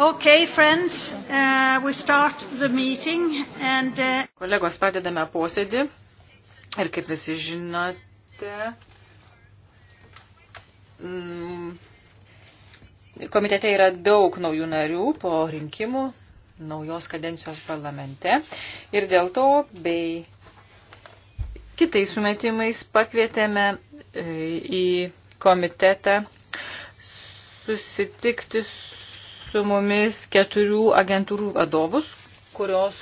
Okay, friends, uh, we start the meeting and... Uh... Kolegos, padedame posėdį ir kaip visi žinote, mm, komitete yra daug naujų narių po rinkimų naujos kadencijos parlamente ir dėl to bei kitais sumetimais pakvietėme e, į komitetą susitikti su su mumis keturių agentūrų vadovus, kurios,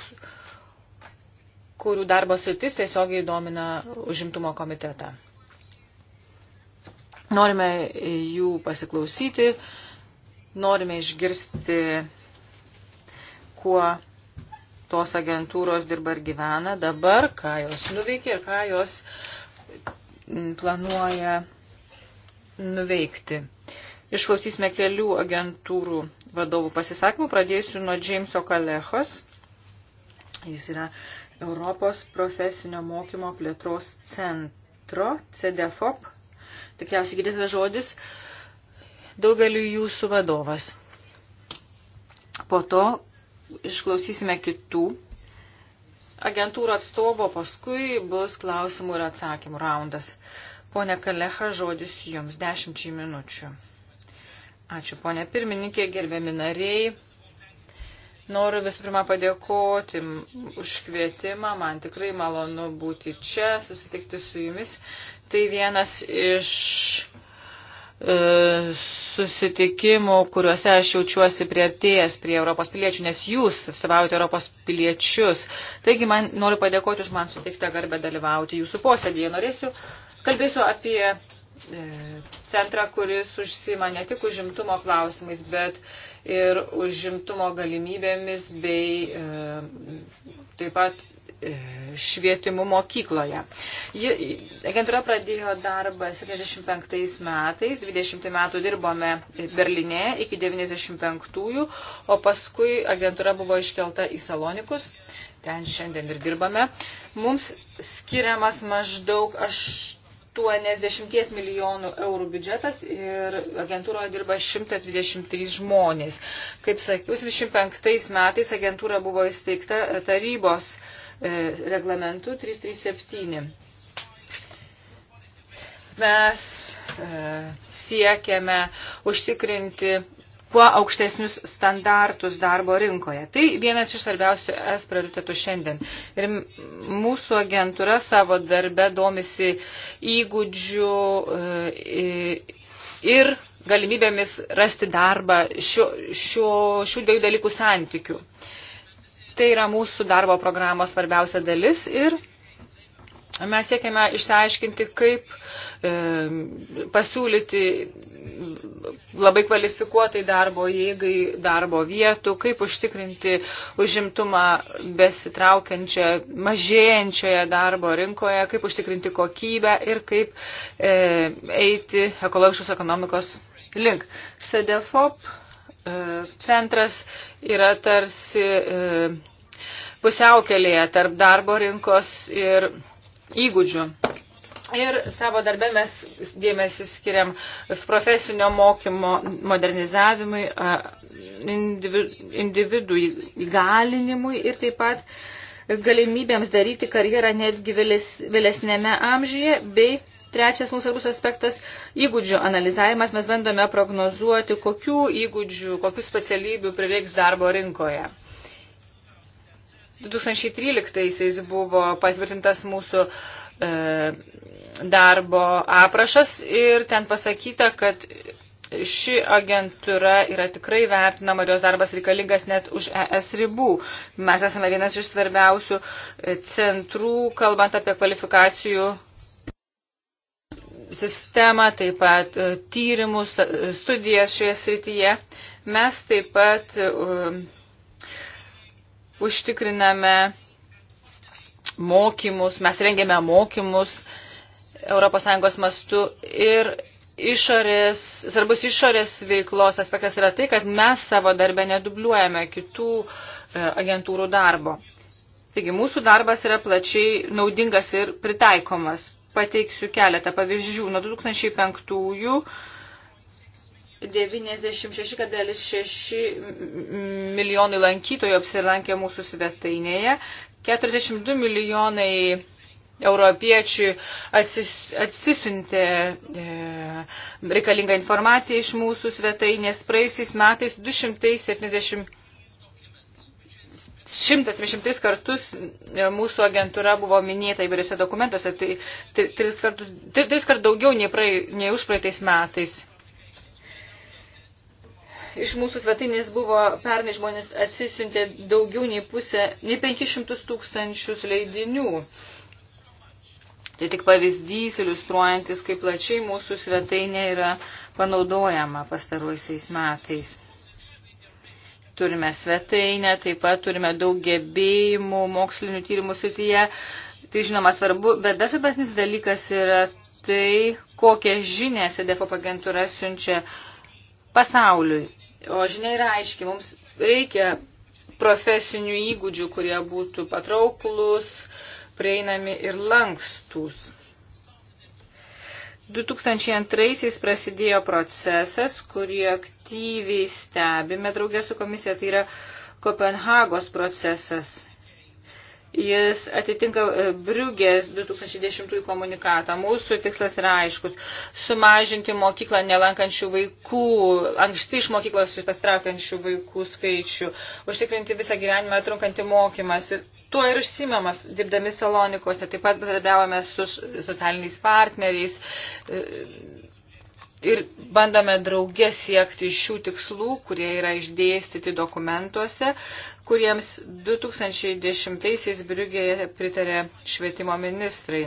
kurių darbo sritis tiesiogiai domina užimtumo komitetą. Norime jų pasiklausyti, norime išgirsti, kuo tos agentūros dirba ir gyvena dabar, ką jos nuveikia ir ką jos planuoja nuveikti. Išklausysime kelių agentūrų vadovų pasisakymų. Pradėsiu nuo Džeimso Kalechos. Jis yra Europos profesinio mokymo plėtros centro, CDFOP. Tikriausiai girdėtas žodis daugeliu jūsų vadovas. Po to išklausysime kitų agentūrų atstovo, paskui bus klausimų ir atsakymų raundas. Pone Kalecha, žodis jums dešimčiai minučių. Ačiū, ponė pirmininkė, gerbiami nariai. Noriu visų pirma padėkoti už kvietimą. Man tikrai malonu būti čia, susitikti su jumis. Tai vienas iš e, susitikimų, kuriuose aš jaučiuosi prieartėjęs prie Europos piliečių, nes jūs atstovaujate Europos piliečius. Taigi man noriu padėkoti už man suteiktą garbę dalyvauti jūsų posėdėje. Norėsiu, kalbėsiu apie E, centrą, kuris užsima ne tik užimtumo klausimais, bet ir užimtumo galimybėmis bei e, taip pat e, švietimu mokykloje. Ji, agentūra pradėjo darbą 75 metais, 20 metų dirbome Berlinė iki 95-ųjų, o paskui agentūra buvo iškelta į Salonikus, ten šiandien ir dirbame. Mums skiriamas maždaug aš 80 milijonų eurų biudžetas ir agentūroje dirba 123 žmonės. Kaip sakiau, 25 metais agentūra buvo įsteigta tarybos e, reglamentu 337. Mes e, siekiame užtikrinti kuo aukštesnius standartus darbo rinkoje. Tai vienas iš svarbiausių es prioritetų šiandien. Ir mūsų agentūra savo darbe domisi įgūdžių e, ir galimybėmis rasti darbą šių, šių, šių dviejų dalykų santykių. Tai yra mūsų darbo programos svarbiausia dalis ir Mes siekiame išsiaiškinti, kaip e, pasiūlyti labai kvalifikuotai darbo jėgai darbo vietų, kaip užtikrinti užimtumą besitraukiančią, mažėjančioje darbo rinkoje, kaip užtikrinti kokybę ir kaip e, eiti ekologiškos ekonomikos link. SEDEFOP e, centras yra tarsi. E, pusiaukelėje tarp darbo rinkos ir įgūdžių. Ir savo darbę mes dėmesį skiriam profesinio mokymo modernizavimui, individų įgalinimui ir taip pat galimybėms daryti karjerą netgi vėles, vėlesnėme amžiuje bei Trečias mūsų svarbus aspektas – įgūdžių analizavimas. Mes bandome prognozuoti, kokių įgūdžių, kokių specialybių prireiks darbo rinkoje. 2013 buvo patvirtintas mūsų e, darbo aprašas ir ten pasakyta, kad ši agentūra yra tikrai vertinama ir jos darbas reikalingas net už ES ribų. Mes esame vienas iš svarbiausių e, centrų, kalbant apie kvalifikacijų sistemą, taip pat e, tyrimus, e, studijas šioje srityje. Mes taip pat užtikriname mokymus, mes rengėme mokymus ES mastu ir išorės, svarbus išorės veiklos aspektas yra tai, kad mes savo darbę nedubliuojame kitų e, agentūrų darbo. Taigi mūsų darbas yra plačiai naudingas ir pritaikomas. Pateiksiu keletą pavyzdžių. Nuo 2005 96,6 milijonai lankytojų apsilankė mūsų svetainėje, 42 milijonai europiečių atsis, atsisintė e, reikalingą informaciją iš mūsų svetainės. Praėjusiais metais 270 173 kartus e, mūsų agentūra buvo minėta įvairiose dokumentuose, tai tris kartus, tris kart daugiau nei, praė, nei už praeitais metais iš mūsų svetainės buvo pernai žmonės atsisiuntė daugiau nei pusę, nei 500 tūkstančius leidinių. Tai tik pavyzdys iliustruojantis, kaip plačiai mūsų svetainė yra panaudojama pastaruosiais metais. Turime svetainę, taip pat turime daug gebėjimų mokslinių tyrimų srityje. Tai žinoma svarbu, bet dar svarbesnis dalykas yra tai, kokią žinę SEDEFO agentūra siunčia pasauliui. O žinia yra aiški, mums reikia profesinių įgūdžių, kurie būtų patrauklus, prieinami ir lankstus. 2002-aisiais prasidėjo procesas, kurį aktyviai stebime draugė su komisija, tai yra Kopenhagos procesas. Jis atitinka e, Briugės 2010 komunikatą. Mūsų tikslas yra aiškus - sumažinti mokyklą nelankančių vaikų, anksti iš mokyklos pastraukiančių vaikų skaičių, užtikrinti visą gyvenimą trunkantį mokymąsi. Tuo ir užsimamas, dirbdami Salonikose, taip pat bendradarbiavome su socialiniais partneriais e, ir bandome draugė siekti šių tikslų, kurie yra išdėstyti dokumentuose, kuriems 2010-aisiais Briugėje pritarė švietimo ministrai.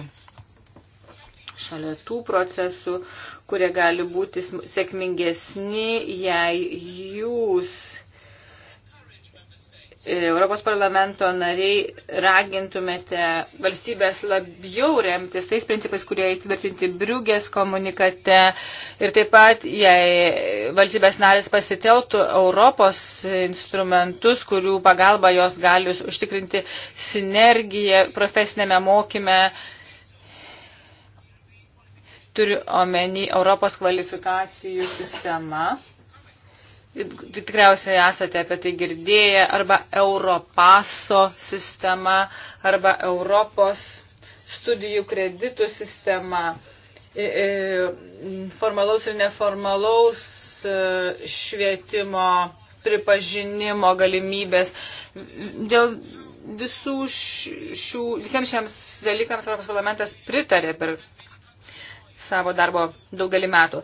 Šalia tų procesų, kurie gali būti sėkmingesni, jei jūs Europos parlamento nariai ragintumėte valstybės labiau remtis tais principais, kurie įtvirtinti Briugės komunikate ir taip pat, jei valstybės narės pasiteltų Europos instrumentus, kurių pagalba jos gali užtikrinti sinergiją profesinėme mokyme, turiu omeny Europos kvalifikacijų sistemą tikriausiai esate apie tai girdėję, arba Europaso sistema, arba Europos studijų kreditų sistema, e, e, formalaus ir neformalaus e, švietimo pripažinimo galimybės. Dėl visų šių, visiems šiems dalykams Europos parlamentas pritarė per savo darbo daugelį metų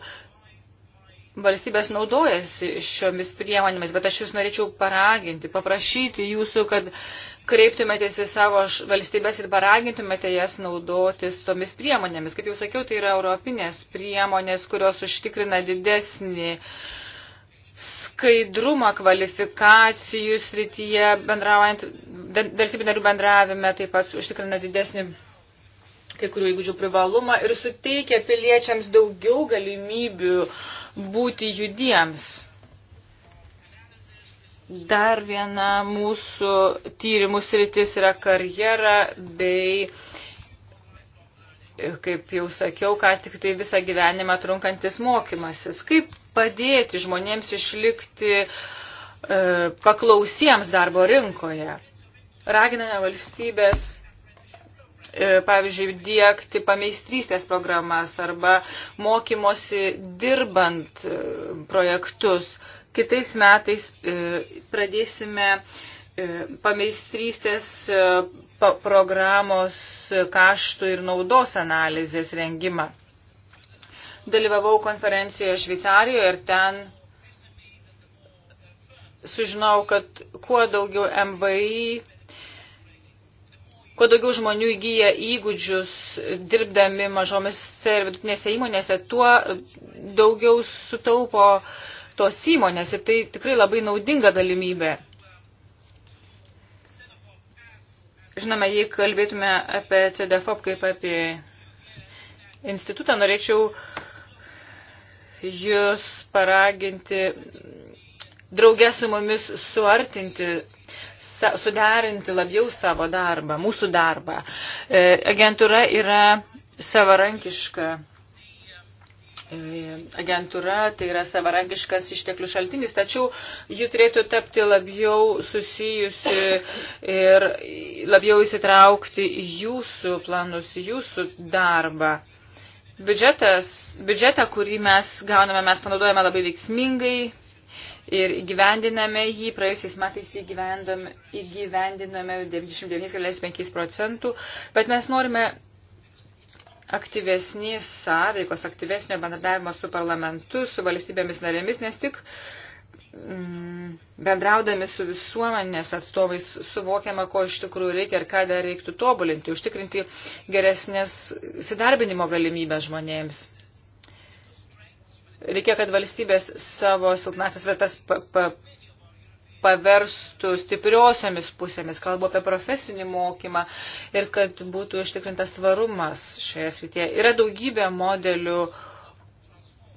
valstybės naudojasi šiomis priemonėmis, bet aš jūs norėčiau paraginti, paprašyti jūsų, kad kreiptumėtės į savo valstybės ir paragintumėte jas naudotis tomis priemonėmis. Kaip jau sakiau, tai yra europinės priemonės, kurios užtikrina didesnį skaidrumą kvalifikacijų srityje, bendraujant, darsybė narių bendravime taip pat užtikrina didesnį kai kurių įgūdžių privalumą ir suteikia piliečiams daugiau galimybių uh, būti judiems. Dar viena mūsų tyrimų sritis yra karjera bei, kaip jau sakiau, ką tik tai visą gyvenimą trunkantis mokymasis. Kaip padėti žmonėms išlikti e, paklausiems darbo rinkoje? Raginame valstybės E, pavyzdžiui, dėkti pameistrystės programas arba mokymosi dirbant e, projektus. Kitais metais e, pradėsime pameistrystės programos kaštų ir naudos analizės rengimą. Dalyvavau konferencijoje Šveicarijoje ir ten sužinau, kad kuo daugiau MVI kuo daugiau žmonių įgyja įgūdžius dirbdami mažomis ir vidutinėse įmonėse, tuo daugiau sutaupo tos įmonės ir tai tikrai labai naudinga galimybė. Žinoma, jei kalbėtume apie CDFOP kaip apie institutą, norėčiau jūs paraginti draugę su mumis suartinti suderinti labiau savo darbą, mūsų darbą. E, agentūra yra savarankiška. E, agentūra tai yra savarankiškas išteklių šaltinis, tačiau ji turėtų tapti labiau susijusi ir labiau įsitraukti į jūsų planus, jūsų darbą. Biudžetas, biudžetą, kurį mes gauname, mes panaudojame labai veiksmingai, ir gyvendiname jį, praėjusiais metais įgyvendiname 99,5 procentų, bet mes norime aktyvesnės sąveikos, aktyvesnio bendradavimo su parlamentu, su valstybėmis narėmis, nes tik mm, bendraudami su visuomenės atstovais suvokiama, ko iš tikrųjų reikia ir ką dar reiktų tobulinti, užtikrinti geresnės įsidarbinimo galimybę žmonėms. Reikia, kad valstybės savo silpnasias vietas pa, pa, paverstų stipriosiomis pusėmis, kalbu apie profesinį mokymą ir kad būtų ištikrintas tvarumas šioje srityje. Yra daugybė modelių,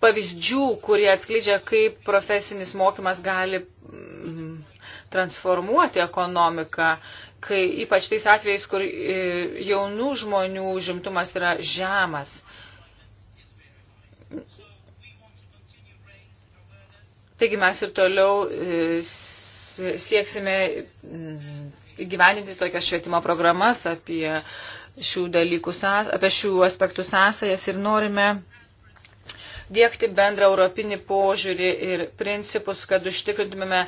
pavyzdžių, kurie atskleidžia, kaip profesinis mokymas gali mm, transformuoti ekonomiką, kai ypač tais atvejais, kur e, jaunų žmonių žimtumas yra žemas. Taigi mes ir toliau e, sieksime mm, įgyveninti tokias švietimo programas apie šių, dalykų, apie šių aspektų sąsajas ir norime dėkti bendrą europinį požiūrį ir principus, kad užtikrintumėme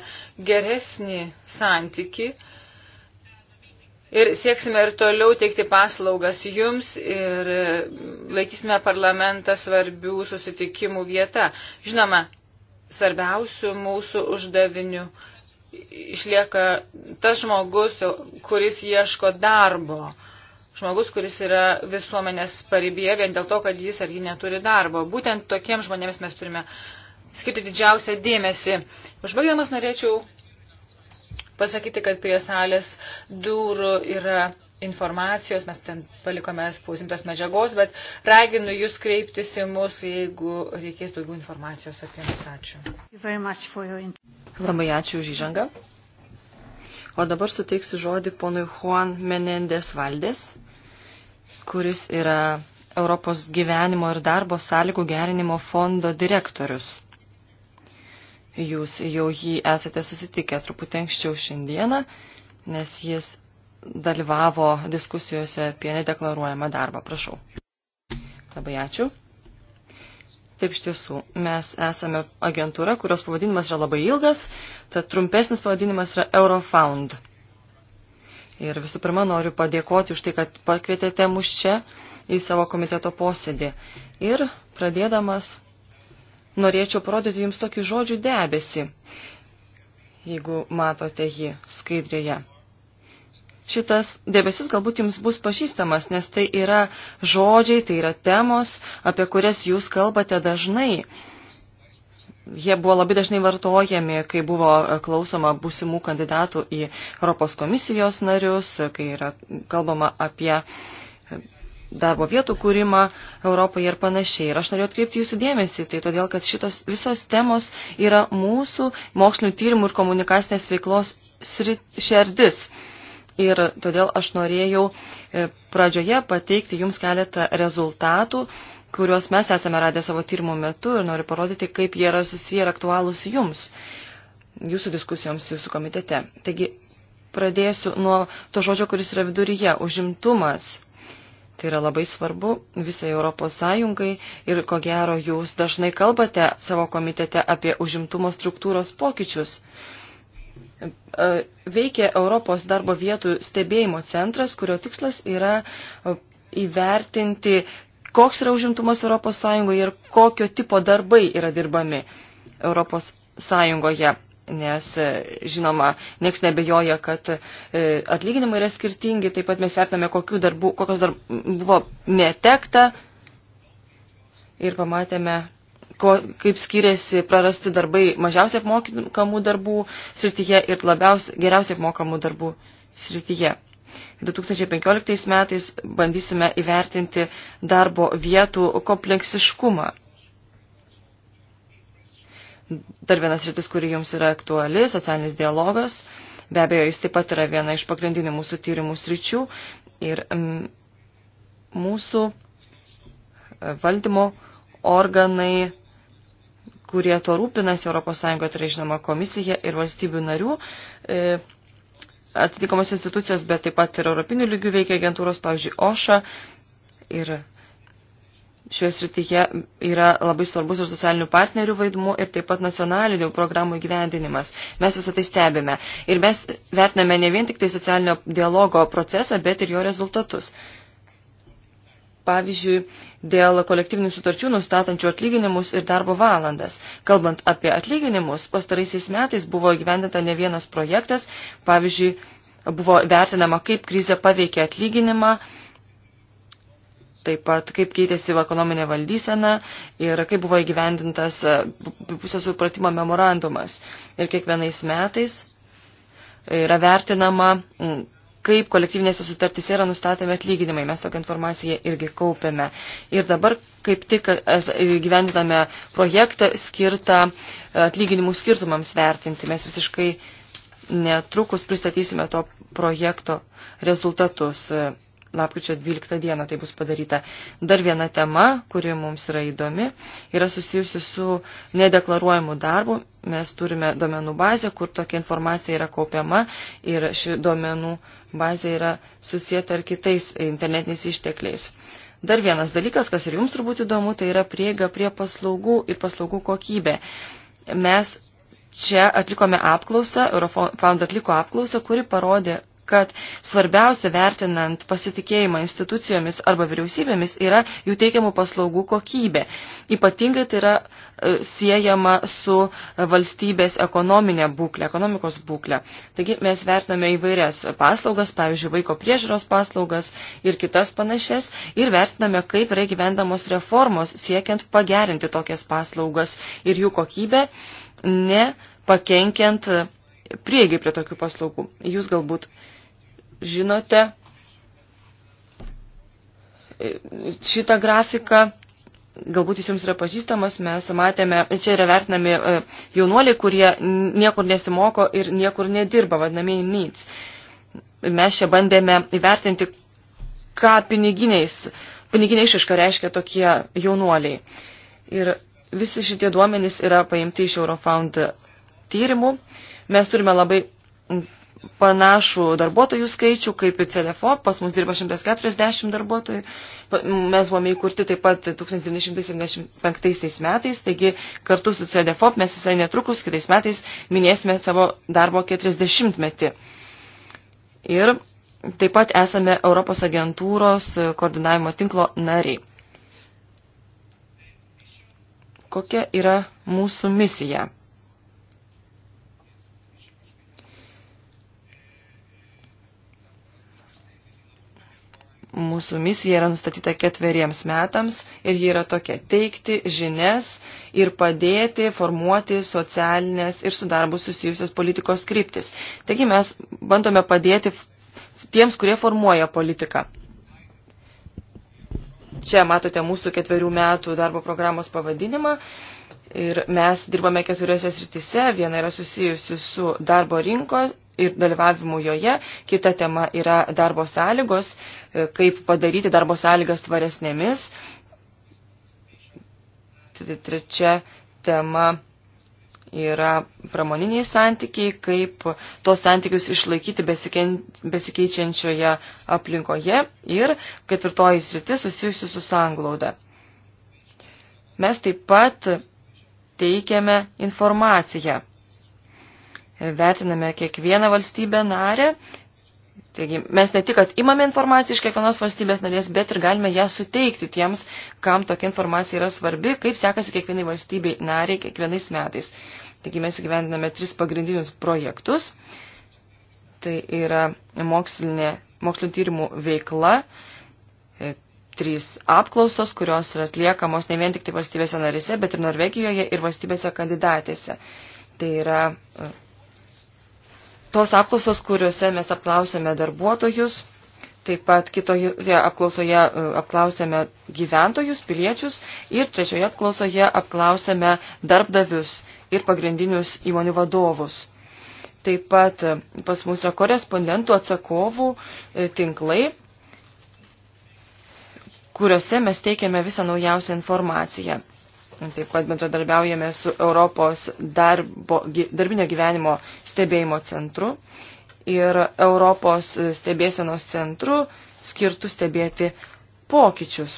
geresnį santyki ir sieksime ir toliau teikti paslaugas jums ir laikysime parlamentą svarbių susitikimų vieta. Žinoma, svarbiausių mūsų uždavinių išlieka tas žmogus, kuris ieško darbo. Žmogus, kuris yra visuomenės paribėje vien dėl to, kad jis ar ji neturi darbo. Būtent tokiems žmonėms mes turime skirti didžiausią dėmesį. Užbaigdamas norėčiau pasakyti, kad prie salės durų yra informacijos, mes ten palikome spausintos medžiagos, bet raginu jūs kreiptis į mus, jeigu reikės daugiau informacijos apie mus. Ačiū. Labai ačiū už įžangą. O dabar suteiksiu žodį ponui Juan Menendės Valdės, kuris yra Europos gyvenimo ir darbo sąlygų gerinimo fondo direktorius. Jūs jau jį esate susitikę truputį anksčiau šiandieną, nes jis dalyvavo diskusijose apie nedeklaruojamą darbą. Prašau. Labai ačiū. Taip iš tiesų, mes esame agentūra, kurios pavadinimas yra labai ilgas, tad trumpesnis pavadinimas yra Eurofound. Ir visų pirma, noriu padėkoti už tai, kad pakvietėte mus čia į savo komiteto posėdį. Ir pradėdamas, norėčiau parodyti jums tokį žodžių debesį, jeigu matote jį skaidrėje šitas debesis galbūt jums bus pažįstamas, nes tai yra žodžiai, tai yra temos, apie kurias jūs kalbate dažnai. Jie buvo labai dažnai vartojami, kai buvo klausoma būsimų kandidatų į Europos komisijos narius, kai yra kalbama apie darbo vietų kūrimą Europoje ir panašiai. Ir aš noriu atkreipti jūsų dėmesį, tai todėl, kad šitos visos temos yra mūsų mokslinių tyrimų ir komunikacinės veiklos šerdis. Šir ir todėl aš norėjau e, pradžioje pateikti jums keletą rezultatų, kuriuos mes esame radę savo tyrimų metu ir noriu parodyti, kaip jie yra susiję ir aktualūs jums, jūsų diskusijoms, jūsų komitete. Taigi, pradėsiu nuo to žodžio, kuris yra viduryje - užimtumas. Tai yra labai svarbu visai Europos Sąjungai ir ko gero jūs dažnai kalbate savo komitete apie užimtumo struktūros pokyčius. E, veikia Europos darbo vietų stebėjimo centras, kurio tikslas yra e, įvertinti, koks yra užimtumas Europos Sąjungoje ir kokio tipo darbai yra dirbami Europos Sąjungoje. Nes, e, žinoma, nieks nebejoja, kad atlyginimai yra skirtingi, taip pat mes vertiname, kokių darbų, kokios darbų buvo netekta ir pamatėme, ko, kaip skiriasi prarasti darbai mažiausiai apmokamų darbų srityje ir labiausiai geriausiai apmokamų darbų srityje. 2015 metais bandysime įvertinti darbo vietų kompleksiškumą. Dar vienas rytis, kuri jums yra aktuali, socialinis dialogas. Be abejo, jis taip pat yra viena iš pagrindinių mūsų tyrimų sričių ir mm, mūsų e, valdymo organai kurie tuo rūpinasi ES, tai yra žinoma komisija ir valstybių narių. E, atitinkamos institucijos, bet taip pat ir europinių lygių veikia agentūros, pavyzdžiui, OŠA. Ir šioje srityje yra labai svarbus ir socialinių partnerių vaidmuo ir taip pat nacionalinių programų įgyvendinimas. Mes visą tai stebime. Ir mes vertiname ne vien tik tai socialinio dialogo procesą, bet ir jo rezultatus pavyzdžiui, dėl kolektyvinių sutarčių nustatančių atlyginimus ir darbo valandas. Kalbant apie atlyginimus, pastaraisiais metais buvo įgyvendinta ne vienas projektas, pavyzdžiui, buvo vertinama, kaip krizė paveikė atlyginimą, taip pat kaip keitėsi ekonominė valdysena ir kaip buvo įgyvendintas e, pusės supratimo memorandumas. Ir kiekvienais metais yra vertinama kaip kolektyvinėse sutartyse yra nustatėme atlyginimai. Mes tokią informaciją irgi kaupėme. Ir dabar kaip tik e, e, gyvendiname projektą skirtą e, atlyginimų skirtumams vertinti. Mes visiškai netrukus pristatysime to projekto rezultatus lapkričio 12 dieną tai bus padaryta. Dar viena tema, kuri mums yra įdomi, yra susijusi su nedeklaruojamu darbu. Mes turime domenų bazę, kur tokia informacija yra kaupiama ir ši domenų bazė yra susijęta ar kitais internetiniais ištekliais. Dar vienas dalykas, kas ir jums turbūt įdomu, tai yra prieiga prie paslaugų ir paslaugų kokybė. Mes čia atlikome apklausą, Eurofound atliko apklausą, kuri parodė, kad svarbiausia vertinant pasitikėjimą institucijomis arba vyriausybėmis yra jų teikiamų paslaugų kokybė. Ypatingai tai yra e, siejama su valstybės ekonominė būklė, ekonomikos būklė. Taigi mes vertiname įvairias paslaugas, pavyzdžiui, vaiko priežiūros paslaugas ir kitas panašias ir vertiname, kaip yra gyvendamos reformos siekiant pagerinti tokias paslaugas ir jų kokybę, ne pakenkiant prieigai prie tokių paslaugų. Jūs galbūt žinote šitą grafiką. Galbūt jis jums yra pažįstamas, mes matėme, čia yra vertinami e, jaunuoliai, kurie niekur nesimoko ir niekur nedirba, vadinamieji needs. Mes čia bandėme įvertinti, ką piniginiais, piniginė išiška reiškia tokie jaunuoliai. Ir visi šitie duomenys yra paimti iš Eurofound tyrimų. Mes turime labai panašų darbuotojų skaičių, kaip ir CLFO, pas mus dirba 140 darbuotojų, mes buvome įkurti taip pat 1975 metais, taigi kartu su CLFO mes visai netrukus kitais metais minėsime savo darbo 40 metį. Ir taip pat esame Europos agentūros koordinavimo tinklo nariai. Kokia yra mūsų misija? Mūsų misija yra nustatyta ketveriems metams ir ji yra tokia - teikti žinias ir padėti formuoti socialinės ir su darbu susijusios politikos kryptis. Taigi mes bandome padėti tiems, kurie formuoja politiką. Čia matote mūsų ketverių metų darbo programos pavadinimą Ir mes dirbame keturiose srityse. Viena yra susijusi su darbo rinkos ir dalyvavimu joje. Kita tema yra darbo sąlygos, e, kaip padaryti darbo sąlygas tvaresnėmis. Trečia tema yra pramoniniai santykiai, kaip tos santykius išlaikyti besikeičiančioje aplinkoje ir ketvirtoji sritis susijusi su sanglauda. Mes taip pat teikiame informaciją. Vertiname kiekvieną valstybę narę. Taigi, mes ne tik, kad imame informaciją iš kiekvienos valstybės narės, bet ir galime ją suteikti tiems, kam tokia informacija yra svarbi, kaip sekasi kiekvienai valstybei nariai kiekvienais metais. Taigi, mes įgyvendiname tris pagrindinius projektus. Tai yra mokslinė, mokslinio tyrimų veikla, trys apklausos, kurios yra atliekamos ne vien tik tai valstybėse narise, bet ir Norvegijoje ir valstybėse kandidatėse. Tai yra e, tos apklausos, kuriuose mes apklausėme darbuotojus, taip pat kitoje apklausoje e, apklausėme gyventojus, piliečius ir trečioje apklausoje apklausėme darbdavius ir pagrindinius įmonių vadovus. Taip pat e, pas mus yra korespondentų atsakovų tinklai, kuriuose mes teikiame visą naujausią informaciją. Taip pat bendradarbiaujame su Europos darbo, darbinio gyvenimo stebėjimo centru ir Europos stebėsenos centru skirtų stebėti pokyčius.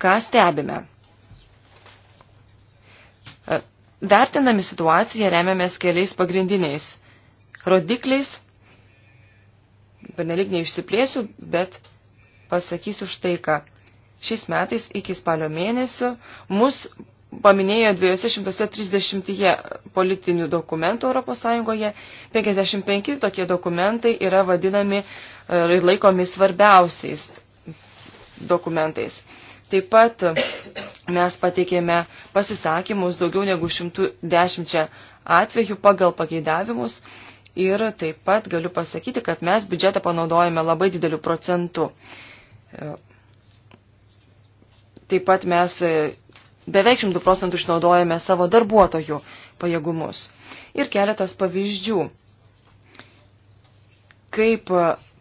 Ką stebime? E, Vertindami situaciją remiamės keliais pagrindiniais rodikliais, benelik neišsiplėsiu, bet pasakysiu štai ką. Šiais metais iki spalio mėnesio mus paminėjo 230 politinių dokumentų ES, 55 tokie dokumentai yra vadinami e, ir laikomi svarbiausiais dokumentais. Taip pat mes pateikėme pasisakymus daugiau negu 110 atvejų pagal pageidavimus ir taip pat galiu pasakyti, kad mes biudžetą panaudojame labai dideliu procentu. E, taip pat mes e, beveik 100 procentų išnaudojame savo darbuotojų pajėgumus. Ir keletas pavyzdžių, kaip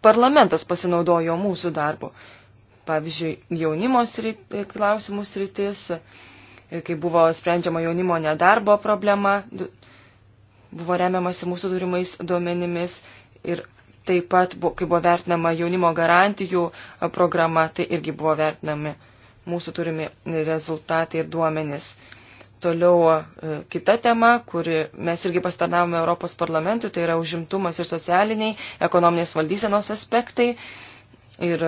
parlamentas pasinaudojo mūsų darbu. Pavyzdžiui, jaunimo srit, klausimų sritis, e, kai buvo sprendžiama jaunimo nedarbo problema, buvo remiamasi mūsų turimais duomenimis ir Taip pat, kai buvo vertinama jaunimo garantijų programa, tai irgi buvo vertinami mūsų turimi rezultatai ir duomenys. Toliau e, kita tema, kuri mes irgi pastarnavome Europos parlamentui, tai yra užimtumas ir socialiniai, ekonominės valdysenos aspektai. Ir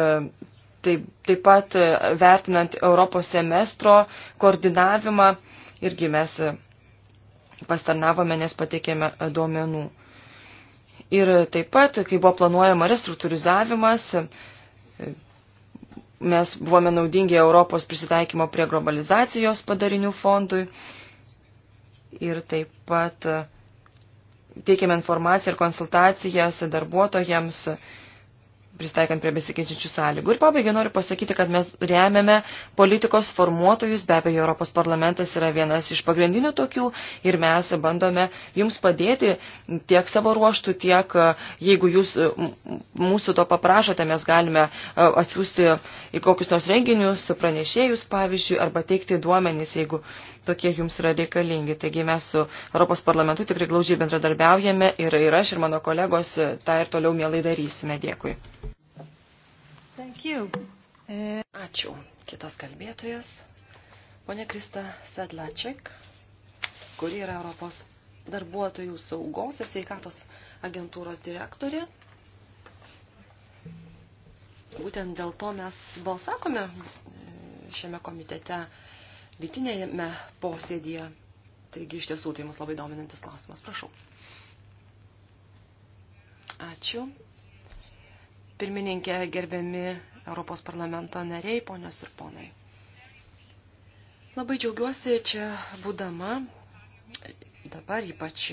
taip, taip pat vertinant Europos semestro koordinavimą, irgi mes pastarnavome, nes pateikėme duomenų. Ir taip pat, kai buvo planuojama restruktūrizavimas, mes buvome naudingi Europos prisitaikymo prie globalizacijos padarinių fondui. Ir taip pat teikėme informaciją ir konsultacijas darbuotojams pristaikant prie besikeičiančių sąlygų. Ir pabaigai noriu pasakyti, kad mes remiame politikos formuotojus, be abejo, Europos parlamentas yra vienas iš pagrindinių tokių ir mes bandome jums padėti tiek savo ruoštų, tiek e, jeigu jūs e, mūsų to paprašote, mes galime e, atsiųsti į kokius nors renginius, pranešėjus, pavyzdžiui, arba teikti duomenys, jeigu tokie jums yra reikalingi. Taigi mes su Europos parlamentu tikrai glaudžiai bendradarbiaujame ir, ir aš ir mano kolegos tą ir toliau mielai darysime. Dėkui. Thank you. E, Ačiū. Kitas kalbėtojas, ponė Krista Sedlaček, kuri yra Europos darbuotojų saugos ir sveikatos agentūros direktorė. Būtent dėl to mes balsakome e, šiame komitete rytinėjame posėdėje. Taigi iš tiesų tai mus labai dominantis klausimas. Prašau. Ačiū pirmininkė, gerbiami Europos parlamento nariai, ponios ir ponai. Labai džiaugiuosi čia būdama, dabar ypač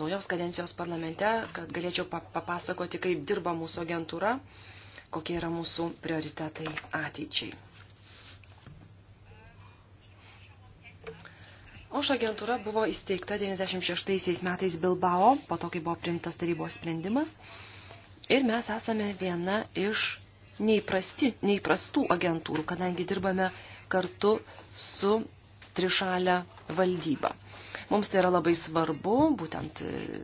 naujos kadencijos parlamente, kad galėčiau papasakoti, kaip dirba mūsų agentūra, kokie yra mūsų prioritetai ateičiai. OŠ agentūra buvo įsteigta 96 metais Bilbao, po to, kai buvo priimtas tarybos sprendimas. Ir mes esame viena iš neįprasti, neįprastų agentūrų, kadangi dirbame kartu su trišalę valdybą. Mums tai yra labai svarbu, būtent e,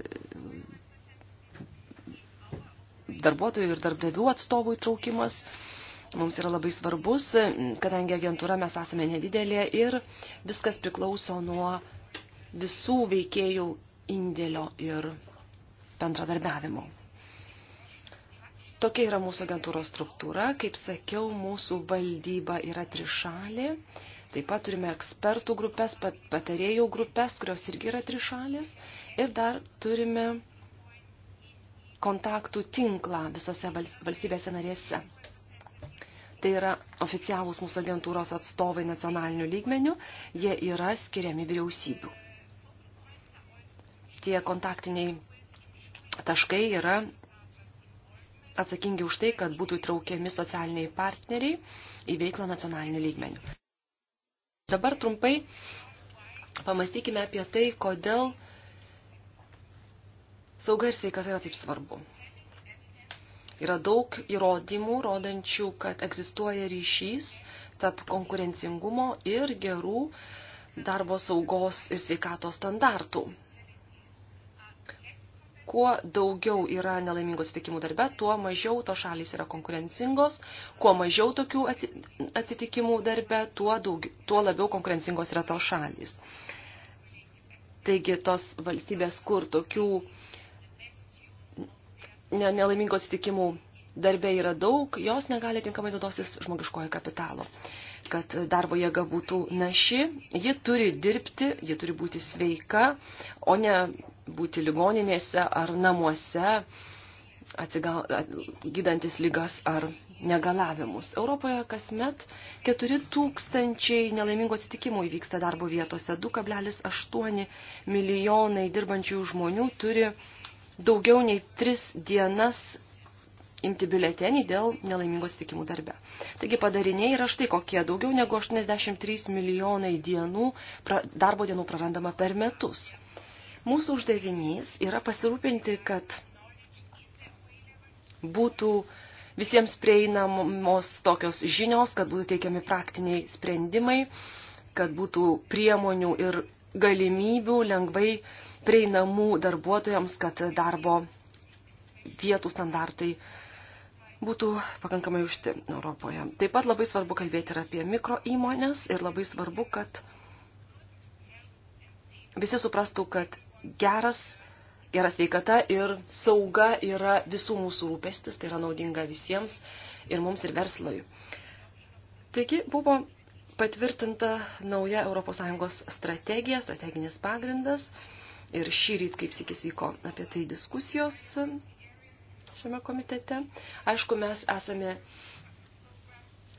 darbuotojų ir darbdavių atstovų įtraukimas. Mums yra labai svarbus, kadangi agentūra mes esame nedidelė ir viskas priklauso nuo visų veikėjų indėlio ir bendradarbiavimo. Tokia yra mūsų agentūros struktūra. Kaip sakiau, mūsų valdyba yra trišalė. Taip pat turime ekspertų grupės, patarėjų grupės, kurios irgi yra trišalės. Ir dar turime kontaktų tinklą visose valstybėse narėse. Tai yra oficialūs mūsų agentūros atstovai nacionaliniu lygmeniu, jie yra skiriami vyriausybių. Tie kontaktiniai taškai yra atsakingi už tai, kad būtų įtraukiami socialiniai partneriai į veiklą nacionalinių lygmenių. Dabar trumpai pamastykime apie tai, kodėl sauga ir sveikata yra taip svarbu. Yra daug įrodymų, rodančių, kad egzistuoja ryšys tarp konkurencingumo ir gerų darbo saugos ir sveikatos standartų kuo daugiau yra nelaimingų atsitikimų darbe, tuo mažiau to šalys yra konkurencingos, kuo mažiau tokių atsitikimų darbe, tuo, daugiau, tuo labiau konkurencingos yra to šalys. Taigi tos valstybės, kur tokių nelaimingų atsitikimų darbe yra daug, jos negali tinkamai naudotis žmogiškojo kapitalo. Uh, kad darbo jėga būtų naši, ji turi dirbti, ji turi būti sveika, o ne būti ligoninėse ar namuose, atsigal, gydantis lygas ar negalavimus. Europoje kasmet 4000 nelaimingų atsitikimų įvyksta darbo vietose. 2,8 milijonai dirbančių žmonių turi daugiau nei 3 dienas imti biuletenį dėl nelaimingo atsitikimų darbe. Taigi padariniai yra štai kokie daugiau negu 83 milijonai dienų, pra, darbo dienų prarandama per metus. Mūsų uždavinys yra pasirūpinti, kad būtų visiems prieinamos tokios žinios, kad būtų teikiami praktiniai sprendimai, kad būtų priemonių ir galimybių lengvai prieinamų darbuotojams, kad darbo vietų standartai uh, būtų pakankamai užti Europoje. Taip pat labai svarbu kalbėti ir apie mikro įmonės ir labai svarbu, kad visi suprastų, kad geras, geras veikata ir sauga yra visų mūsų rūpestis, tai yra naudinga visiems ir mums ir verslui. Taigi buvo patvirtinta nauja ES strategija, strateginis pagrindas ir šį ryt kaip sikis vyko apie tai diskusijos šiame komitete. Aišku, mes esame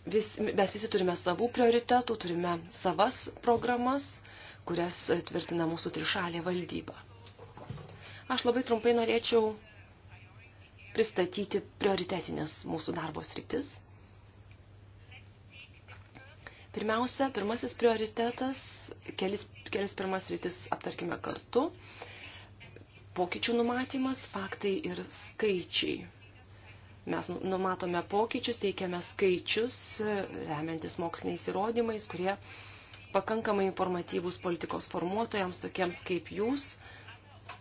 vis, mes visi turime savų prioritetų, turime savas programas, kurias tvirtina mūsų trišalė valdyba. Aš labai trumpai norėčiau pristatyti prioritetinės mūsų darbo sritis. Pirmiausia, pirmasis prioritetas, kelis, kelis pirmas rytis aptarkime kartu. Uh, pokyčių numatymas, faktai ir skaičiai. Mes nu, numatome pokyčius, teikiame skaičius, remiantis moksliniais įrodymais, kurie pakankamai informatyvūs politikos formuotojams, tokiems kaip jūs.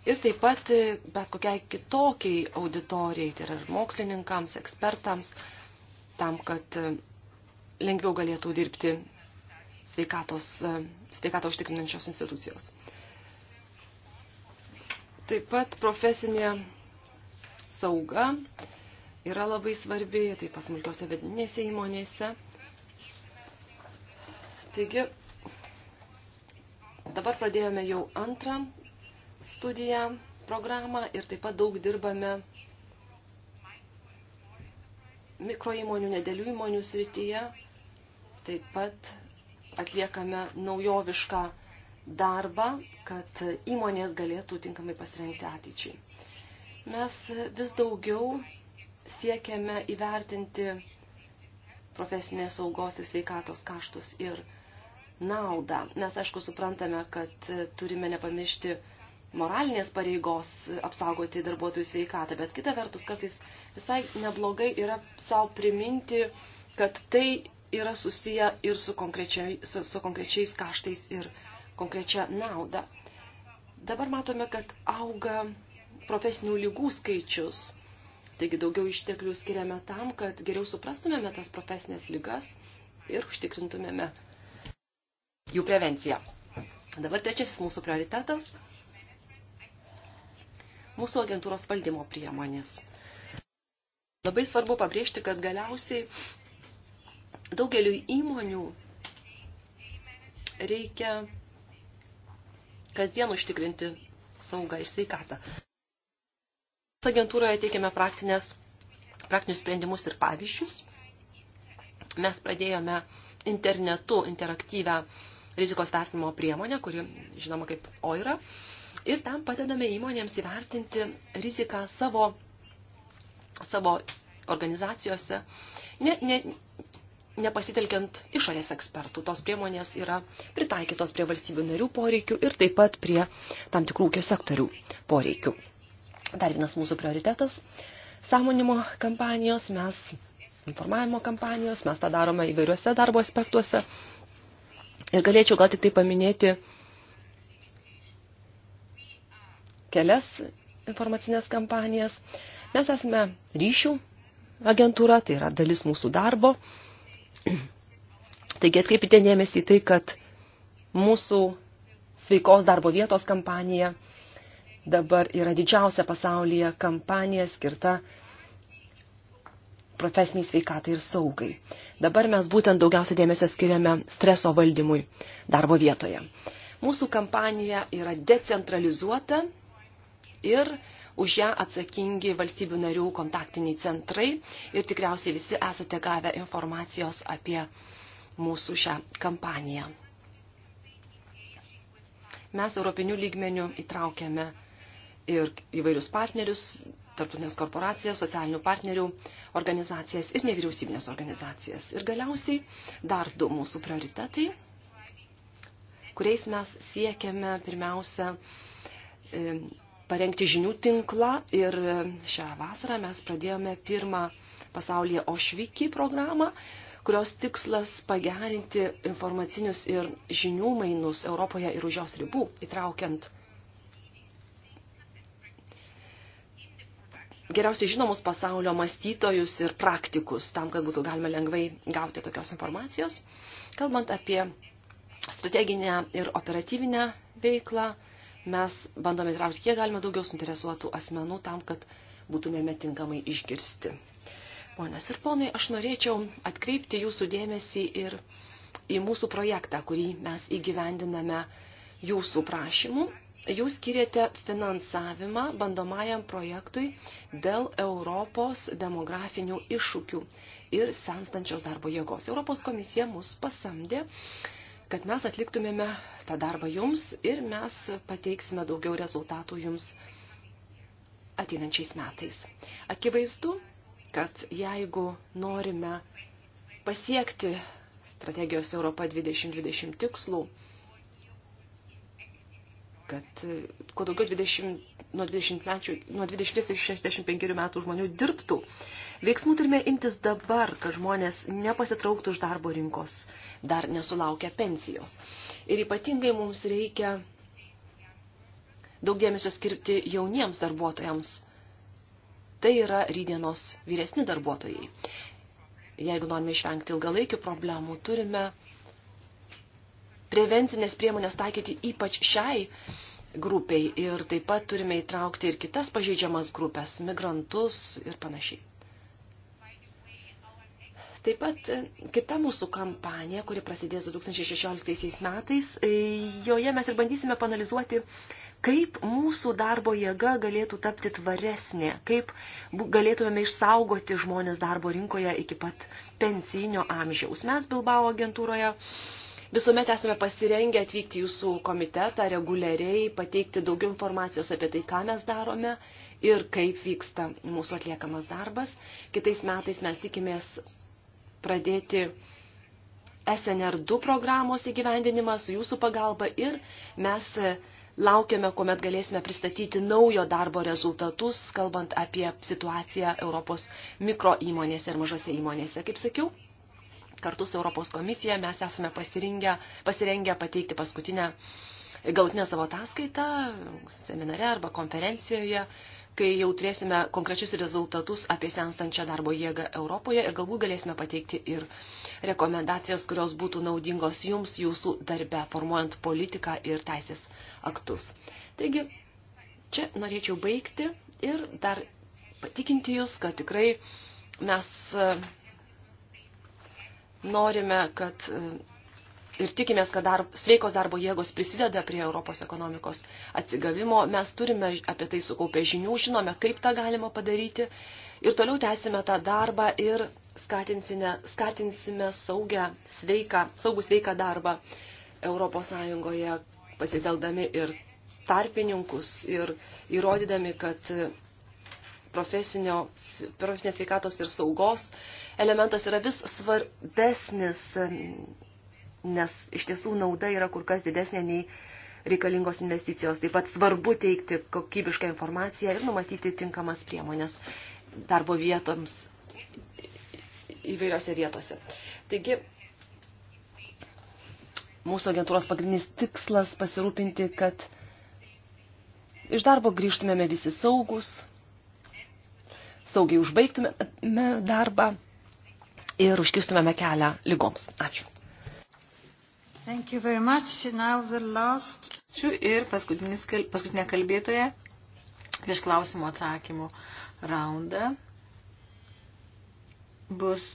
Ir taip pat bet kokiai kitokiai auditorijai, tai yra ir mokslininkams, ekspertams, tam, kad e, lengviau galėtų dirbti sveikatos, e, sveikato užtikrinančios institucijos. Taip pat profesinė sauga yra labai svarbi, taip pat smulkiose vedinėse įmonėse. Taigi, dabar pradėjome jau antrą studiją programą ir taip pat daug dirbame mikroįmonių, nedėlių įmonių srityje. Taip pat atliekame naujovišką darbą, kad įmonės galėtų tinkamai pasirengti ateičiai. Mes vis daugiau siekiame įvertinti profesinės saugos ir sveikatos kaštus ir naudą. Mes, aišku, suprantame, kad turime nepamiršti moralinės pareigos apsaugoti darbuotojų sveikatą, bet kita vertus kartais visai neblogai yra savo priminti, kad tai yra susiję ir su, su, su konkrečiais kaštais ir konkrečią naudą. Dabar matome, kad auga profesinių lygų skaičius. Taigi daugiau išteklių skiriame tam, kad geriau suprastumėme tas profesinės lygas ir užtikrintumėme jų prevenciją. Dabar trečiasis mūsų prioritetas – mūsų agentūros valdymo priemonės. Labai svarbu pabrėžti, kad galiausiai daugeliu įmonių reikia kasdien užtikrinti saugą ir sveikatą. Agentūroje teikiame praktinės, praktinius sprendimus ir pavyzdžius. Mes pradėjome internetu interaktyvę rizikos vertinimo priemonę, kuri žinoma kaip OIRA, ir tam padedame įmonėms įvertinti riziką savo, savo organizacijose, ne, ne, nepasitelkiant išorės ekspertų. Tos priemonės yra pritaikytos prie valstybių narių poreikių ir taip pat prie tam tikrų ūkio sektorių poreikių. Dar vienas mūsų prioritetas – sąmonimo kampanijos, mes informavimo kampanijos, mes tą darome įvairiuose darbo aspektuose. Ir galėčiau gal tik tai paminėti kelias informacinės kampanijas. Mes esame ryšių agentūra, tai yra dalis mūsų darbo – Taigi atkreipite dėmesį į tai, kad mūsų sveikos darbo vietos kampanija dabar yra didžiausia pasaulyje kampanija skirta profesiniai sveikatai ir saugai. Dabar mes būtent daugiausia dėmesio skiriame streso valdymui darbo vietoje. Mūsų kampanija yra decentralizuota ir už ją atsakingi valstybių narių kontaktiniai centrai ir tikriausiai visi esate gavę informacijos apie mūsų šią kampaniją. Mes europinių lygmenių įtraukėme ir įvairius partnerius, tarptautinės korporacijas, socialinių partnerių organizacijas ir nevyriausybinės organizacijas. Ir galiausiai dar du mūsų prioritetai, kuriais mes siekiame pirmiausia e, parengti žinių tinklą ir šią vasarą mes pradėjome pirmą pasaulyje Ošviki programą, kurios tikslas pagerinti informacinius ir žinių mainus Europoje ir už jos ribų, įtraukiant geriausiai žinomus pasaulio mąstytojus ir praktikus, tam, kad būtų galima lengvai gauti tokios informacijos. Kalbant apie strateginę ir operatyvinę veiklą, mes bandome įtraukti kiek galima daugiau suinteresuotų asmenų tam, kad būtumėme tinkamai išgirsti. Ponios ir ponai, aš norėčiau atkreipti jūsų dėmesį ir į mūsų projektą, kurį mes įgyvendiname jūsų prašymu. Jūs skiriate finansavimą bandomajam projektui dėl Europos demografinių iššūkių ir senstančios darbo jėgos. Europos komisija mus pasamdė kad mes atliktumėme tą darbą jums ir mes pateiksime daugiau rezultatų jums ateinančiais metais. Akivaizdu, kad jeigu norime pasiekti strategijos Europa 2020 tikslų, kad kuo daugiau 20, nuo 20, mečių, nuo 20 ir 65 metų žmonių dirbtų, Veiksmų turime imtis dabar, kad žmonės nepasitrauktų iš darbo rinkos, dar nesulaukia pensijos. Ir ypatingai mums reikia daug dėmesio skirti jauniems darbuotojams. Tai yra rydienos vyresni darbuotojai. Jeigu norime išvengti ilgalaikių problemų, turime prevencinės priemonės taikyti ypač šiai grupiai ir taip pat turime įtraukti ir kitas pažeidžiamas grupės, migrantus ir panašiai. Taip pat e, kita mūsų kampanija, kuri prasidės 2016 metais, e, joje mes ir bandysime panalizuoti, kaip mūsų darbo jėga galėtų tapti tvaresnė, kaip galėtumėme išsaugoti žmonės darbo rinkoje iki pat pensijinio amžiaus. Mes Bilbao agentūroje Visuomet esame pasirengę atvykti į jūsų komitetą reguliariai, pateikti daugiau informacijos apie tai, ką mes darome ir kaip vyksta mūsų atliekamas darbas. Kitais metais mes tikimės pradėti SNR2 programos įgyvendinimą su jūsų pagalba ir mes laukiame, kuomet galėsime pristatyti naujo darbo rezultatus, kalbant apie situaciją Europos mikro įmonėse ir mažose įmonėse. Kaip sakiau, kartu su Europos komisija mes esame pasirengę, pasirengę pateikti paskutinę galutinę savo ataskaitą seminare arba konferencijoje kai jau turėsime konkrečius rezultatus apie senstančią darbo jėgą Europoje ir galbūt galėsime pateikti ir rekomendacijas, kurios būtų naudingos jums jūsų darbe, formuojant politiką ir teisės aktus. Taigi, čia norėčiau baigti ir dar patikinti jūs, kad tikrai mes e, norime, kad e, ir tikimės, kad dar, sveikos darbo jėgos prisideda prie Europos ekonomikos atsigavimo. Mes turime apie tai sukaupę žinių, žinome, kaip tą galima padaryti ir toliau tęsime tą darbą ir skatinsime, skatinsime saugę, sveiką, saugų sveiką darbą Europos Sąjungoje, pasiteldami ir tarpininkus ir įrodydami, kad profesinės sveikatos ir saugos elementas yra vis svarbesnis nes iš tiesų nauda yra kur kas didesnė nei reikalingos investicijos. Taip pat svarbu teikti kokybišką informaciją ir numatyti tinkamas priemonės darbo vietoms įvairiose vietose. Taigi, mūsų agentūros pagrindinis tikslas pasirūpinti, kad iš darbo grįžtumėme visi saugus, saugiai užbaigtumėme darbą ir užkirstumėme kelią lygoms. Ačiū. Thank you very much. Now the last. Ačiū ir paskutinė kalbėtoja prieš klausimų atsakymų raundą bus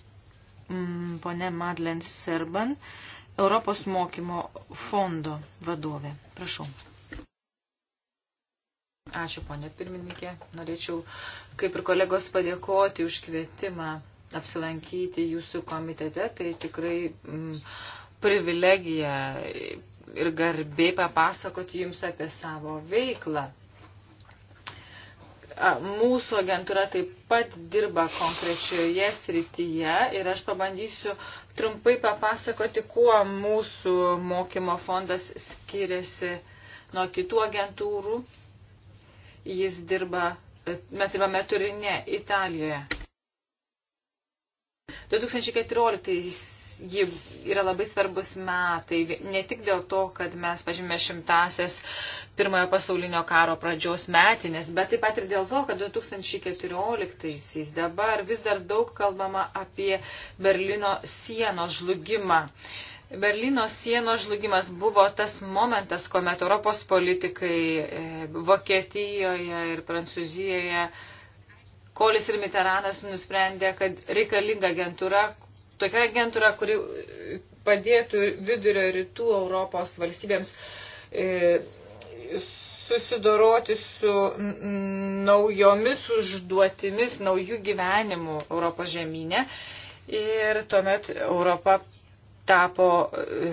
mm, ponė Madlen Serban, Europos mokymo fondo vadovė. Prašau. Ačiū, ponė pirmininkė. Norėčiau, kaip ir kolegos, padėkoti už kvietimą apsilankyti jūsų komitete. Tai tikrai mm, privilegija ir garbė papasakoti jums apie savo veiklą. Mūsų agentūra taip pat dirba konkrečioje srityje ir aš pabandysiu trumpai papasakoti, kuo mūsų mokymo fondas skiriasi nuo kitų agentūrų. Jis dirba, mes dirbame turinė Italijoje. 2014 ji yra labai svarbus metai, ne tik dėl to, kad mes pažymė šimtasias pirmojo pasaulinio karo pradžios metinės, bet taip pat ir dėl to, kad 2014-aisiais dabar vis dar daug kalbama apie Berlyno sienos žlugimą. Berlyno sienos žlugimas buvo tas momentas, kuomet Europos politikai e, Vokietijoje ir Prancūzijoje Kolis ir Miteranas nusprendė, kad reikalinga agentūra, tokia agentūra, kuri padėtų vidurio rytų Europos valstybėms e, susidoroti su naujomis užduotimis, naujų gyvenimų Europos žemynė. Ir tuomet Europa tapo e,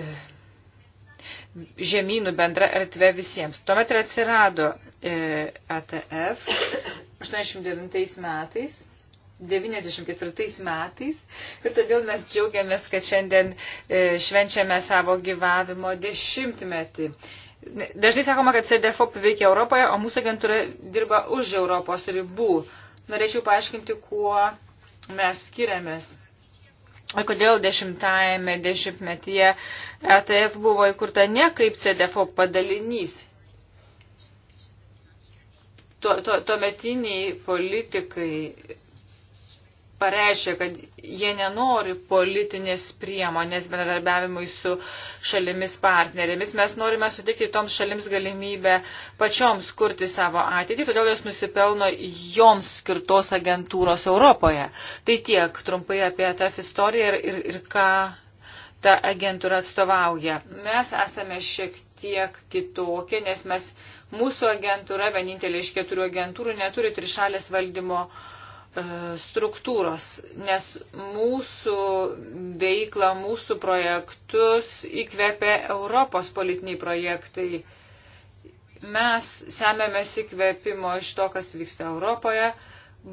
žemynų bendra erdvė visiems. Tuomet ir atsirado e, ATF 89 metais 94 metais ir todėl mes džiaugiamės, kad šiandien e, švenčiame savo gyvavimo dešimtmetį. Dažnai sakoma, kad CDFOP veikia Europoje, o mūsų agentūra dirba už Europos ribų. Norėčiau paaiškinti, kuo mes skiriamės. Ir kodėl dešimtajame dešimtmetyje ETF buvo įkurta ne kaip CDFOP padalinys, tuometiniai to, to politikai pareiškė, kad jie nenori politinės priemonės bendradarbiavimui su šalimis partnerėmis. Mes norime sutikti toms šalims galimybę pačioms kurti savo ateitį, todėl jos nusipelno joms skirtos agentūros Europoje. Tai tiek trumpai apie TAF istoriją ir, ir, ir ką ta agentūra atstovauja. Mes esame šiek tiek kitokie, nes mes, mūsų agentūra, vienintelė iš keturių agentūrų, neturi trišalės valdymo uh, E, struktūros, nes mūsų veiklą, mūsų projektus įkvepia Europos politiniai projektai. Mes semėmės įkvėpimo iš to, kas vyksta Europoje,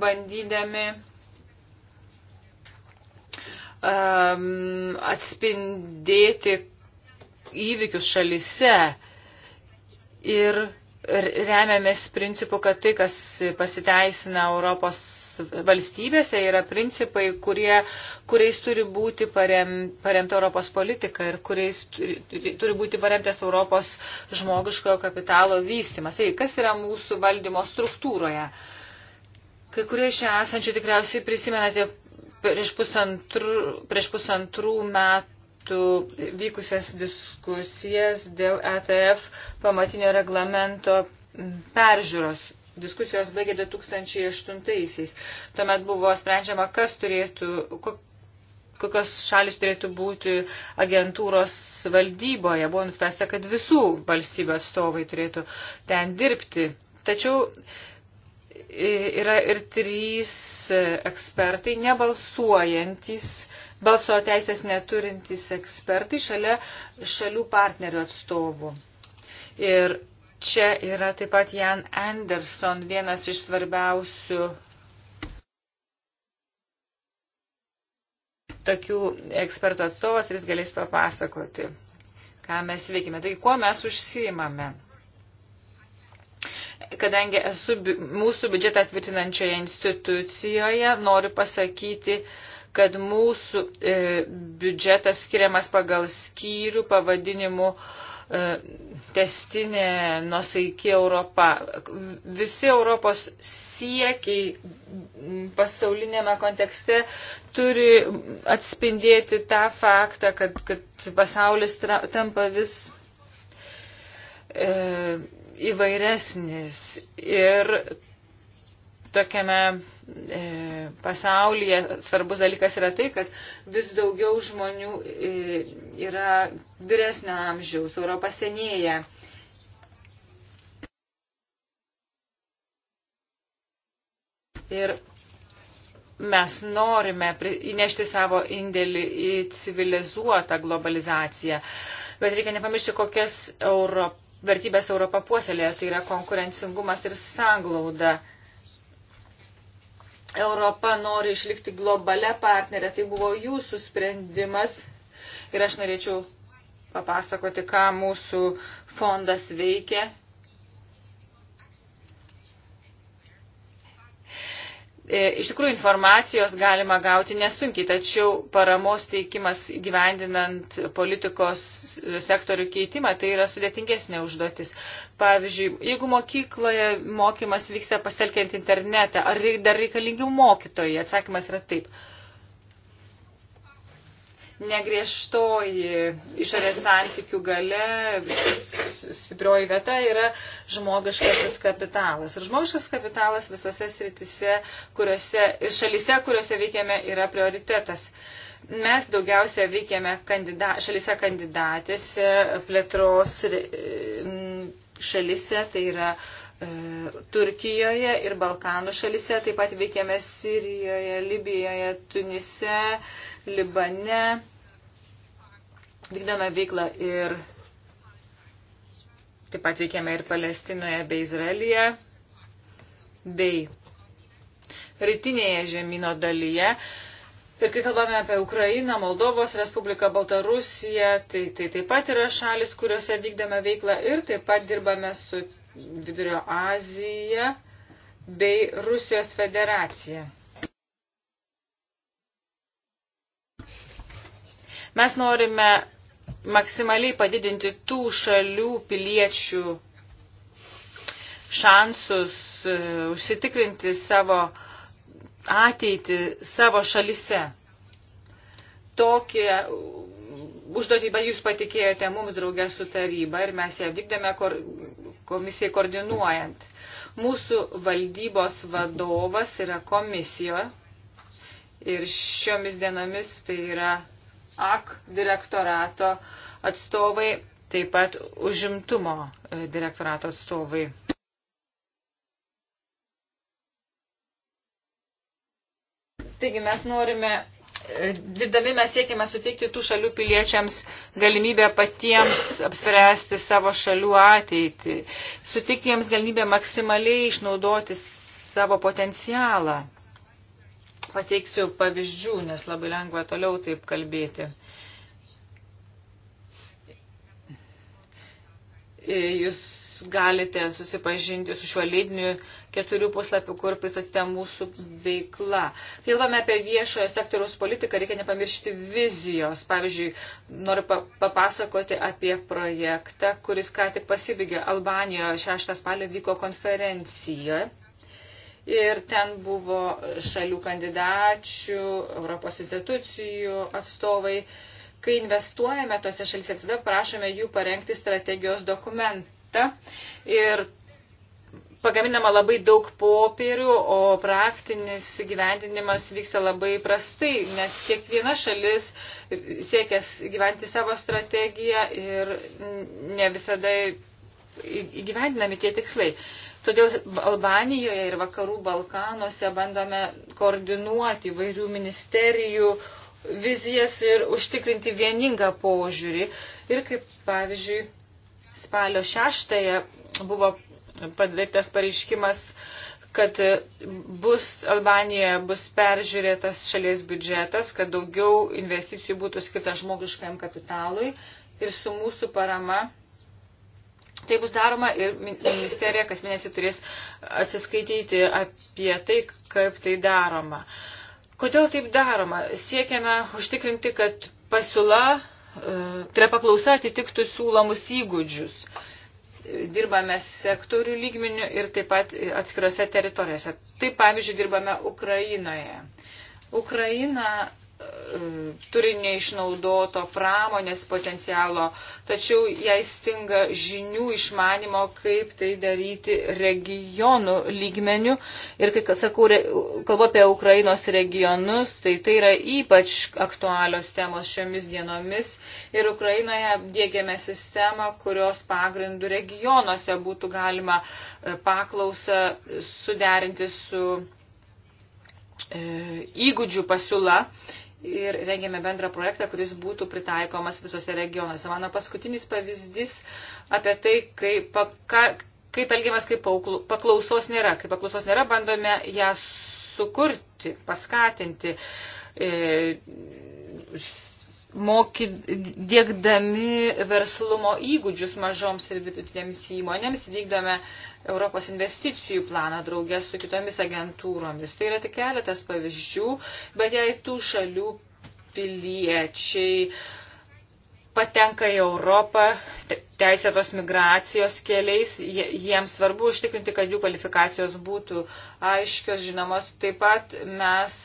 bandydami um, atspindėti įvykius šalise ir remiamės principu, kad tai, kas pasiteisina Europos valstybėse yra principai, kurie, kuriais turi būti parem, paremta Europos politika ir kuriais turi, turi būti paremtas Europos žmogiškojo kapitalo vystimas. Tai kas yra mūsų valdymo struktūroje? Kai kurie iš esančių tikriausiai prisimenate prieš pusantrų, prieš pusantrų metų metų vykusias diskusijas dėl ETF pamatinio reglamento peržiūros diskusijos baigė 2008-aisiais. Tuomet buvo sprendžiama, kas turėtų, kokios šalis turėtų būti agentūros valdyboje. Buvo nuspręsta, kad visų valstybių atstovai turėtų ten dirbti. Tačiau yra ir trys ekspertai, nebalsuojantis, balso teisės neturintys ekspertai šalia šalių partnerių atstovų. Ir Čia yra taip pat Jan Anderson, vienas iš svarbiausių tokių ekspertų atstovas ir jis galės papasakoti, ką mes veikime. Taigi, kuo mes užsiimame? Kadangi esu mūsų biudžetą atvirtinančioje institucijoje, noriu pasakyti, kad mūsų e, biudžetas skiriamas pagal skyrių pavadinimu e, E, testinė nusaikė Europa. Visi Europos siekiai pasaulinėme kontekste turi atspindėti tą faktą, kad, kad pasaulis tampa vis e, įvairesnis ir tokiame e, pasaulyje svarbus dalykas yra tai, kad vis daugiau žmonių e, yra vyresnio amžiaus, Europa senėja. Ir mes norime įnešti savo indėlį į civilizuotą globalizaciją. Bet reikia nepamiršti, kokias Europ, vertybės Europa puoselėje, tai yra konkurencingumas ir sanglauda. E, Europa nori išlikti globale partnerė. Tai buvo jūsų sprendimas ir aš norėčiau papasakoti, ką mūsų fondas veikia E, iš tikrųjų, informacijos galima gauti nesunkiai, tačiau paramos teikimas gyvendinant politikos sektorių keitimą tai yra sudėtingesnė užduotis. Pavyzdžiui, jeigu mokykloje mokymas vyksta pasitelkiant internetą, ar dar reikalingi mokytojai? Atsakymas yra taip. Uh, negriežtoji išorės santykių gale, stiprioji vieta yra žmogiškasis kapitalas. Ir žmogiškas kapitalas visose sritise, kuriuose, šalise, kuriuose veikiame, yra prioritetas. Mes daugiausia veikiame kandida, šalise kandidatėse, plėtros šalise, tai yra e, Turkijoje ir Balkanų šalise, taip pat veikėme Sirijoje, Libijoje, Tunise, Libane vykdome veiklą ir taip pat veikiame ir Palestinoje bei Izraelyje, bei rytinėje žemino dalyje. Ir kai kalbame apie Ukrainą, Moldovos Respubliką, Baltarusiją, tai, tai taip pat yra šalis, kuriuose vykdome veiklą ir taip pat dirbame su Vidurio Azija bei Rusijos federacija. Mes norime maksimaliai padidinti tų šalių piliečių šansus e, užsitikrinti savo ateitį savo šalise. Tokie užduotį jūs patikėjote mums draugę su taryba ir mes ją vykdėme komisijai koordinuojant. Mūsų valdybos vadovas yra komisijoje ir šiomis dienomis tai yra AK direktorato atstovai, taip pat užimtumo e, direktorato atstovai. Taigi mes norime, e, dirbdami mes siekime suteikti tų šalių piliečiams galimybę patiems apspręsti savo šalių ateitį, suteikti jiems galimybę maksimaliai išnaudoti savo potencialą. Pateiksiu pavyzdžių, nes labai lengva toliau taip kalbėti. Jūs galite susipažinti su šiuo leidiniu keturių puslapių, kur pristatyta mūsų veikla. Kalbame apie viešojo sektoriaus politiką, reikia nepamiršti vizijos. Pavyzdžiui, noriu papasakoti apie projektą, kuris ką tik pasibėgė Albanijoje 6 spalio vyko konferencijoje Ir ten buvo šalių kandidačių, Europos institucijų atstovai. Kai investuojame tose šalyse, visada prašome jų parengti strategijos dokumentą. Ir pagaminama labai daug popierių, o praktinis gyvendinimas vyksta labai prastai, nes kiekviena šalis siekės gyventi savo strategiją ir ne visada įgyvendinami tie tikslai. Todėl Albanijoje ir vakarų Balkanuose bandome koordinuoti vairių ministerijų vizijas ir užtikrinti vieningą požiūrį. Ir kaip pavyzdžiui, spalio šeštąją buvo padarytas pareiškimas, kad bus Albanijoje bus peržiūrėtas šalies biudžetas, kad daugiau investicijų būtų skirta žmogiškajam kapitalui ir su mūsų parama tai bus daroma ir ministerija kas mėnesį turės atsiskaityti apie tai, kaip tai daroma. Kodėl taip daroma? Siekiame užtikrinti, kad pasiūla, e, tai yra paklausa atitiktų siūlomus įgūdžius dirbame sektorių lygmenių ir taip pat atskirose teritorijose. Taip, pavyzdžiui, dirbame Ukrainoje. Ukraina turi neišnaudoto pramonės potencialo, tačiau jai stinga žinių išmanimo, kaip tai daryti regionų lygmenių. Ir kai sakau, kalbu apie Ukrainos regionus, tai tai yra ypač aktualios temos šiomis dienomis. Ir Ukrainoje dėgiame sistemą, kurios pagrindų regionuose būtų galima e, paklausą suderinti su e, įgūdžių pasiūla. E, ir rengėme bendrą projektą, kuris būtų pritaikomas visose regionuose. Mano paskutinis pavyzdys apie tai, kaip, ka, kaip elgiamas, kaip paklausos nėra. Kaip paklausos nėra, bandome ją sukurti, paskatinti. E, dėkdami verslumo įgūdžius mažoms ir vidutinėms įmonėms vykdome Europos investicijų planą draugę su kitomis agentūromis. Tai yra tik keletas pavyzdžių, bet jei tų šalių piliečiai patenka į Europą teisėtos migracijos keliais, jiems svarbu užtikrinti, kad jų kvalifikacijos būtų aiškios, žinomos. Taip pat mes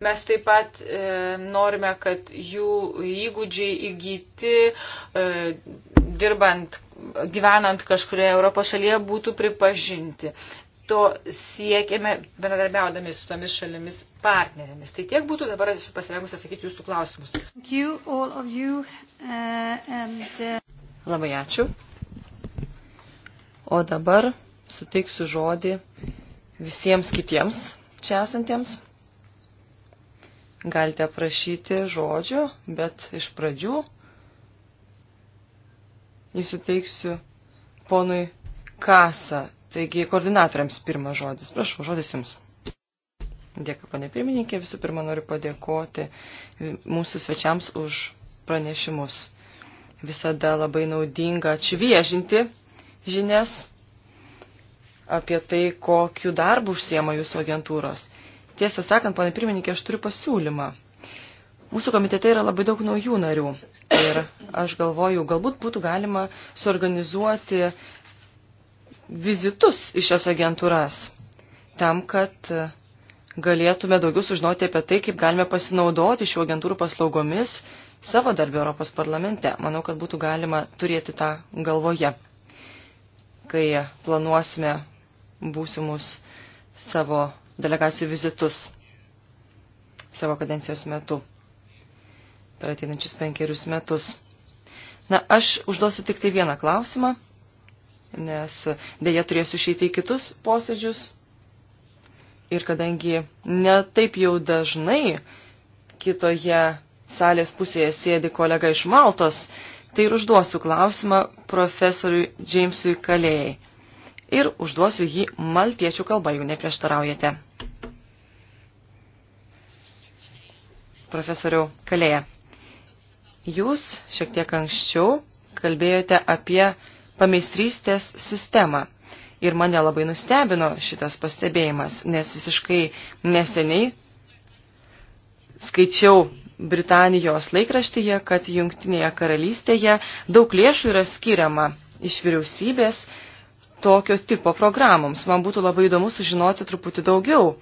Mes taip pat e, norime, kad jų įgūdžiai įgyti e, dirbant, gyvenant kažkurioje Europos šalyje būtų pripažinti. To siekėme bendradarbiaudami su tomis šalimis partnerėmis. Tai tiek būtų dabar esu pasirengusi atsakyti jūsų klausimus. You, you, uh, and, uh... Labai ačiū. O dabar suteiksiu žodį visiems kitiems čia esantiems galite prašyti žodžio, bet iš pradžių jį suteiksiu ponui Kasa. Taigi, koordinatoriams pirmas žodis. Prašau, žodis jums. Dėkui, panė pirmininkė. Visų pirma, noriu padėkoti mūsų svečiams už pranešimus. Visada labai naudinga atšviežinti žinias apie tai, kokiu darbu užsiema jūsų agentūros. Tiesą sakant, ponai pirmininkė, aš turiu pasiūlymą. Mūsų komitete yra labai daug naujų narių ir aš galvoju, galbūt būtų galima suorganizuoti vizitus į šias agentūras tam, kad galėtume daugiau sužinoti apie tai, kaip galime pasinaudoti šių agentūrų paslaugomis savo darbę Europos parlamente. Manau, kad būtų galima turėti tą galvoje, kai planuosime būsimus savo delegacijų vizitus savo kadencijos metu per ateinančius penkerius metus. Na, aš užduosiu tik tai vieną klausimą, nes dėja turėsiu išeiti į kitus posėdžius. Ir kadangi netaip jau dažnai kitoje salės pusėje sėdi kolega iš Maltos, tai ir užduosiu klausimą profesoriui Džeimsui Kalėjai ir užduosiu jį maltiečių kalba, jeigu neprieštaraujate. Profesoriau Kalėja, jūs šiek tiek anksčiau kalbėjote apie pameistrystės sistemą. Ir mane labai nustebino šitas pastebėjimas, nes visiškai neseniai skaičiau Britanijos laikraštyje, kad Jungtinėje karalystėje daug lėšų yra skiriama iš vyriausybės tokio tipo programoms. Man būtų labai įdomu sužinoti truputį daugiau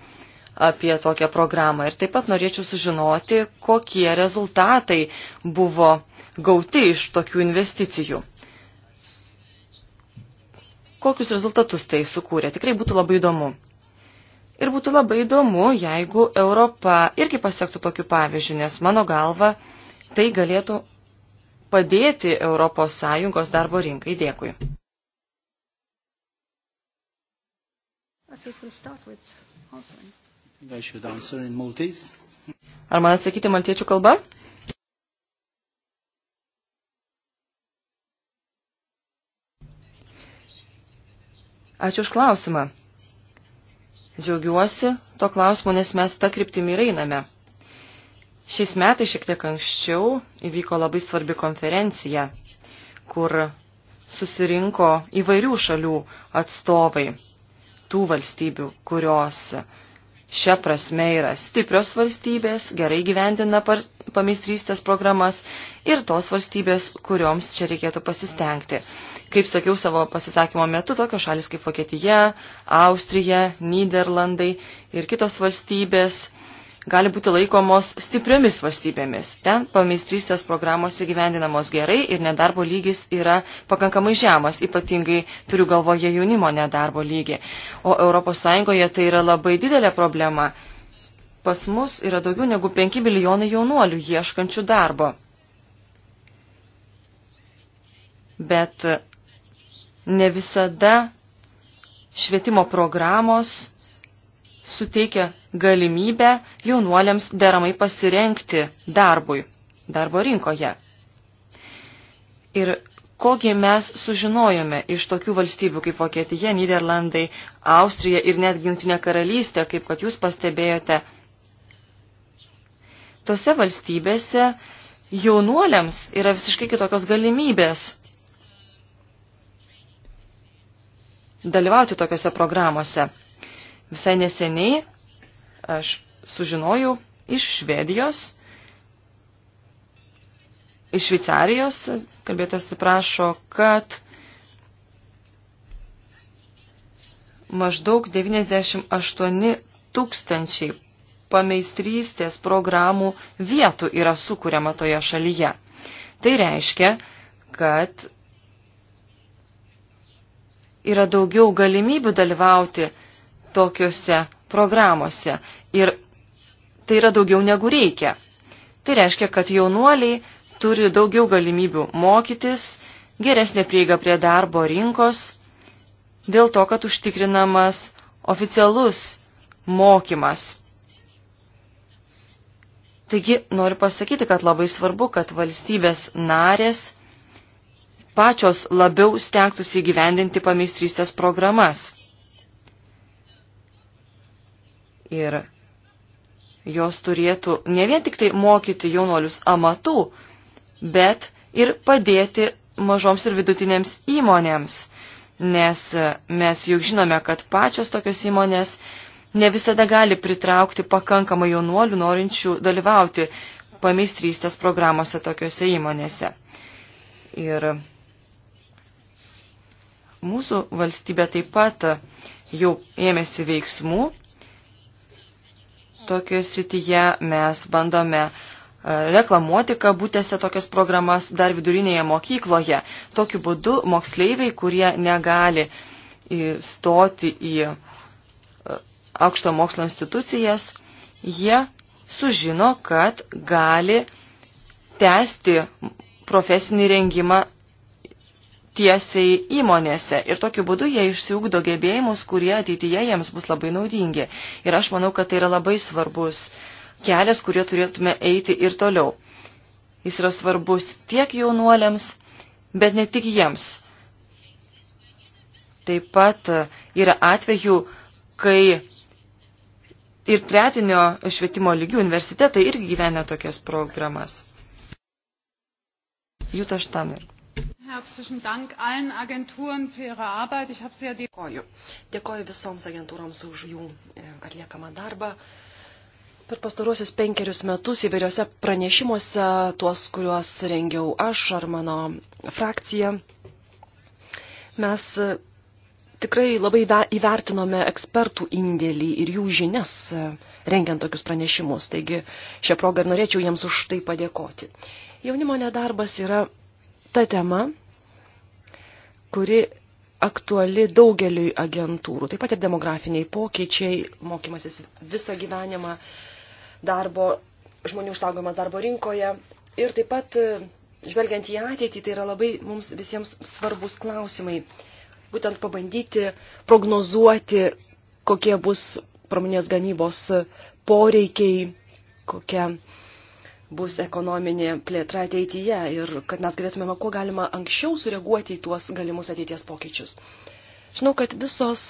apie tokią programą. Ir taip pat norėčiau sužinoti, kokie rezultatai buvo gauti iš tokių investicijų. Kokius rezultatus tai sukūrė? Tikrai būtų labai įdomu. Ir būtų labai įdomu, jeigu Europa irgi pasiektų tokiu pavyzdžiu, nes mano galva tai galėtų padėti Europos Sąjungos darbo rinkai. Dėkui. Ar man atsakyti maltiečių kalba? Ačiū už klausimą. Džiaugiuosi to klausimu, nes mes tą kryptimį ir einame. Šiais metais šiek tiek anksčiau įvyko labai svarbi konferencija, kur susirinko įvairių šalių atstovai tų valstybių, kurios šią prasme yra stiprios valstybės, gerai gyvendina pamistrystės programas ir tos valstybės, kurioms čia reikėtų pasistengti. Kaip sakiau savo pasisakymo metu, tokios šalis kaip Vokietija, Austrija, Niderlandai ir kitos valstybės gali būti laikomos stipriomis valstybėmis. Ten pameistrystės programos įgyvendinamos gerai ir nedarbo lygis yra pakankamai žemas, ypatingai turiu galvoje jaunimo nedarbo lygį. O ES tai yra labai didelė problema. Pas mus yra daugiau negu 5 milijonai jaunuolių ieškančių darbo. Bet ne visada švietimo programos suteikia galimybę jaunuoliams deramai pasirenkti darbui, darbo rinkoje. Ir kogi mes sužinojome iš tokių valstybių kaip Vokietija, Niderlandai, Austrija ir net Gimtinė karalystė, kaip kad jūs pastebėjote. Tose valstybėse jaunuoliams yra visiškai kitokios galimybės dalyvauti tokiuose programuose. Visai neseniai aš sužinojau iš Švedijos, iš Šveicarijos, kalbėtas prašo, kad maždaug 98 tūkstančiai pameistrystės programų vietų yra sukūriama toje šalyje. Tai reiškia, kad yra daugiau galimybių dalyvauti tokiuose programuose. Ir tai yra daugiau negu reikia. Tai reiškia, kad jaunuoliai turi daugiau galimybių mokytis, geresnė prieiga prie darbo rinkos, dėl to, kad užtikrinamas oficialus mokymas. Taigi noriu pasakyti, kad labai svarbu, kad valstybės narės pačios labiau stengtųsi įgyvendinti pameistrystės programas. Ir jos turėtų ne vien tik tai mokyti jaunolius amatų, bet ir padėti mažoms ir vidutinėms įmonėms, nes mes juk žinome, kad pačios tokios įmonės ne visada gali pritraukti pakankamai jaunuolių norinčių dalyvauti pameistrystės programuose tokiuose įmonėse. Ir mūsų valstybė taip pat jau ėmėsi veiksmų tokioje srityje mes bandome e, reklamuoti kabutėse tokias programas dar vidurinėje mokykloje. Tokiu būdu moksleiviai, kurie negali stoti į e, aukšto mokslo institucijas, jie sužino, kad gali tęsti profesinį rengimą tiesiai įmonėse ir tokiu būdu jie išsiugdo gebėjimus, kurie ateityje jiems bus labai naudingi. Ir aš manau, kad tai yra labai svarbus kelias, kurie turėtume eiti ir toliau. Jis yra svarbus tiek jaunuoliams, bet ne tik jiems. Taip pat yra atvejų, kai ir tretinio švietimo lygių universitetai irgi gyvena tokias programas. Jūta Štamirk. Herzlichen Dank allen Agenturen für ihre Arbeit. Ich habe sehr dėkoju. Dėkoju visoms agentūroms už jų e, atliekamą darbą. Per pastaruosius penkerius metus įvairiose pranešimuose, tuos, kuriuos rengiau aš ar mano frakcija, mes e, tikrai labai įvertinome ekspertų indėlį ir jų žinias e, rengiant tokius pranešimus. Taigi šią progą ir norėčiau jiems už tai padėkoti. Jaunimo nedarbas yra ta tema, kuri aktuali daugeliui agentūrų, taip pat ir demografiniai pokyčiai, mokymasis visą gyvenimą, darbo, žmonių išsaugomas darbo rinkoje ir taip pat, žvelgiant į ateitį, tai yra labai mums visiems svarbus klausimai. Būtent pabandyti prognozuoti, kokie bus pramonės gamybos poreikiai, kokia bus ekonominė plėtra ateityje ir kad mes galėtumėme kuo galima anksčiau sureaguoti į tuos galimus ateities pokyčius. Žinau, kad visos,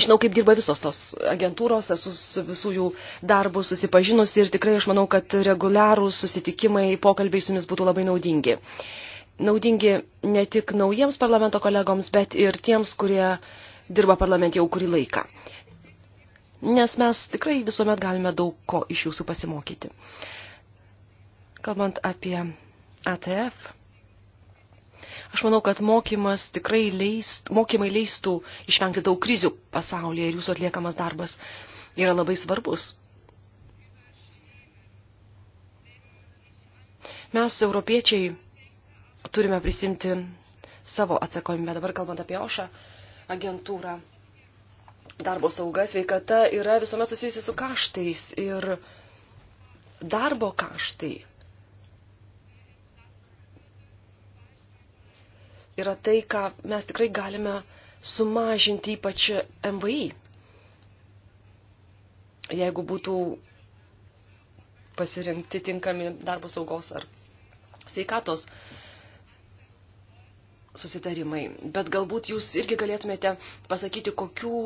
žinau, kaip dirba visos tos agentūros, esu su visų jų darbų susipažinusi ir tikrai aš manau, kad reguliarūs susitikimai, pokalbiai su jumis būtų labai naudingi. Naudingi ne tik naujiems parlamento kolegoms, bet ir tiems, kurie dirba parlamente jau kurį laiką nes mes tikrai visuomet galime daug ko iš jūsų pasimokyti. Kalbant apie ATF, aš manau, kad mokymas tikrai leist, mokymai leistų išvengti daug krizių pasaulyje ir jūsų atliekamas darbas yra labai svarbus. Mes, europiečiai, turime prisimti savo atsakomybę. Dabar kalbant apie OŠą agentūrą, darbo sauga, sveikata yra visuomet susijusi su kaštais ir darbo kaštai yra tai, ką mes tikrai galime sumažinti ypač MVI. Jeigu būtų pasirinkti tinkami darbo saugos ar sveikatos susitarimai. Bet galbūt jūs irgi galėtumėte pasakyti, kokių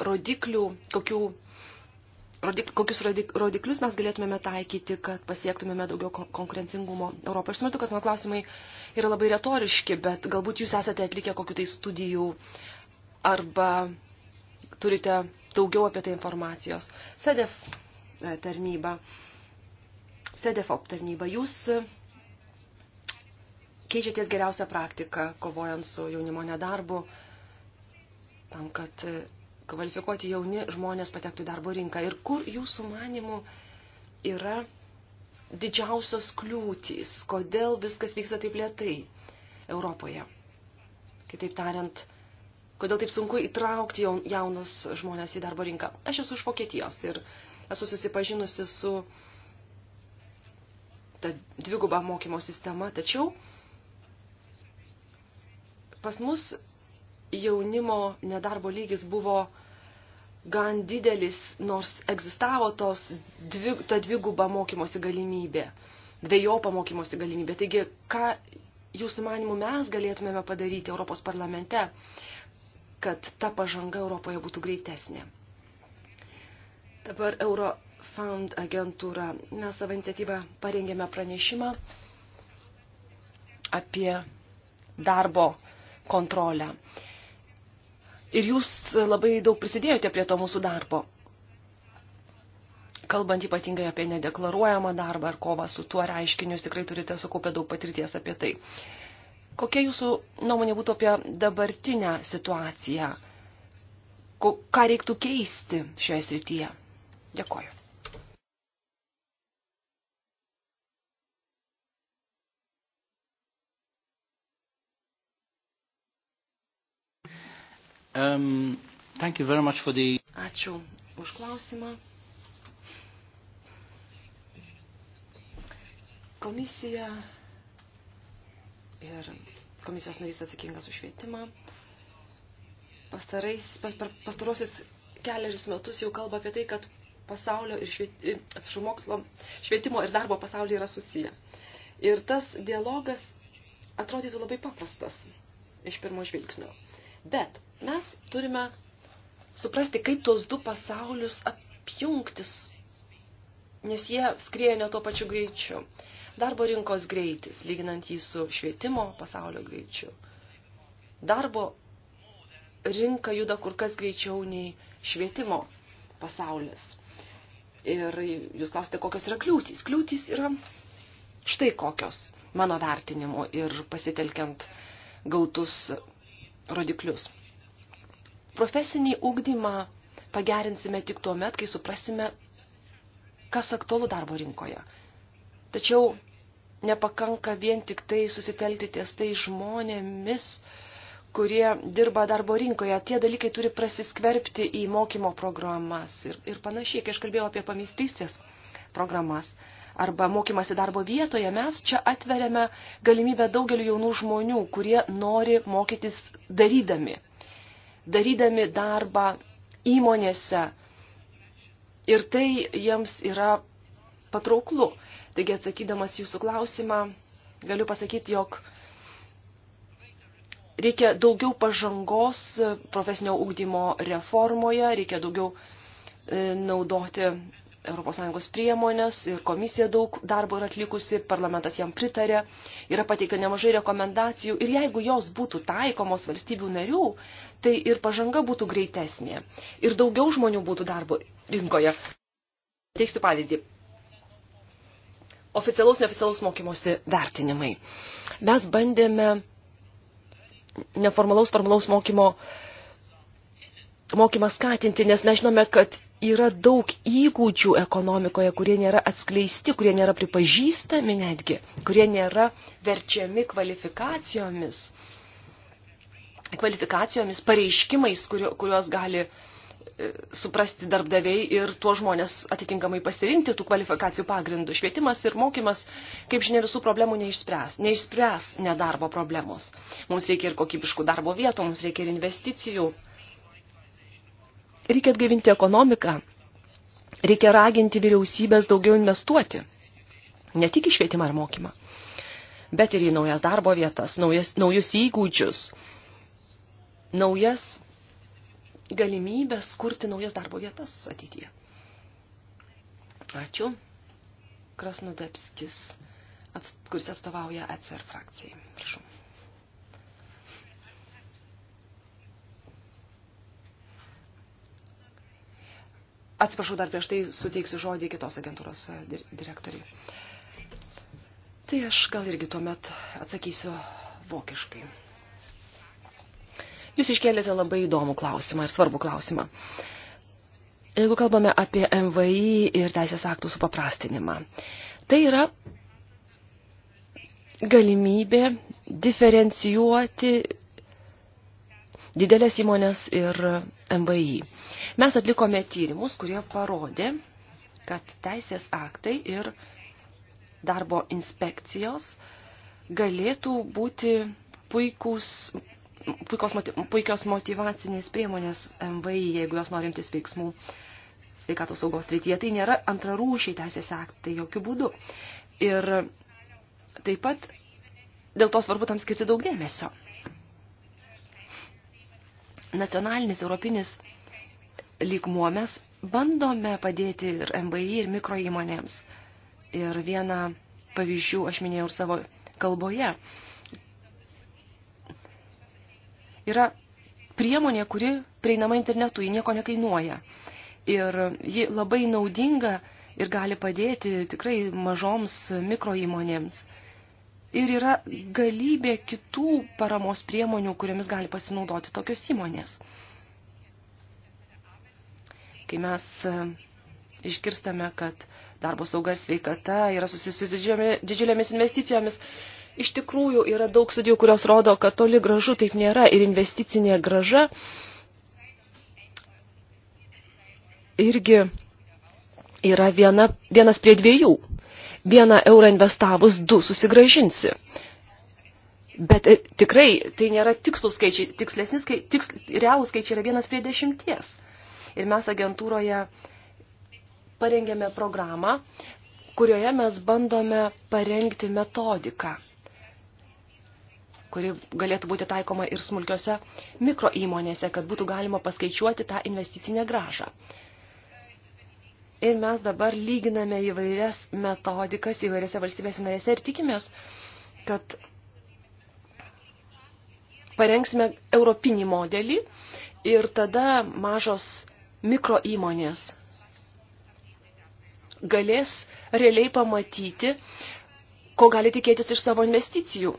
rodiklių, kokių, rodik, kokius rodik, rodiklius mes galėtumėme taikyti, kad pasiektumėme daugiau konkurencingumo Europoje. Aš suprantu, kad mano klausimai yra labai retoriški, bet galbūt jūs esate atlikę kokiu tai studijų arba turite daugiau apie tai informacijos. SEDEF e, tarnyba, SEDEFOP tarnyba, jūs keičiatės geriausią praktiką, kovojant su jaunimo nedarbu, tam, kad kvalifikuoti jauni žmonės patektų į darbo rinką. Ir kur jūsų manimų yra didžiausios kliūtys, kodėl viskas vyksta taip lietai Europoje? Kitaip tariant, kodėl taip sunku įtraukti jaunus žmonės į darbo rinką. Aš esu iš Vokietijos ir esu susipažinusi su ta dviguba mokymo sistema, tačiau pas mus jaunimo nedarbo lygis buvo gan didelis, nors egzistavo tos dvi, ta dviguba mokymosi galimybė, dviejopa mokymosi galimybė. Taigi, ką jūsų manimų mes galėtumėme padaryti Europos parlamente, kad ta pažanga Europoje būtų greitesnė? Dabar Eurofund agentūra. Mes savo iniciatyvą parengėme pranešimą apie darbo kontrolę. Ir jūs labai daug prisidėjote prie to mūsų darbo. Kalbant ypatingai apie nedeklaruojamą darbą ar kovą su tuo reiškiniu, jūs tikrai turite sukaupę daug patirties apie tai. Kokia jūsų nuomonė būtų apie dabartinę situaciją? Ką reiktų keisti šioje srityje? Dėkoju. Um, thank you very much for the... Ačiū už klausimą. Komisija ir komisijos narys atsakingas už švietimą pastarais, pas, per pastarosius keliarius metus jau kalba apie tai, kad pasaulio ir švieti, atsiprašau, mokslo, švietimo ir darbo pasaulyje yra susiję. Ir tas dialogas atrodytų labai paprastas iš pirmo žvilgsnio. Bet Mes turime suprasti, kaip tuos du pasaulius apjungtis, nes jie skrieja ne tuo pačiu greičiu. Darbo rinkos greitis, lyginant jį su švietimo pasaulio greičiu. Darbo rinka juda kur kas greičiau nei švietimo pasaulis. Ir jūs klausite, kokios yra kliūtys. Kliūtys yra štai kokios mano vertinimu ir pasitelkiant gautus rodiklius. Profesinį ūkdymą pagerinsime tik tuo met, kai suprasime, kas aktualu darbo rinkoje. Tačiau nepakanka vien tik tai susitelti ties tai žmonėmis, kurie dirba darbo rinkoje. Tie dalykai turi prasiskverbti į mokymo programas ir, ir panašiai, kai aš kalbėjau apie pameistrystės programas arba mokymasi darbo vietoje, mes čia atveriame galimybę daugeliu jaunų žmonių, kurie nori mokytis darydami darydami darbą įmonėse. Ir tai jiems yra patrauklu. Taigi atsakydamas jūsų klausimą, galiu pasakyti, jog reikia daugiau pažangos profesinio ūkdymo reformoje, reikia daugiau e, naudoti ES priemonės ir komisija daug darbo yra atlikusi, parlamentas jam pritarė, yra pateikta nemažai rekomendacijų ir jeigu jos būtų taikomos valstybių narių, tai ir pažanga būtų greitesnė ir daugiau žmonių būtų darbo rinkoje. Teiksiu pavyzdį. Oficialaus, neoficialaus mokymosi vertinimai. Mes bandėme neformalaus, formalaus mokymo mokymą skatinti, nes mes žinome, kad yra daug įgūdžių ekonomikoje, kurie nėra atskleisti, kurie nėra pripažįstami netgi, kurie nėra verčiami kvalifikacijomis, kvalifikacijomis pareiškimais, kuriuos gali e, suprasti darbdaviai ir tuo žmonės atitinkamai pasirinkti tų kvalifikacijų pagrindų. Švietimas ir mokymas, kaip žinia, visų problemų neišspręs. Neišspręs nedarbo problemos. Mums reikia ir kokybiškų darbo vietų, mums reikia ir investicijų Reikia atgaivinti ekonomiką, reikia raginti vyriausybės daugiau investuoti, ne tik į švietimą ir mokymą, bet ir į naujas darbo vietas, naujas, naujus įgūdžius, naujas galimybės kurti naujas darbo vietas ateityje. Ačiū. Krasnodepskis, kuris atstovauja ECR frakcijai. Prašau. Atsiprašau, dar prieš tai suteiksiu žodį kitos agentūros e, direktoriai. Tai aš gal irgi tuomet atsakysiu vokiškai. Jūs iškėlėte labai įdomų klausimą ir svarbų klausimą. Jeigu kalbame apie MVI ir teisės aktų supaprastinimą, tai yra galimybė diferencijuoti didelės įmonės ir MVI. Mes atlikome tyrimus, kurie parodė, kad teisės aktai ir darbo inspekcijos galėtų būti puikus, puikos, puikios motivacinės priemonės MVI, jeigu jos norimtis veiksmų sveikatos saugos srityje. Tai nėra antrarūšiai teisės aktai jokių būdų. Ir taip pat dėl to svarbu tam skirti daug dėmesio. Nacionalinis, europinis lygmuo mes bandome padėti ir MBI, ir mikro įmonėms. Ir vieną pavyzdžių aš minėjau ir savo kalboje. Yra priemonė, kuri prieinama internetu, ji nieko nekainuoja. Ir ji labai naudinga ir gali padėti tikrai mažoms mikro įmonėms. Ir yra galybė kitų paramos priemonių, kuriamis gali pasinaudoti tokios įmonės. Kai mes e, išgirstame, kad darbo sauga sveikata yra susijusi didžiulėmis investicijomis, iš tikrųjų yra daug studijų, kurios rodo, kad toli gražu taip nėra ir investicinė graža irgi yra viena, vienas prie dviejų. Vieną eurą investavus, du susigražinsi. Bet e, tikrai tai nėra tikslų skaičiai, tikslesni skaičiai, tiks, realų skaičiai yra vienas prie dešimties. Ir mes agentūroje parengėme programą, kurioje mes bandome parengti metodiką, kuri galėtų būti taikoma ir smulkiose mikro įmonėse, kad būtų galima paskaičiuoti tą investicinę gražą. Ir mes dabar lyginame įvairias metodikas įvairiose valstybėse narėse ir tikimės, kad parengsime europinį modelį ir tada mažos mikro įmonės galės realiai pamatyti, ko gali tikėtis iš savo investicijų.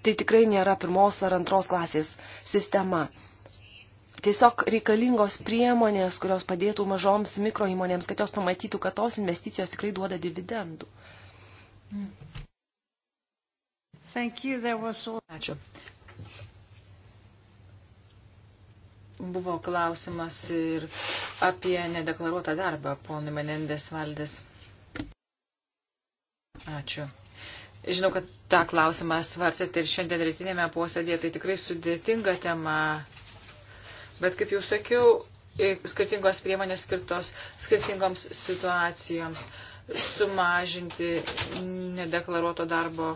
Tai tikrai nėra pirmos ar antros klasės sistema. Tiesiog reikalingos priemonės, kurios padėtų mažoms mikroįmonėms, kad jos pamatytų, kad tos investicijos tikrai duoda dividendų. Ačiū. Buvo klausimas ir apie nedeklaruotą darbą, ponui Menendės valdės. Ačiū. Žinau, kad tą klausimą svarsėte ir šiandien rytinėme posėdėje, tai tikrai sudėtinga tema. Bet, kaip jau sakiau, skirtingos priemonės skirtos skirtingoms situacijoms sumažinti nedeklaruoto darbo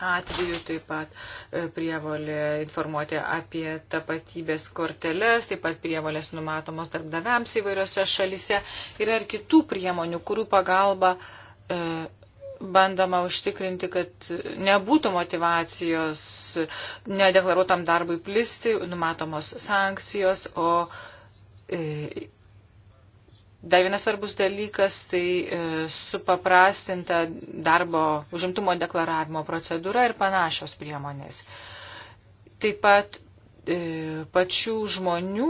atveju taip pat e, prievolė informuoti apie tapatybės korteles, taip pat prievolės numatomos darbdaviams įvairiose šalise yra ir kitų priemonių, kurių pagalba e, bandoma užtikrinti, kad nebūtų motivacijos nedeklaruotam darbui plisti, numatomos sankcijos, o e, Dar vienas svarbus dalykas tai e, supaprastinta darbo užimtumo deklaravimo procedūra ir panašios priemonės. Taip pat e, pačių žmonių,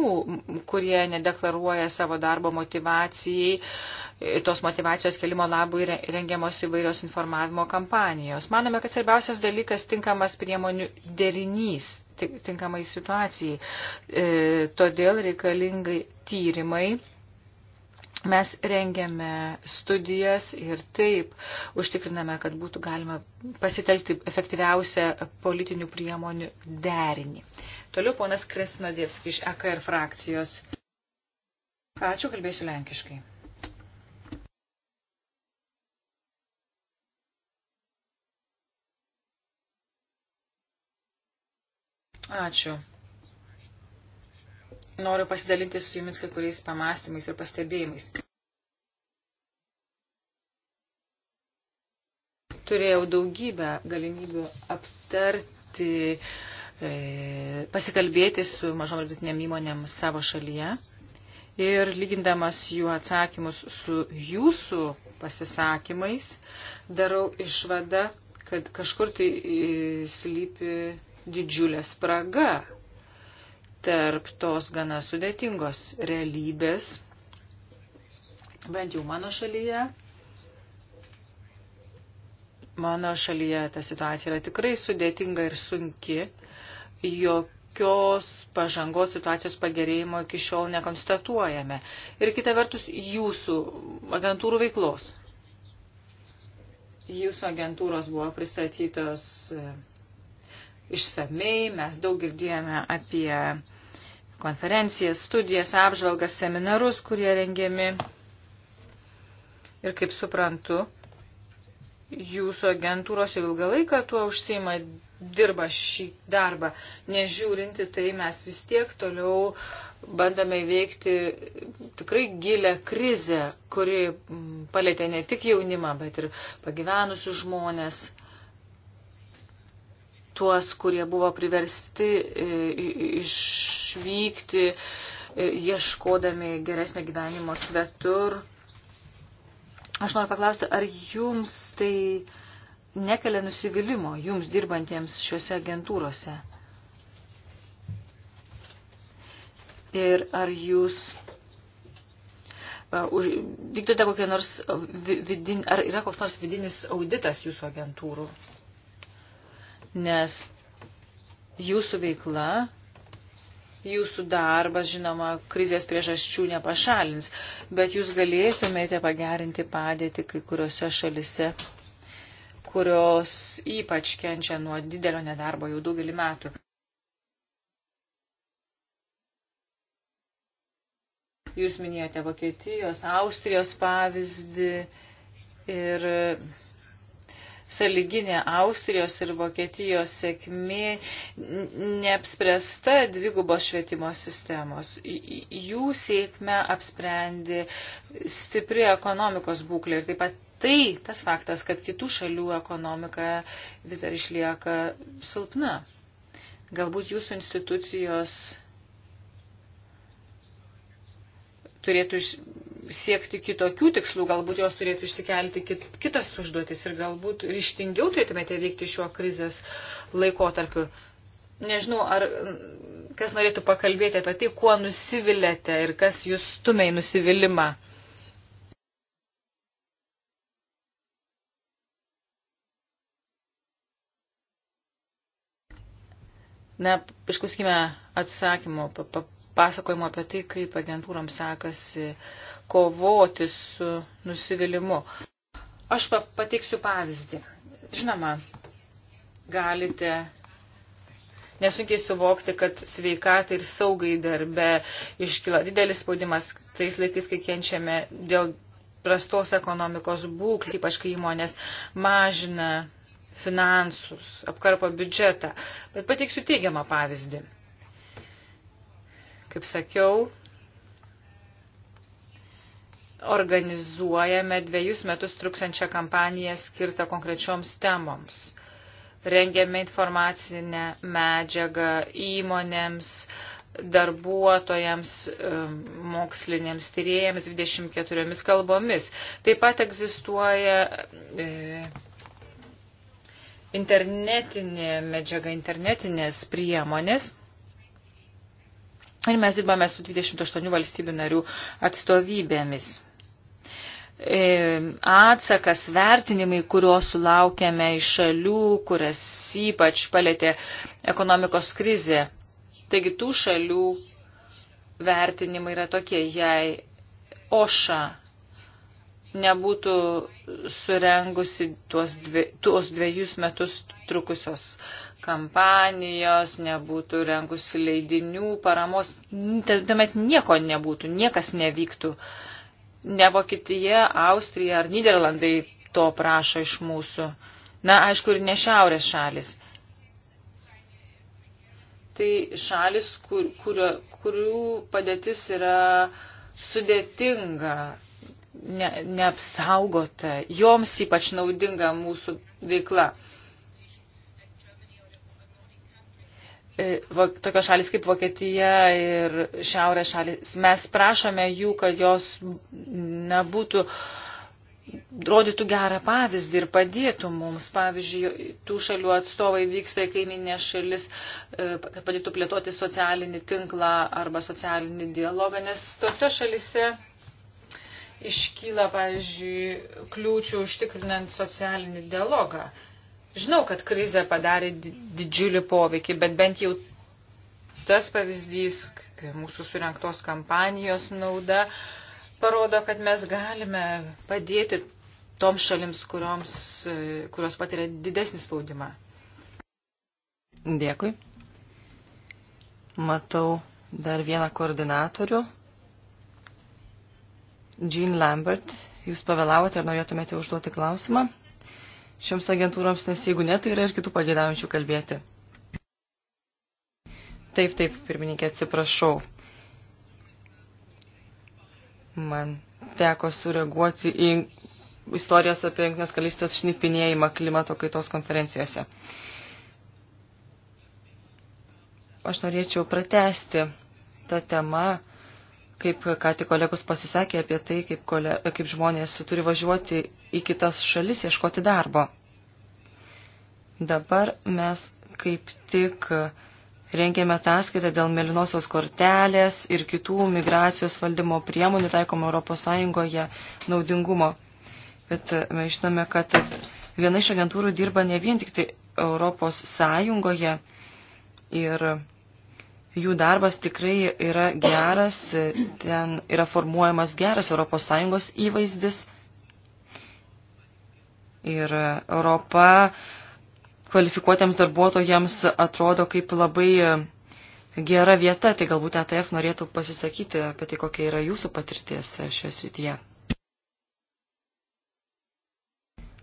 kurie nedeklaruoja savo darbo motivacijai, e, tos motivacijos kelimo labui rengiamos įvairios informavimo kampanijos. Manome, kad svarbiausias dalykas tinkamas priemonių derinys tinkamai situacijai. E, todėl reikalingai tyrimai Mes rengiame studijas ir taip užtikriname, kad būtų galima pasitelkti efektyviausią politinių priemonių derinį. Toliau ponas Kresnodėvski iš EKR frakcijos. Ačiū, kalbėsiu lenkiškai. Ačiū noriu pasidalinti su jumis kai kuriais pamastymais ir pastebėjimais. Turėjau daugybę galimybių aptarti, e, pasikalbėti su mažom ir vidutinėm įmonėm savo šalyje ir lygindamas jų atsakymus su jūsų pasisakymais, darau išvadą, kad kažkur tai e, slypi didžiulė spraga tarp tos gana sudėtingos realybės, bent jau mano šalyje. Mano šalyje ta situacija yra tikrai sudėtinga ir sunki. Jokios pažangos situacijos pagerėjimo iki šiol nekonstatuojame. Ir kita vertus, jūsų agentūrų veiklos. Jūsų agentūros buvo pristatytos e, išsamei, mes daug girdėjome apie konferencijas, studijas, apžvalgas, seminarus, kurie rengiami. Ir kaip suprantu, jūsų agentūros jau ilgą laiką tuo užsima, dirba šį darbą. Nežiūrinti tai mes vis tiek toliau bandome įveikti tikrai gilę krizę, kuri palėtė ne tik jaunimą, bet ir pagyvenusius žmonės tuos, kurie buvo priversti e, išvykti, e, ieškodami geresnio gyvenimo svetur. Aš noriu paklausti, ar jums tai nekelia nusivylimų, jums dirbantiems šiuose agentūrose? Ir ar jūs e, vykdote kokią nors vidinį, ar yra koks nors vidinis auditas jūsų agentūrų? nes jūsų veikla, jūsų darbas, žinoma, krizės priežasčių nepašalins, bet jūs galėtumėte pagerinti padėtį kai kuriuose šalise, kurios ypač kenčia nuo didelio nedarbo jau daugelį metų. Jūs minėjote Vokietijos, Austrijos pavyzdį ir saliginė Austrijos ir Vokietijos sėkmė neapspręsta dvigubos švietimo sistemos. Jų sėkmę apsprendė stipri ekonomikos būklė ir taip pat tai tas faktas, kad kitų šalių ekonomika vis dar išlieka silpna. Galbūt jūsų institucijos turėtų siekti kitokių tikslų, galbūt jos turėtų išsikelti kit, kitas užduotis ir galbūt ryštingiau turėtumėte veikti šiuo krizės laikotarpiu. Nežinau, ar kas norėtų pakalbėti apie tai, kuo nusivilėte ir kas jūs stumia į nusivylimą. Na, išklausykime atsakymo, pa, pa, pasakojimo apie tai, kaip agentūroms sekasi kovoti su nusivylimu. Aš pateiksiu pavyzdį. Žinoma, galite nesunkiai suvokti, kad sveikatai ir saugai darbe iškyla didelis spaudimas tais laikais, kai kenčiame dėl prastos ekonomikos būklės, ypač kai įmonės mažina finansus, apkarpo biudžetą. Bet pateiksiu teigiamą pavyzdį. Kaip sakiau, organizuojame dviejus metus truksančią kampaniją skirtą konkrečioms temoms. Rengiame informacinę medžiagą įmonėms, darbuotojams, moksliniams tyrėjams 24 kalbomis. Taip pat egzistuoja e, internetinė medžiaga, internetinės priemonės Ir mes dirbame su 28 valstybių narių atstovybėmis. E, atsakas, vertinimai, kuriuos sulaukėme iš šalių, kurias ypač palėtė ekonomikos krizė. Taigi tų šalių vertinimai yra tokie, jei OŠA nebūtų surengusi tuos, dvi, tuos dviejus metus trukusios kampanijos, nebūtų rengusi leidinių, paramos, tuomet nieko nebūtų, niekas nevyktų. Ne Vokietija, Austrija ar Niderlandai to prašo iš mūsų. Na, aišku, ir ne šiaurės šalis tai šalis, kur, kurio, kurių padėtis yra sudėtinga ne, neapsaugota, joms ypač naudinga mūsų veikla. E, tokios šalis kaip Vokietija ir Šiaurės šalis, mes prašome jų, kad jos nebūtų, rodytų gerą pavyzdį ir padėtų mums. Pavyzdžiui, tų šalių atstovai vyksta į kaiminę šalis, e, kad padėtų plėtoti socialinį tinklą arba socialinį dialogą, nes tose šalise iškyla, pavyzdžiui, kliūčių užtikrinant socialinį dialogą. Žinau, kad krizė padarė didžiulį poveikį, bet bent jau tas pavyzdys, mūsų surinktos kampanijos nauda, parodo, kad mes galime padėti toms šalims, kurioms, kurios patiria didesnį spaudimą. Dėkui. Matau dar vieną koordinatorių Jean Lambert, jūs pavėlavote ir norėtumėte užduoti klausimą šioms agentūroms, nes jeigu ne, tai yra ir kitų pagėdaujančių kalbėti. Taip, taip, pirmininkė, atsiprašau. Man teko sureaguoti į istorijos apie Junktinės kalystės šnipinėjimą klimato kaitos konferencijose. Aš norėčiau pratesti tą temą kaip ką tik kolegos pasisakė apie tai, kaip, kole, kaip žmonės turi važiuoti į kitas šalis ieškoti darbo. Dabar mes kaip tik rengėme ataskaitą dėl melinosios kortelės ir kitų migracijos valdymo priemonių taikomų ES naudingumo. Bet mes žinome, kad viena iš agentūrų dirba ne vien tik tai ES ir Jų darbas tikrai yra geras, ten yra formuojamas geras ES įvaizdis ir Europa kvalifikuotiems darbuotojams atrodo kaip labai gera vieta, tai galbūt ETF norėtų pasisakyti apie tai, kokia yra jūsų patirties šioje srityje.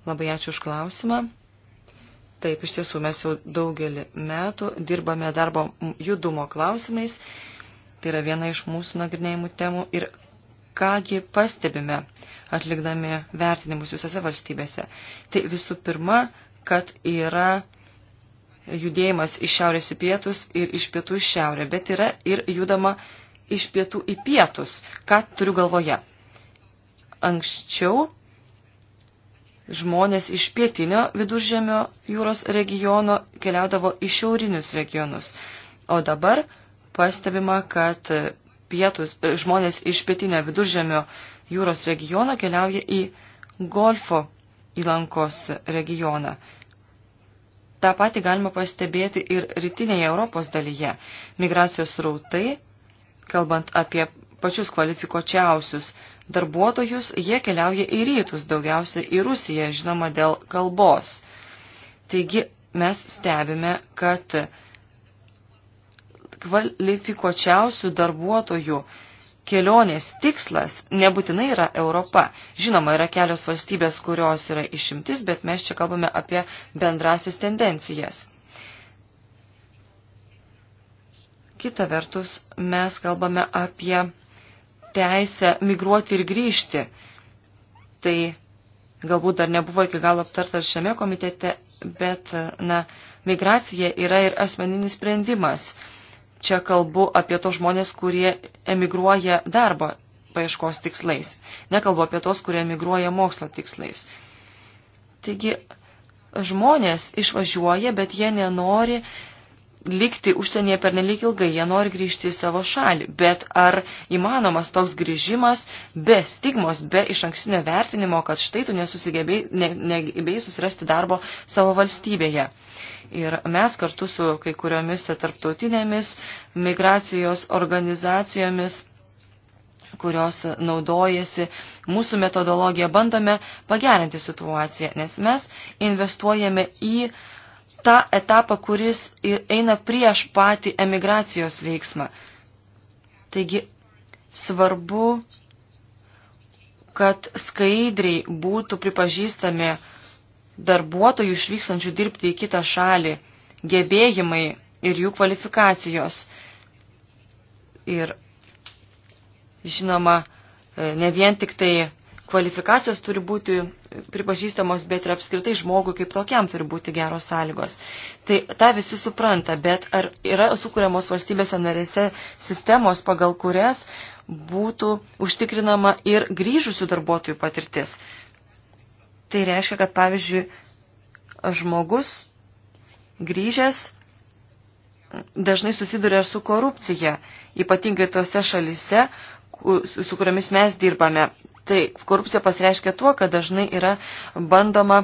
Labai ačiū už klausimą. Taip, iš tiesų mes jau daugelį metų dirbame darbo judumo klausimais. Tai yra viena iš mūsų nagrinėjimų temų ir kągi pastebime, atlikdami vertinimus visose valstybėse. Tai visų pirma, kad yra judėjimas iš šiaurės į pietus ir iš pietų į šiaurę, bet yra ir judama iš pietų į pietus. Ką turiu galvoje? Anksčiau žmonės iš pietinio viduržėmio jūros regiono keliaudavo į šiaurinius regionus. O dabar pastebima, kad pietus, e, žmonės iš pietinio viduržėmio jūros regiono keliauja į Golfo įlankos regioną. Ta pati galima pastebėti ir rytinėje Europos dalyje. Migracijos rautai, kalbant apie pačius kvalifikuočiausius darbuotojus, jie keliauja į rytus, daugiausia į Rusiją, žinoma, dėl kalbos. Taigi mes stebime, kad kvalifikuočiausių darbuotojų kelionės tikslas nebūtinai yra Europa. Žinoma, yra kelios valstybės, kurios yra išimtis, bet mes čia kalbame apie bendrasis tendencijas. Kita vertus, mes kalbame apie teisę migruoti ir grįžti. Tai galbūt dar nebuvo iki galo aptarta ir šiame komitete, bet, na, migracija yra ir asmeninis sprendimas. Čia kalbu apie tos žmonės, kurie emigruoja darbo paieškos tikslais. Nekalbu apie tos, kurie emigruoja mokslo tikslais. Taigi, žmonės išvažiuoja, bet jie nenori likti užsienyje per nelik ilgai, jie nori grįžti į savo šalį, bet ar įmanomas toks grįžimas be stigmos, be iš ankstinio vertinimo, kad štai tu nesusigebėjai ne, ne, susirasti darbo savo valstybėje. Ir mes kartu su kai kuriomis tarptautinėmis migracijos organizacijomis kurios naudojasi mūsų metodologiją, bandome pagerinti situaciją, nes mes investuojame į uh, tą etapą, kuris eina prieš patį emigracijos veiksmą. Taigi svarbu, kad skaidriai būtų pripažįstami darbuotojų išvykstančių dirbti į kitą šalį gebėjimai ir jų kvalifikacijos. Ir žinoma, e, ne vien tik tai kvalifikacijos turi būti pripažįstamos, bet ir apskritai žmogui kaip tokiam turi būti geros sąlygos. Tai tą visi supranta, bet ar yra sukūriamos valstybėse narėse sistemos, pagal kurias būtų užtikrinama ir grįžusių darbuotojų patirtis. Tai reiškia, kad pavyzdžiui, žmogus grįžęs dažnai susiduria su korupcija, ypatingai tose šalise, su kuriomis mes dirbame tai korupcija pasireiškia tuo, kad dažnai yra bandoma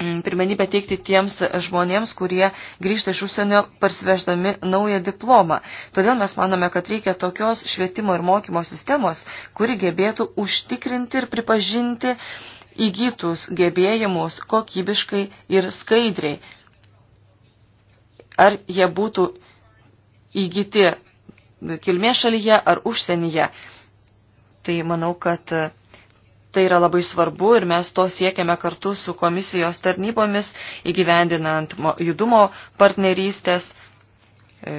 mm, pirmenybę teikti tiems žmonėms, kurie grįžta iš užsienio parsiveždami naują diplomą. Todėl mes manome, kad reikia tokios švietimo ir mokymo sistemos, kuri gebėtų užtikrinti ir pripažinti įgytus gebėjimus kokybiškai ir skaidriai. Ar jie būtų įgyti kilmės šalyje ar užsienyje. Tai manau, kad e, tai yra labai svarbu ir mes to siekiame kartu su komisijos tarnybomis įgyvendinant judumo partnerystės, e,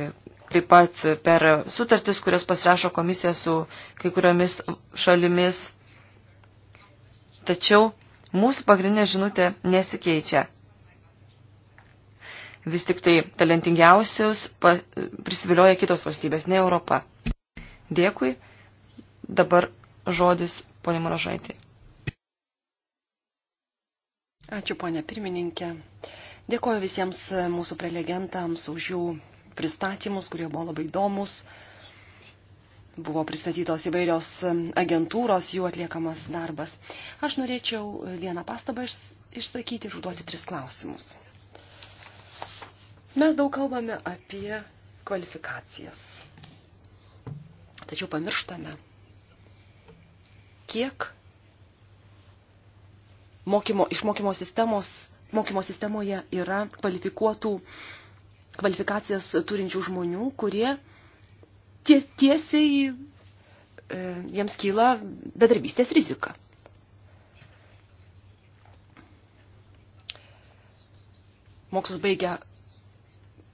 taip pat per sutartis, kurias pasirašo komisija su kai kuriomis šalimis. Tačiau mūsų pagrindinė žinutė nesikeičia. Vis tik tai talentingiausius prisivilioja kitos valstybės, ne Europa. Dėkui. Dabar žodis ponė Maražaitė. Ačiū ponė pirmininkė. Dėkoju visiems mūsų prelegentams už jų pristatymus, kurie buvo labai įdomus. Buvo pristatytos įvairios agentūros, jų atliekamas darbas. Aš norėčiau vieną pastabą išsakyti ir užduoti tris klausimus. Mes daug kalbame apie kvalifikacijas. Tačiau pamirštame, kiek mokymo, iš mokymo sistemos, mokymo sistemoje yra kvalifikuotų, kvalifikacijas turinčių žmonių, kurie tie, tiesiai e, jiems kyla bedarbystės rizika. Mokslas baigia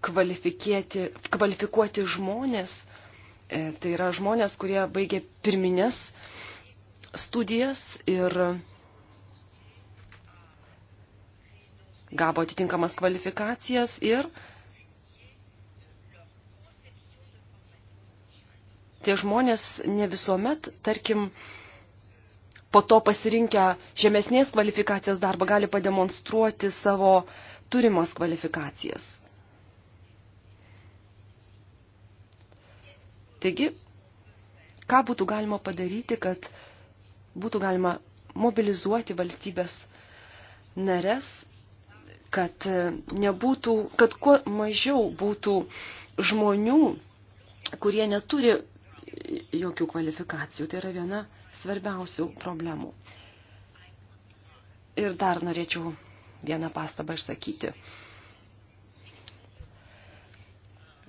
kvalifikuoti žmonės, e, tai yra žmonės, kurie baigė pirminės e, studijas ir gavo atitinkamas kvalifikacijas ir tie žmonės ne visuomet, tarkim, po to pasirinkę žemesnės kvalifikacijos darbą gali pademonstruoti savo turimas kvalifikacijas. Taigi, ką būtų galima padaryti, kad būtų galima mobilizuoti valstybės nares, kad, e, nebūtų, kad kuo mažiau būtų žmonių, kurie neturi jokių kvalifikacijų. Tai yra viena svarbiausių problemų. Ir dar norėčiau vieną pastabą išsakyti.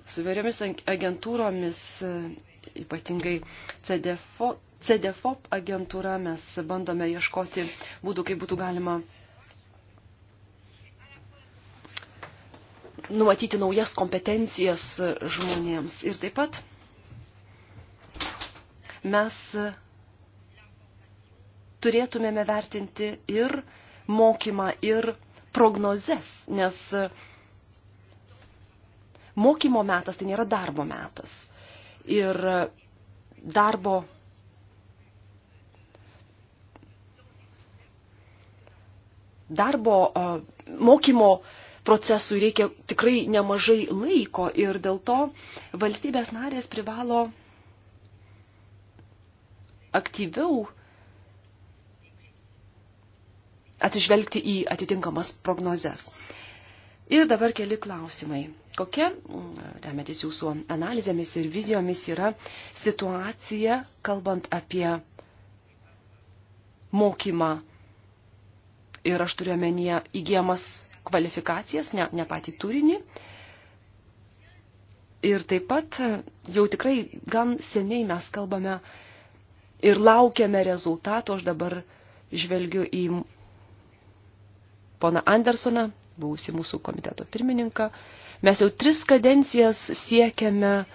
Su vėriomis agentūromis, e, ypatingai CDFO, CDFOP agentūra mes bandome ieškoti būdų, kaip būtų galima numatyti naujas kompetencijas žmonėms. Ir taip pat mes turėtumėme vertinti ir mokymą, ir prognozes, nes mokymo metas tai nėra darbo metas. Ir darbo darbo mokymo procesui reikia tikrai nemažai laiko ir dėl to valstybės narės privalo aktyviau atsižvelgti į atitinkamas prognozes. Ir dabar keli klausimai. Kokia, mm, remėtis jūsų analizėmis ir vizijomis, yra situacija, kalbant apie mokymą ir aš turiu omenyje įgyjamas kvalifikacijas, ne, ne patį turinį. Ir taip pat jau tikrai gan seniai mes kalbame ir laukiame rezultato. Aš dabar žvelgiu į poną Andersoną, buvusi mūsų komiteto pirmininką. Mes jau tris kadencijas siekiame uh,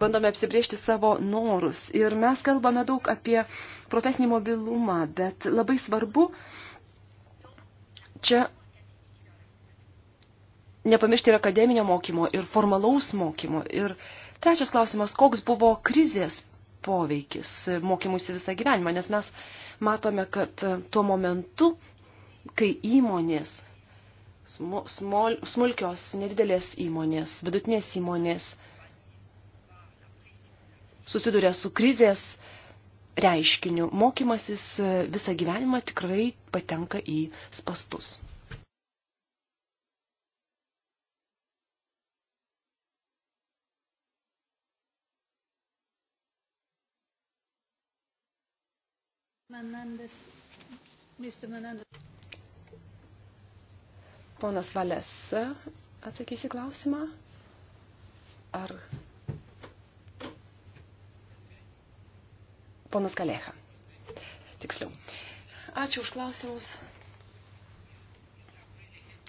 bandome apsibriežti savo norus. Ir mes kalbame daug apie profesinį mobilumą, bet labai svarbu čia nepamiršti ir akademinio mokymo, ir formalaus mokymo. Ir trečias klausimas, koks buvo krizės poveikis mokymusi visą gyvenimą, nes mes matome, kad tuo momentu, kai įmonės, smulkios, nedidelės įmonės, vidutinės įmonės, susiduria su krizės reiškiniu. Mokymasis e, visą gyvenimą tikrai patenka į spastus. Menandas, Mr. Menandas. Ponas Valės atsakys į klausimą. Ar Ponas Kalecha. Tiksliau. Ačiū už klausimus.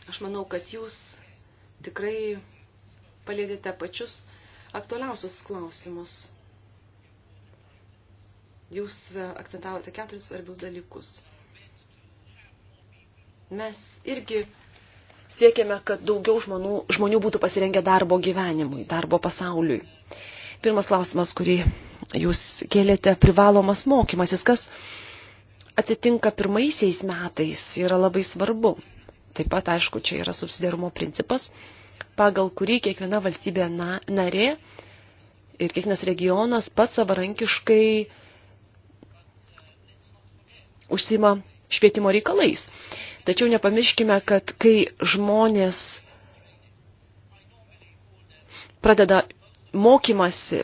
Aš manau, kad jūs tikrai palėdėte pačius aktualiausius klausimus. Jūs akcentavote keturis svarbius dalykus. Mes irgi siekiame, kad daugiau žmonių, žmonių būtų pasirengę darbo gyvenimui, darbo pasauliui. Pirmas klausimas, kurį jūs kėlėte privalomas mokymasis, kas atsitinka pirmaisiais metais, yra labai svarbu. Taip pat, aišku, čia yra subsidiarumo principas, pagal kurį kiekviena valstybė na, narė ir kiekvienas regionas pats savarankiškai užsima švietimo reikalais. Tačiau nepamirškime, kad kai žmonės pradeda mokymasi,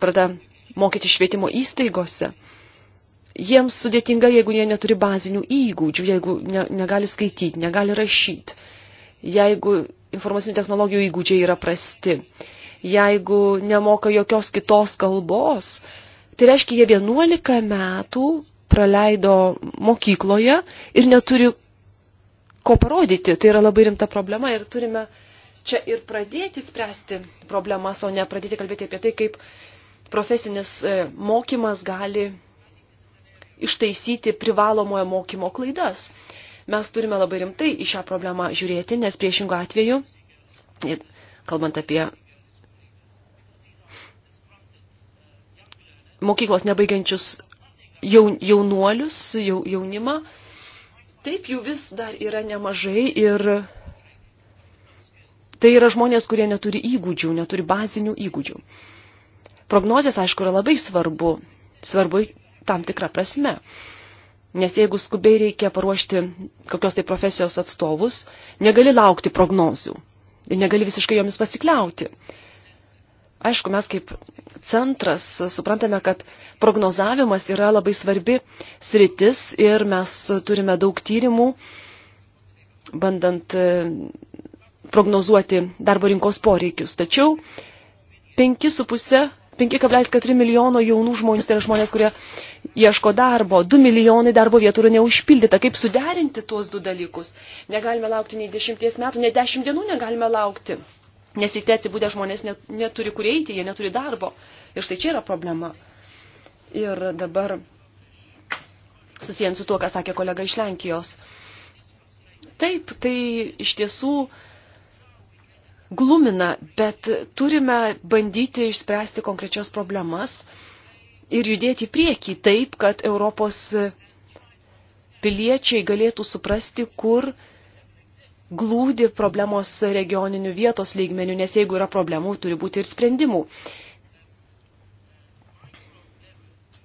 pradeda mokyti švietimo įstaigose. Jiems sudėtinga, jeigu jie neturi bazinių įgūdžių, jeigu ne, negali skaityti, negali rašyti, jeigu informacinių technologijų įgūdžiai yra prasti, jeigu nemoka jokios kitos kalbos, tai reiškia, jie 11 metų praleido mokykloje ir neturi ko parodyti. Tai yra labai rimta problema ir turime čia ir pradėti spręsti problemas, o ne pradėti kalbėti apie tai, kaip profesinis e, mokymas gali ištaisyti privalomojo mokymo klaidas. Mes turime labai rimtai į šią problemą žiūrėti, nes priešingų atveju, kalbant apie mokyklos nebaigiančius jaun, jaunuolius, jau, jaunimą. Taip jų vis dar yra nemažai ir tai yra žmonės, kurie neturi įgūdžių, neturi bazinių įgūdžių prognozės, aišku, yra labai svarbu, svarbu tam tikrą prasme. Nes jeigu skubiai reikia paruošti kokios tai profesijos atstovus, negali laukti prognozių ir negali visiškai jomis pasikliauti. Aišku, mes kaip centras suprantame, kad prognozavimas yra labai svarbi sritis ir mes turime daug tyrimų, bandant e, prognozuoti darbo rinkos poreikius. Tačiau 5,5 5,4 milijono jaunų žmonių, tai yra žmonės, kurie ieško darbo, 2 milijonai darbo vietų yra neužpildyta. Kaip suderinti tuos du dalykus? Negalime laukti nei 10 metų, nei 10 dienų negalime laukti, nes ryte atsibūdę žmonės net, neturi kur eiti, jie neturi darbo. Ir štai čia yra problema. Ir dabar susijęs su tuo, ką sakė kolega iš Lenkijos. Taip, tai iš tiesų glumina, bet turime bandyti išspręsti konkrečias problemas ir judėti priekį taip, kad Europos piliečiai galėtų suprasti, kur glūdi problemos regioninių vietos lygmenių, nes jeigu yra problemų, turi būti ir sprendimų.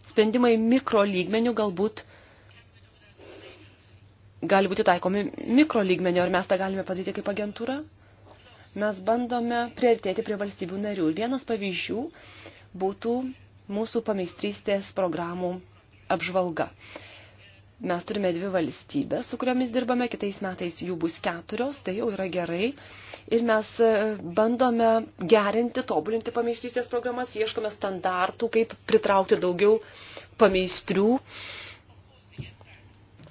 Sprendimai mikro lygmenių galbūt gali būti taikomi mikro lygmenių, ar mes tą galime padaryti kaip agentūra? mes bandome priartėti prie valstybių narių. Vienas pavyzdžių būtų mūsų pameistrystės programų apžvalga. Mes turime dvi valstybės, su kuriomis dirbame, kitais metais jų bus keturios, tai jau yra gerai. Ir mes e, bandome gerinti, tobulinti pameistrystės programas, ieškome standartų, kaip pritraukti daugiau pameistrių.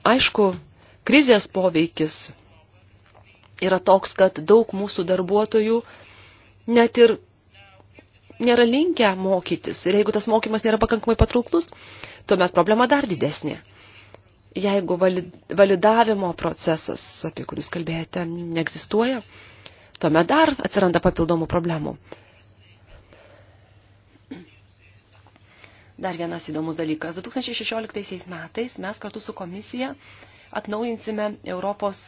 Aišku, krizės poveikis yra toks, kad daug mūsų darbuotojų net ir nėra linkę mokytis. Ir jeigu tas mokymas nėra pakankamai patrauklus, tuomet problema dar didesnė. Jeigu validavimo procesas, apie kurį kalbėjote, neegzistuoja, tuomet dar atsiranda papildomų problemų. Dar vienas įdomus dalykas. 2016 metais mes kartu su komisija atnaujinsime Europos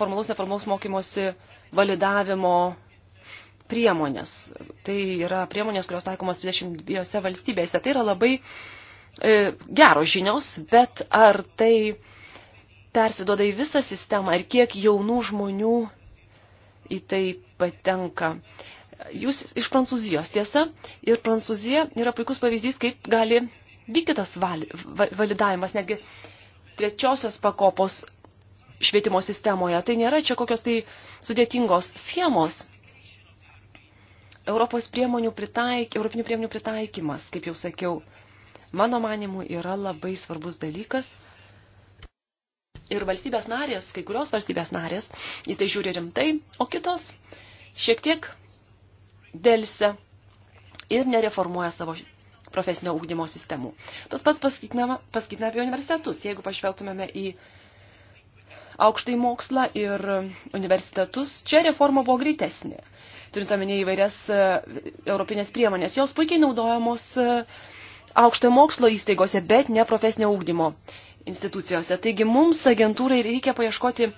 formalaus neformalaus mokymosi validavimo priemonės. Tai yra priemonės, kurios taikomas 22 valstybėse. Tai yra labai e, geros žinios, bet ar tai persidoda į visą sistemą ir kiek jaunų žmonių į tai patenka. Jūs iš Prancūzijos, tiesa, ir Prancūzija yra puikus pavyzdys, kaip gali vykti tas vali, validavimas, netgi trečiosios pakopos švietimo sistemoje. Tai nėra čia kokios tai sudėtingos schemos. Europos priemonių pritaik, europinių priemonių pritaikymas, kaip jau sakiau, mano manimu yra labai svarbus dalykas. Ir valstybės narės, kai kurios valstybės narės, į tai žiūri rimtai, o kitos šiek tiek dėlse ir nereformuoja savo profesinio ūkdymo sistemų. Tas pats paskaitina apie universitetus. Jeigu pažvelgtumėme į aukštai mokslą ir universitetus, čia reforma buvo greitesnė. Turint omenyje įvairias e, europinės priemonės, jos puikiai naudojamos e, aukštojo mokslo įstaigose, bet ne profesinio ūkdymo institucijose. Taigi mums agentūrai reikia paieškoti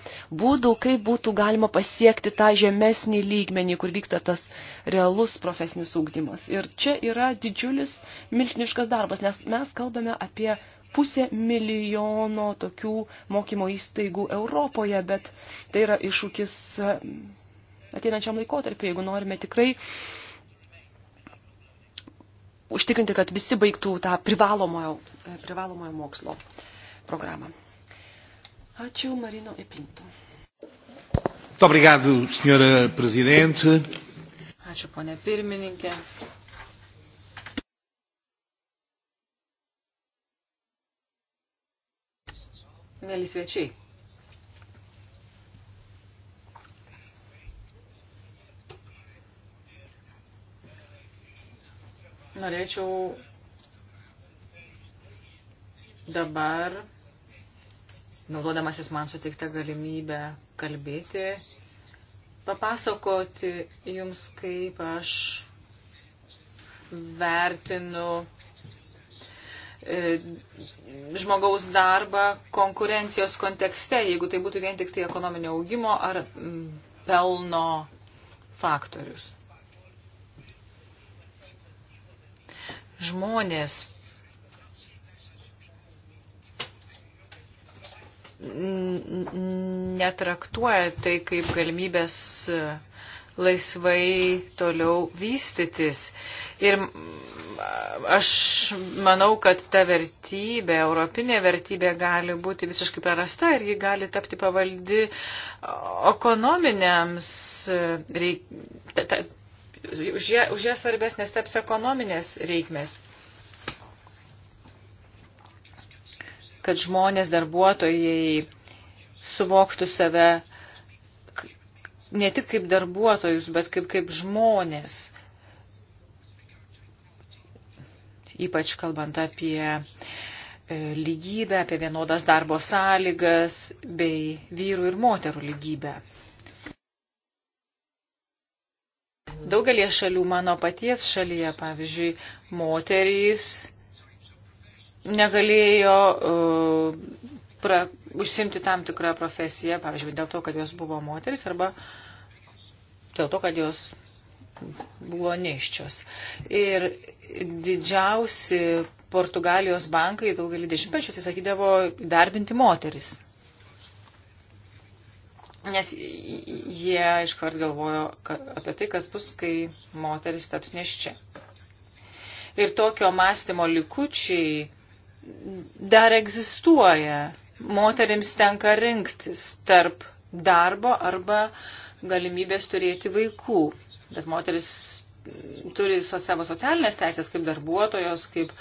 būdų, kaip būtų galima pasiekti tą žemesnį lygmenį, kur vyksta tas realus profesinis ūkdymas. Ir čia yra didžiulis, milžiniškas darbas, nes mes kalbame apie pusė milijono tokių mokymo įstaigų Europoje, bet tai yra iššūkis e, ateinančiam laikotarpiu, jeigu norime tikrai užtikrinti, kad visi baigtų tą privalomojo, e, privalomojo mokslo programą. Ačiū Marino Epinto. Muito obrigado, senhora Presidente. Ačiū, ponė pirmininkė. mėly svečiai. Norėčiau dabar, naudodamasis man sutiktą galimybę kalbėti, papasakoti jums, kaip aš vertinu E, žmogaus darbą konkurencijos kontekste, jeigu tai būtų vien tik tai ekonominio augimo ar pelno faktorius. Žmonės netraktuoja tai kaip galimybės laisvai toliau vystytis. Ir aš manau, kad ta vertybė, europinė vertybė gali būti visiškai prarasta ir ji gali tapti pavaldi ekonominiams, e, reik, ta, ta, už ją, už ją svarbesnės taps ekonominės reikmės. Kad žmonės, darbuotojai suvoktų save ne tik kaip darbuotojus, bet kaip, kaip žmonės. Ypač kalbant apie e, lygybę, apie vienodas darbo sąlygas bei vyrų ir moterų lygybę. Daugelie šalių, mano paties šalyje, pavyzdžiui, moterys negalėjo uh, pra, užsimti tam tikrą profesiją, pavyzdžiui, dėl to, kad jos buvo moteris arba uh, dėl to, kad jos buvo neiščios. Ir didžiausi Portugalijos bankai daugelį dešimtmečių atsisakydavo darbinti moteris. Nes jie iškart galvojo apie tai, kas bus, kai moteris taps neščia. Ir tokio mąstymo likučiai dar egzistuoja. Moterims tenka rinktis tarp darbo arba uh, galimybės turėti vaikų, bet moteris turi savo socialinės teisės kaip darbuotojos, kaip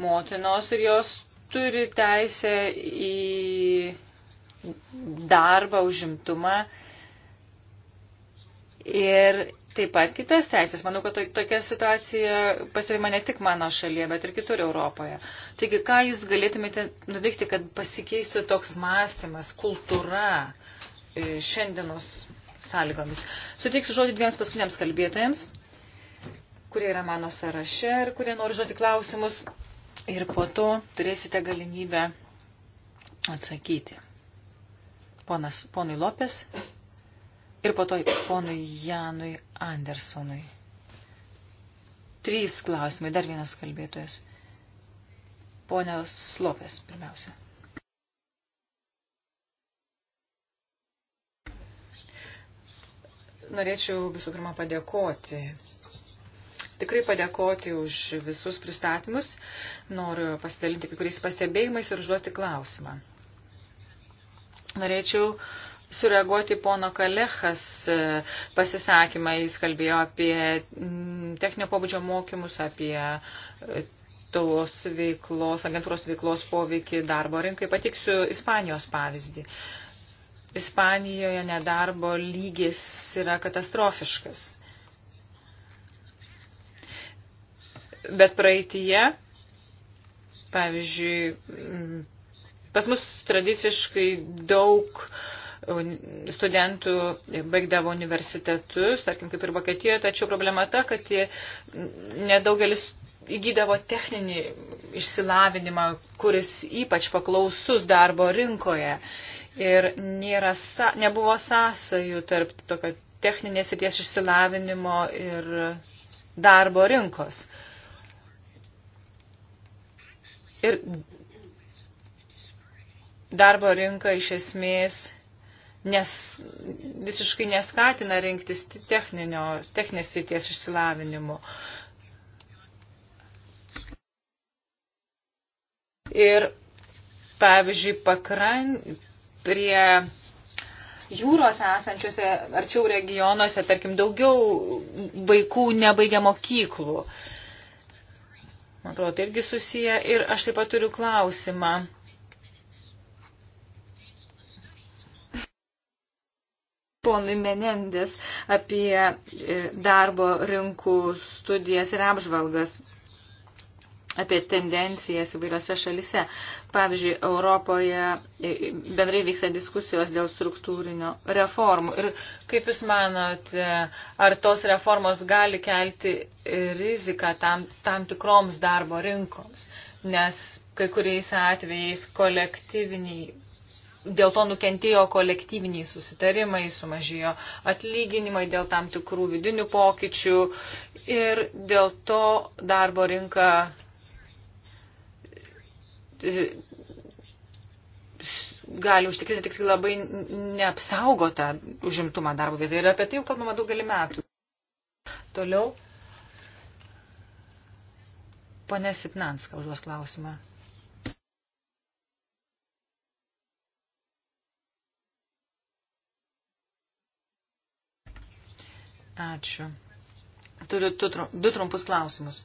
motinos ir jos turi teisę į darbą, užimtumą ir taip pat kitas teisės. Manau, kad tokia situacija pasirima ne tik mano šalyje, bet ir kitur Europoje. Taigi, ką jūs galėtumėte nuveikti, kad pasikeistų toks mąstymas, kultūra e, šiandienos sąlygomis. Suteiksiu žodį dviems paskutiniams kalbėtojams, kurie yra mano sąraše ir kurie nori žodį klausimus. Ir po to turėsite galimybę atsakyti. Ponas, ponui Lopes ir po to ponui Janui Andersonui. Trys klausimai, dar vienas kalbėtojas. Pone Slopės, pirmiausia. norėčiau visų pirma padėkoti. Tikrai padėkoti už visus pristatymus. Noriu pasidalinti kai kuriais pastebėjimais ir užduoti klausimą. Norėčiau sureaguoti pono Kalechas e, pasisakymą. Jis kalbėjo apie techninio pobūdžio mokymus, apie e, tos veiklos, agentūros veiklos poveikį darbo rinkai. Patiksiu Ispanijos pavyzdį. Ispanijoje nedarbo lygis yra katastrofiškas. Bet praeitie, pavyzdžiui, mm, pas mus tradiciškai daug studentų baigdavo universitetus, tarkim kaip ir Vokietijoje, tačiau problema ta, kad mm, nedaugelis įgydavo techninį išsilavinimą, kuris ypač paklausus darbo rinkoje ir nėra, nebuvo sąsajų tarp tokio techninės ir ties išsilavinimo ir darbo rinkos. Ir darbo rinka iš esmės nes, visiškai neskatina rinktis techninės srities išsilavinimu. Ir, pavyzdžiui, pakran, prie jūros esančiuose arčiau regionuose, tarkim, daugiau vaikų nebaigia mokyklų. Man atrodo, tai irgi susiję. Ir aš taip pat turiu klausimą. Ponui Menendis apie e, darbo rinkų studijas ir apžvalgas apie tendencijas įvairiose šalise. Pavyzdžiui, Europoje e, bendrai vyksta diskusijos dėl struktūrinio reformų. Ir kaip Jūs manote, ar tos reformos gali kelti riziką tam, tam tikroms darbo rinkoms? Nes kai kuriais atvejais kolektyviniai. Dėl to nukentėjo kolektyviniai susitarimai, sumažėjo atlyginimai dėl tam tikrų vidinių pokyčių ir dėl to darbo rinka gali užtikrinti tik labai neapsaugotą užimtumą darbo vietoje. Ir apie tai jau kalbama daugelį metų. Toliau. Pane Sitnanska užduos klausimą. Ačiū. Turiu du trumpus klausimus.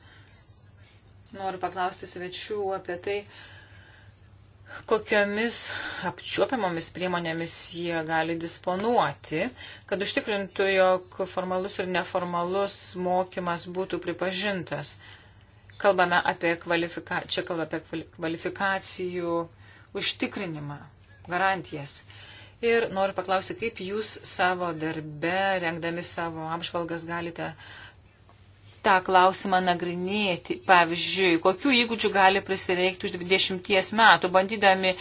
Noriu paklausti svečių apie tai, kokiomis apčiuopiamomis priemonėmis jie gali disponuoti, kad užtikrintų, jog formalus ir neformalus mokymas būtų pripažintas. Kalbame apie, kvalifika... Čia kalba apie kvalifikacijų užtikrinimą, garantijas. Ir noriu paklausyti, kaip jūs savo darbe, rengdami savo apžvalgas, galite tą klausimą nagrinėti. Pavyzdžiui, kokių įgūdžių gali prisireikti už 20 metų, bandydami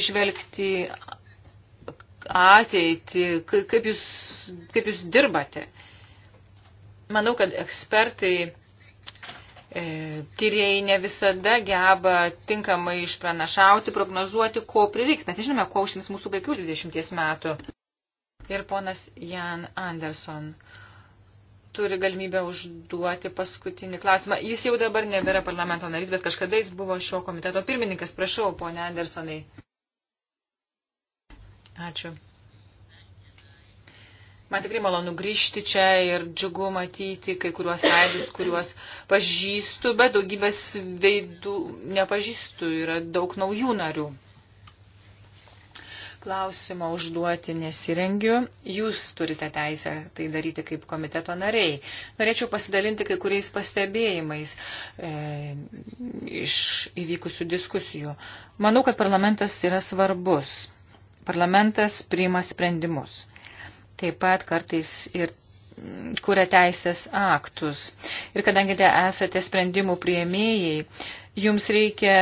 išvelgti ateitį, kaip jūs, kaip jūs dirbate. Manau, kad ekspertai, e, tyrėjai ne visada geba tinkamai išpranašauti, prognozuoti, ko prireiks. Mes nežinome, ko užsins mūsų vaikai už 20 metų. Ir ponas Jan Anderson. E, turi galimybę užduoti paskutinį klausimą. Jis jau dabar nebėra parlamento narys, bet kažkada jis buvo šio komiteto pirmininkas. Prašau, ponė Andersonai. Ačiū. Man tikrai malonu grįžti čia ir džiugu matyti kai kuriuos veidus, kuriuos pažįstu, bet daugybės veidų nepažįstu, yra daug naujų narių klausimo užduoti nesirengiu. Jūs turite teisę tai daryti kaip komiteto nariai. Norėčiau pasidalinti kai kuriais pastebėjimais e, iš įvykusių diskusijų. Manau, kad parlamentas yra svarbus. Parlamentas priima sprendimus. Taip pat kartais ir kuria teisės aktus. Ir kadangi te esate sprendimų prieimėjai, jums reikia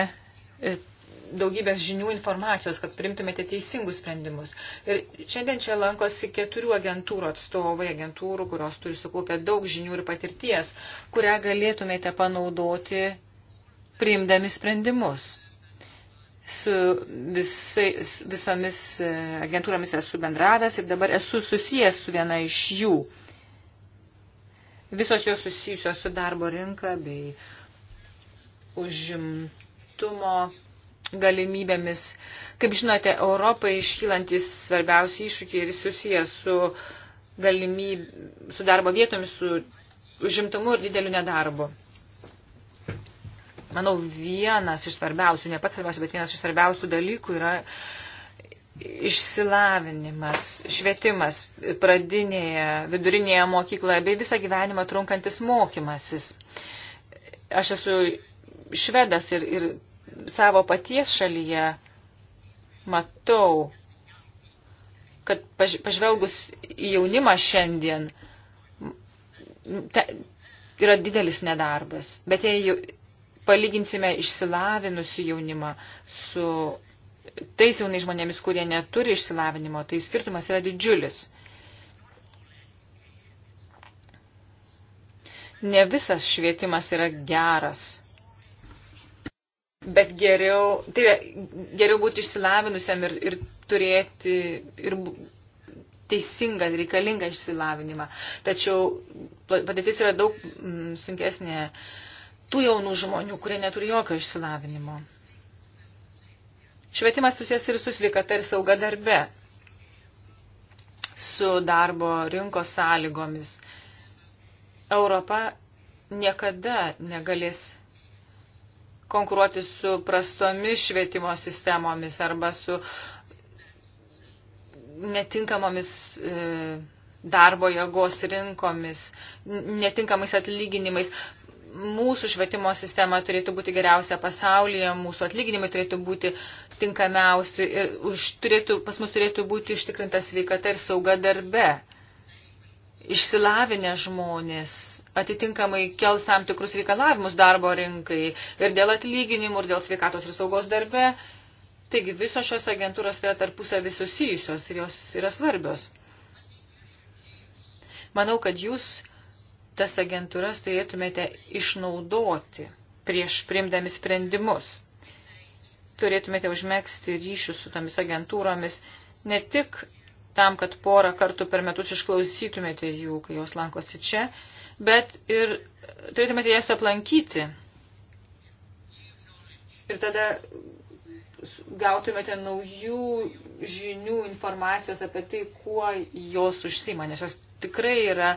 e, daugybės žinių informacijos, kad primtumėte teisingus sprendimus. Ir šiandien čia lankosi keturių agentūrų atstovai, agentūrų, kurios turi sukaupę daug žinių ir patirties, kurią galėtumėte panaudoti priimdami sprendimus. Su visais, visomis e, agentūromis esu bendravęs ir dabar esu susijęs su viena iš jų. Visos jos susijusios su darbo rinka bei užimtumo galimybėmis. Kaip žinote, Europai iškylantis svarbiausi iššūkiai ir susijęs su, galimyb, su darbo vietomis, su užimtumu ir dideliu nedarbu. Manau, vienas iš svarbiausių, ne pats svarbiausių, bet vienas iš svarbiausių dalykų yra išsilavinimas, švietimas pradinėje, vidurinėje mokykloje bei visą gyvenimą trunkantis mokymasis. Aš esu švedas ir, ir savo paties šalyje matau, kad pažvelgus į jaunimą šiandien yra didelis nedarbas. Bet jei palyginsime išsilavinusi jaunimą su tais jaunais žmonėmis, kurie neturi išsilavinimo, tai skirtumas yra didžiulis. Ne visas švietimas yra geras. Bet geriau, tai geriau būti išsilavinusiam ir, ir turėti ir teisingą, reikalingą išsilavinimą. Tačiau padėtis yra daug mm, sunkesnė tų jaunų žmonių, kurie neturi jokio išsilavinimo. Švietimas susijęs ir su sveikata ir sauga darbe, su darbo rinkos sąlygomis. Europa niekada negalės konkuruoti su prastomis švietimo sistemomis arba su netinkamomis e, darbo jėgos rinkomis, netinkamais atlyginimais. Mūsų švietimo sistema turėtų būti geriausia pasaulyje, mūsų atlyginimai turėtų būti tinkamiausi ir už, turėtų, pas mus turėtų būti ištikrinta sveikata ir sauga darbe išsilavinę žmonės atitinkamai kels tam tikrus reikalavimus darbo rinkai ir dėl atlyginimų, ir dėl sveikatos ir saugos darbe. Taigi visos šios agentūros yra tarpusavį susijusios ir jos yra svarbios. Manau, kad jūs tas agentūras turėtumėte išnaudoti prieš primdami sprendimus. Turėtumėte užmėgsti ryšius su tomis agentūromis ne tik tam, kad porą kartų per metus išklausytumėte jų, kai jos lankosi čia, bet ir turėtumėte jas aplankyti. Ir tada gautumėte naujų žinių, informacijos apie tai, kuo jos užsima, nes jos tikrai yra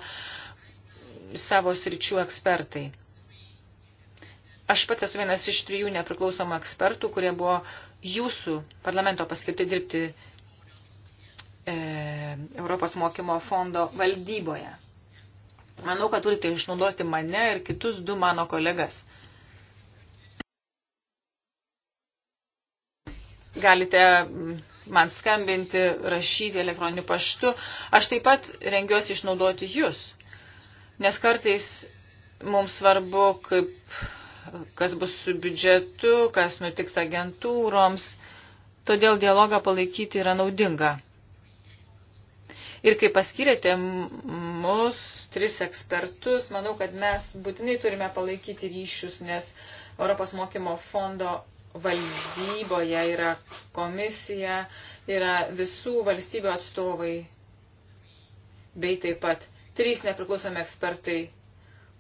savo sričių ekspertai. Aš pats esu vienas iš trijų nepriklausomų ekspertų, kurie buvo jūsų parlamento paskirti dirbti E, Europos mokymo fondo valdyboje. Manau, kad turite išnaudoti mane ir kitus du mano kolegas. Galite man skambinti, rašyti elektroniniu paštu. Aš taip pat rengiuosi išnaudoti jūs, nes kartais mums svarbu, kaip, kas bus su biudžetu, kas nutiks agentūroms, todėl dialogą palaikyti yra naudinga. Ir kai paskirėte mus, tris ekspertus, manau, kad mes būtinai turime palaikyti ryšius, nes Europos mokymo fondo valdyboje yra komisija, yra visų valstybių atstovai, bei taip pat trys nepriklausomi ekspertai,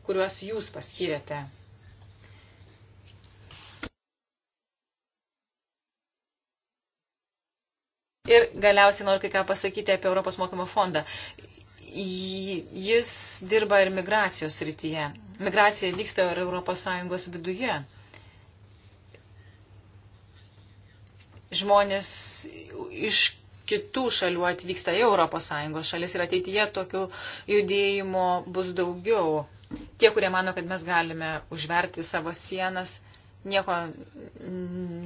kuriuos jūs paskirėte. Ir galiausiai noriu kai ką pasakyti apie Europos mokymo fondą. Jis dirba ir migracijos rytyje. Migracija vyksta ir Europos Sąjungos viduje. Žmonės iš kitų šalių atvyksta į Europos Sąjungos šalis ir ateityje tokių judėjimo bus daugiau. Tie, kurie mano, kad mes galime užverti savo sienas, nieko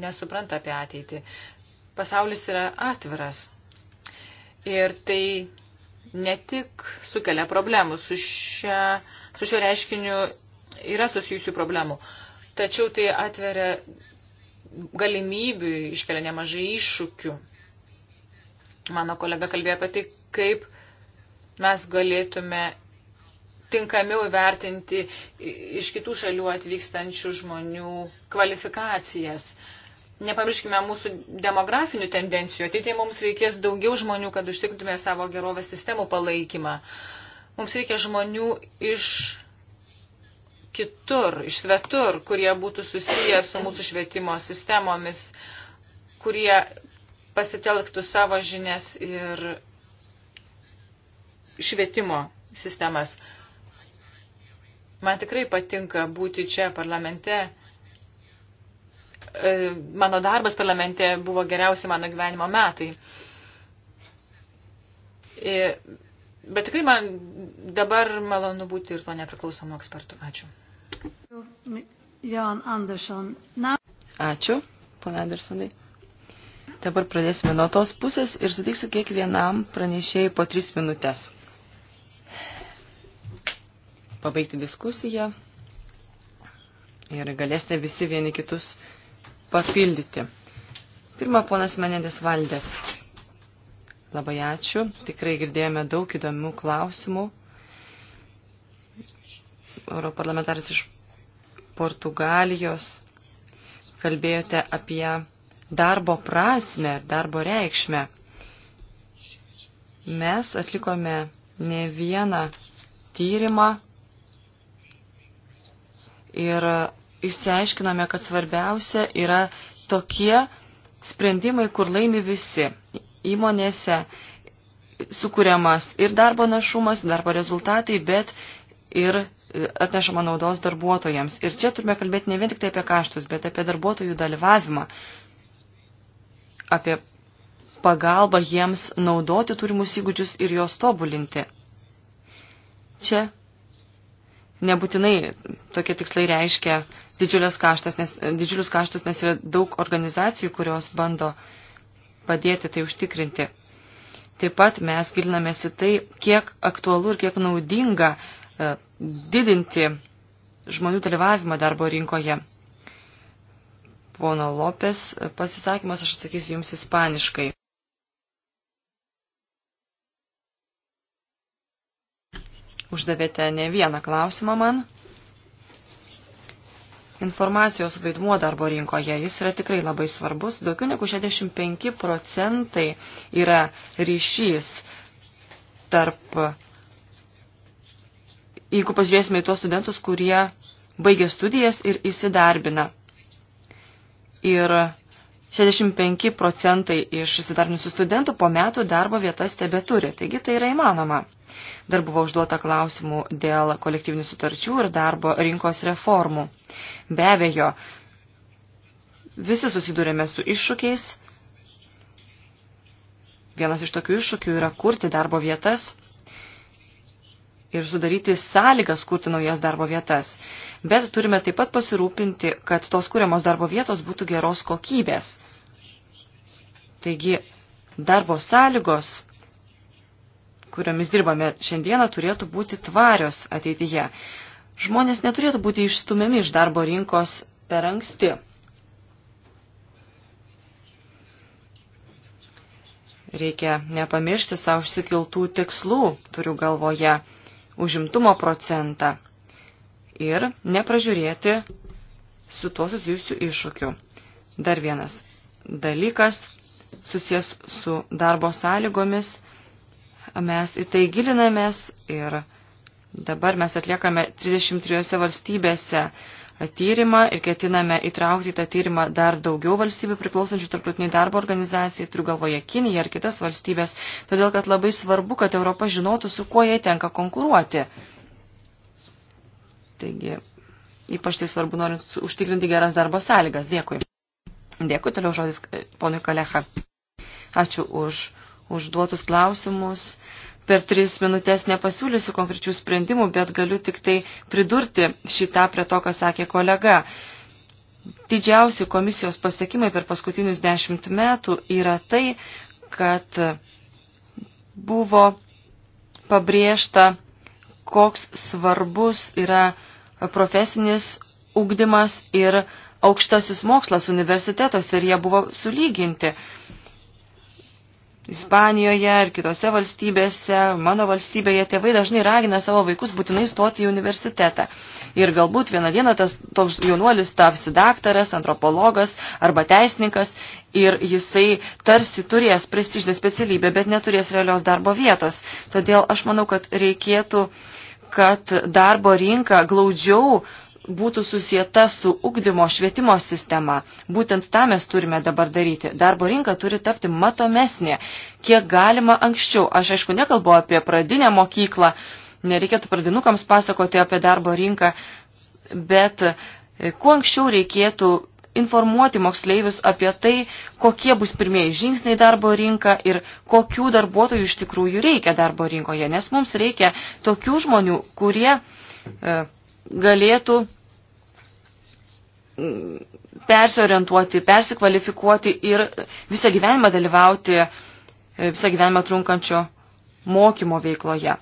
nesupranta apie ateitį pasaulis yra atviras. Ir tai ne tik sukelia problemų, su, šia, su šio reiškiniu yra susijusių problemų, tačiau tai atveria galimybių, iškelia nemažai iššūkių. Mano kolega kalbėjo apie tai, kaip mes galėtume tinkamiau įvertinti iš kitų šalių atvykstančių žmonių kvalifikacijas. Uh, nepamirškime mūsų demografinių tendencijų. Ateitie mums reikės daugiau žmonių, kad užtikrintume savo gerovės sistemų palaikymą. Mums reikia žmonių iš kitur, iš svetur, kurie būtų susiję su mūsų švietimo sistemomis, kurie pasitelktų savo žinias ir švietimo sistemas. Man tikrai patinka būti čia parlamente E, mano darbas parlamente buvo geriausi mano gyvenimo metai. E, bet tikrai man dabar malonu būti ir tuo nepriklausomu ekspertu. Ačiū. Jan Anderson. Na... Ačiū, pana Andersonai. Dabar pradėsime nuo tos pusės ir sutiksiu kiekvienam pranešėjai po tris minutės. Pabaigti diskusiją ir galėsite visi vieni kitus papildyti. Pirma, ponas Menedės valdės. Labai ačiū. Tikrai girdėjome daug įdomių klausimų. Europarlamentaris iš Portugalijos. Kalbėjote apie darbo prasme, darbo reikšmę. Mes atlikome ne vieną tyrimą ir išsiaiškinome, kad svarbiausia yra tokie sprendimai, kur laimi visi įmonėse sukūriamas ir darbo našumas, darbo rezultatai, bet ir e, atnešama naudos darbuotojams. Ir čia turime kalbėti ne vien tik tai apie kaštus, bet apie darbuotojų dalyvavimą, apie pagalbą jiems naudoti turimus įgūdžius ir juos tobulinti. Čia nebūtinai tokie tikslai reiškia didžiulius kaštus, nes, didžiulius kaštus, nes yra daug organizacijų, kurios bando padėti tai užtikrinti. Taip pat mes gilinamės į tai, kiek aktualu ir kiek naudinga e, didinti žmonių dalyvavimą darbo rinkoje. Pono Lopės e, pasisakymas aš atsakysiu jums ispaniškai. Uždavėte ne vieną klausimą man. Informacijos vaidmuo darbo rinkoje, jis yra tikrai labai svarbus. Daugiau negu 65 procentai yra ryšys tarp, jeigu pažiūrėsime į tuos studentus, kurie baigia studijas ir įsidarbina. Ir 65 procentai iš įsidarnusių studentų po metų darbo vietas tebe turi, taigi tai yra įmanoma. Dar buvo užduota klausimų dėl kolektyvinių sutarčių ir darbo rinkos reformų. Be abejo, visi susidurėme su iššūkiais. Vienas iš tokių iššūkių yra kurti darbo vietas ir sudaryti sąlygas kurti naujas darbo vietas. Bet turime taip pat pasirūpinti, kad tos kūriamos darbo vietos būtų geros kokybės. Taigi, darbo sąlygos, kuriomis dirbame šiandieną, turėtų būti tvarios ateityje. Žmonės neturėtų būti išstumiami iš darbo rinkos per anksti. Reikia nepamiršti savo išsikiltų tikslų, turiu galvoje užimtumo procentą ir nepražiūrėti su tuo susijusių iššūkių. Dar vienas dalykas susijęs su darbo sąlygomis. Mes į tai gilinamės ir dabar mes atliekame 33 valstybėse tyrimą ir ketiname įtraukti į tą tyrimą dar daugiau valstybių priklausančių tarptautiniai darbo organizacijai, turiu galvoje Kiniją ir kitas valstybės, todėl kad labai svarbu, kad Europa žinotų, su kuo jai tenka konkuruoti. Taigi, ypač tai svarbu, norint užtikrinti geras darbo sąlygas. Dėkui. Dėkui, toliau žodis e, ponui Kalecha. Ačiū už užduotus klausimus per tris minutės nepasiūlysiu konkrečių sprendimų, bet galiu tik tai pridurti šitą prie to, ką sakė kolega. Didžiausi komisijos pasiekimai per paskutinius dešimt metų yra tai, kad buvo pabrėžta, koks svarbus yra profesinis ugdymas ir aukštasis mokslas universitetuose ir jie buvo sulyginti. Ispanijoje ir kitose valstybėse, mano valstybėje tėvai dažnai ragina savo vaikus būtinai stoti į universitetą. Ir galbūt vieną dieną tas toks jaunuolis tapsi daktaras, antropologas arba teisininkas ir jisai tarsi turės prestižinę specialybę, bet neturės realios darbo vietos. Todėl aš manau, kad reikėtų, kad darbo rinka glaudžiau būtų susieta su ugdymo švietimo sistema. Būtent tą mes turime dabar daryti. Darbo rinka turi tapti matomesnė, kiek galima anksčiau. Aš aišku nekalbu apie pradinę mokyklą, nereikėtų pradinukams pasakoti apie darbo rinką, bet e, kuo anksčiau reikėtų informuoti moksleivius apie tai, kokie bus pirmieji žingsniai darbo rinka ir kokių darbuotojų iš tikrųjų reikia darbo rinkoje, nes mums reikia tokių žmonių, kurie e, galėtų mm, persiorientuoti, persikvalifikuoti ir visą gyvenimą dalyvauti e, visą gyvenimą trunkančio mokymo veikloje.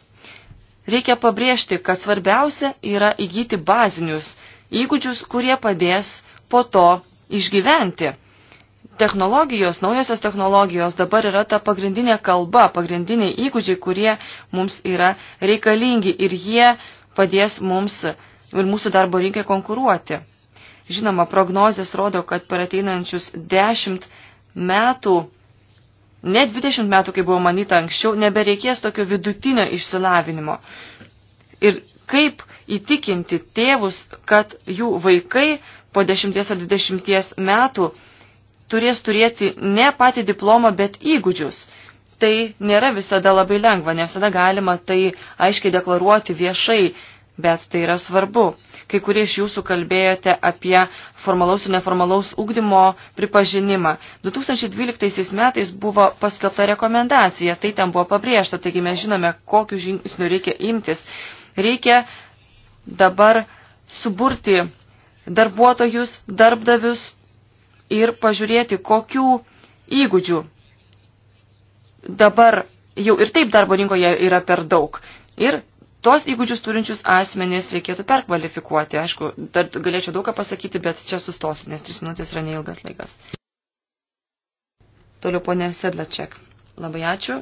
Reikia pabrėžti, kad svarbiausia yra įgyti bazinius įgūdžius, kurie padės po to išgyventi. Technologijos, naujosios technologijos dabar yra ta pagrindinė kalba, pagrindiniai įgūdžiai, kurie mums yra reikalingi ir jie padės mums ir mūsų darbo rinkai konkuruoti. Žinoma, prognozijas rodo, kad per ateinančius 10 metų, ne 20 metų, kaip buvo manyta anksčiau, nebereikės tokio vidutinio išsilavinimo. Ir kaip įtikinti tėvus, kad jų vaikai po 10 ar 20 metų turės turėti ne patį diplomą, bet įgūdžius. Tai nėra visada labai lengva, ne visada galima tai aiškiai deklaruoti viešai, bet tai yra svarbu. Kai kurie iš jūsų kalbėjote apie formalaus ir neformalaus ūkdymo pripažinimą. 2012 metais buvo paskelbta rekomendacija, tai ten buvo pabrėžta, taigi mes žinome, kokiu žingsniu reikia imtis. Reikia dabar suburti darbuotojus, darbdavius ir pažiūrėti, kokių įgūdžių dabar jau ir taip darbo rinkoje yra per daug. Ir Tos įgūdžius turinčius asmenys reikėtų perkvalifikuoti. Aišku, dar galėčiau daug ką pasakyti, bet čia sustosiu, nes tris minutės yra neilgas laikas. Toliau ponė Sedlaček. Labai ačiū.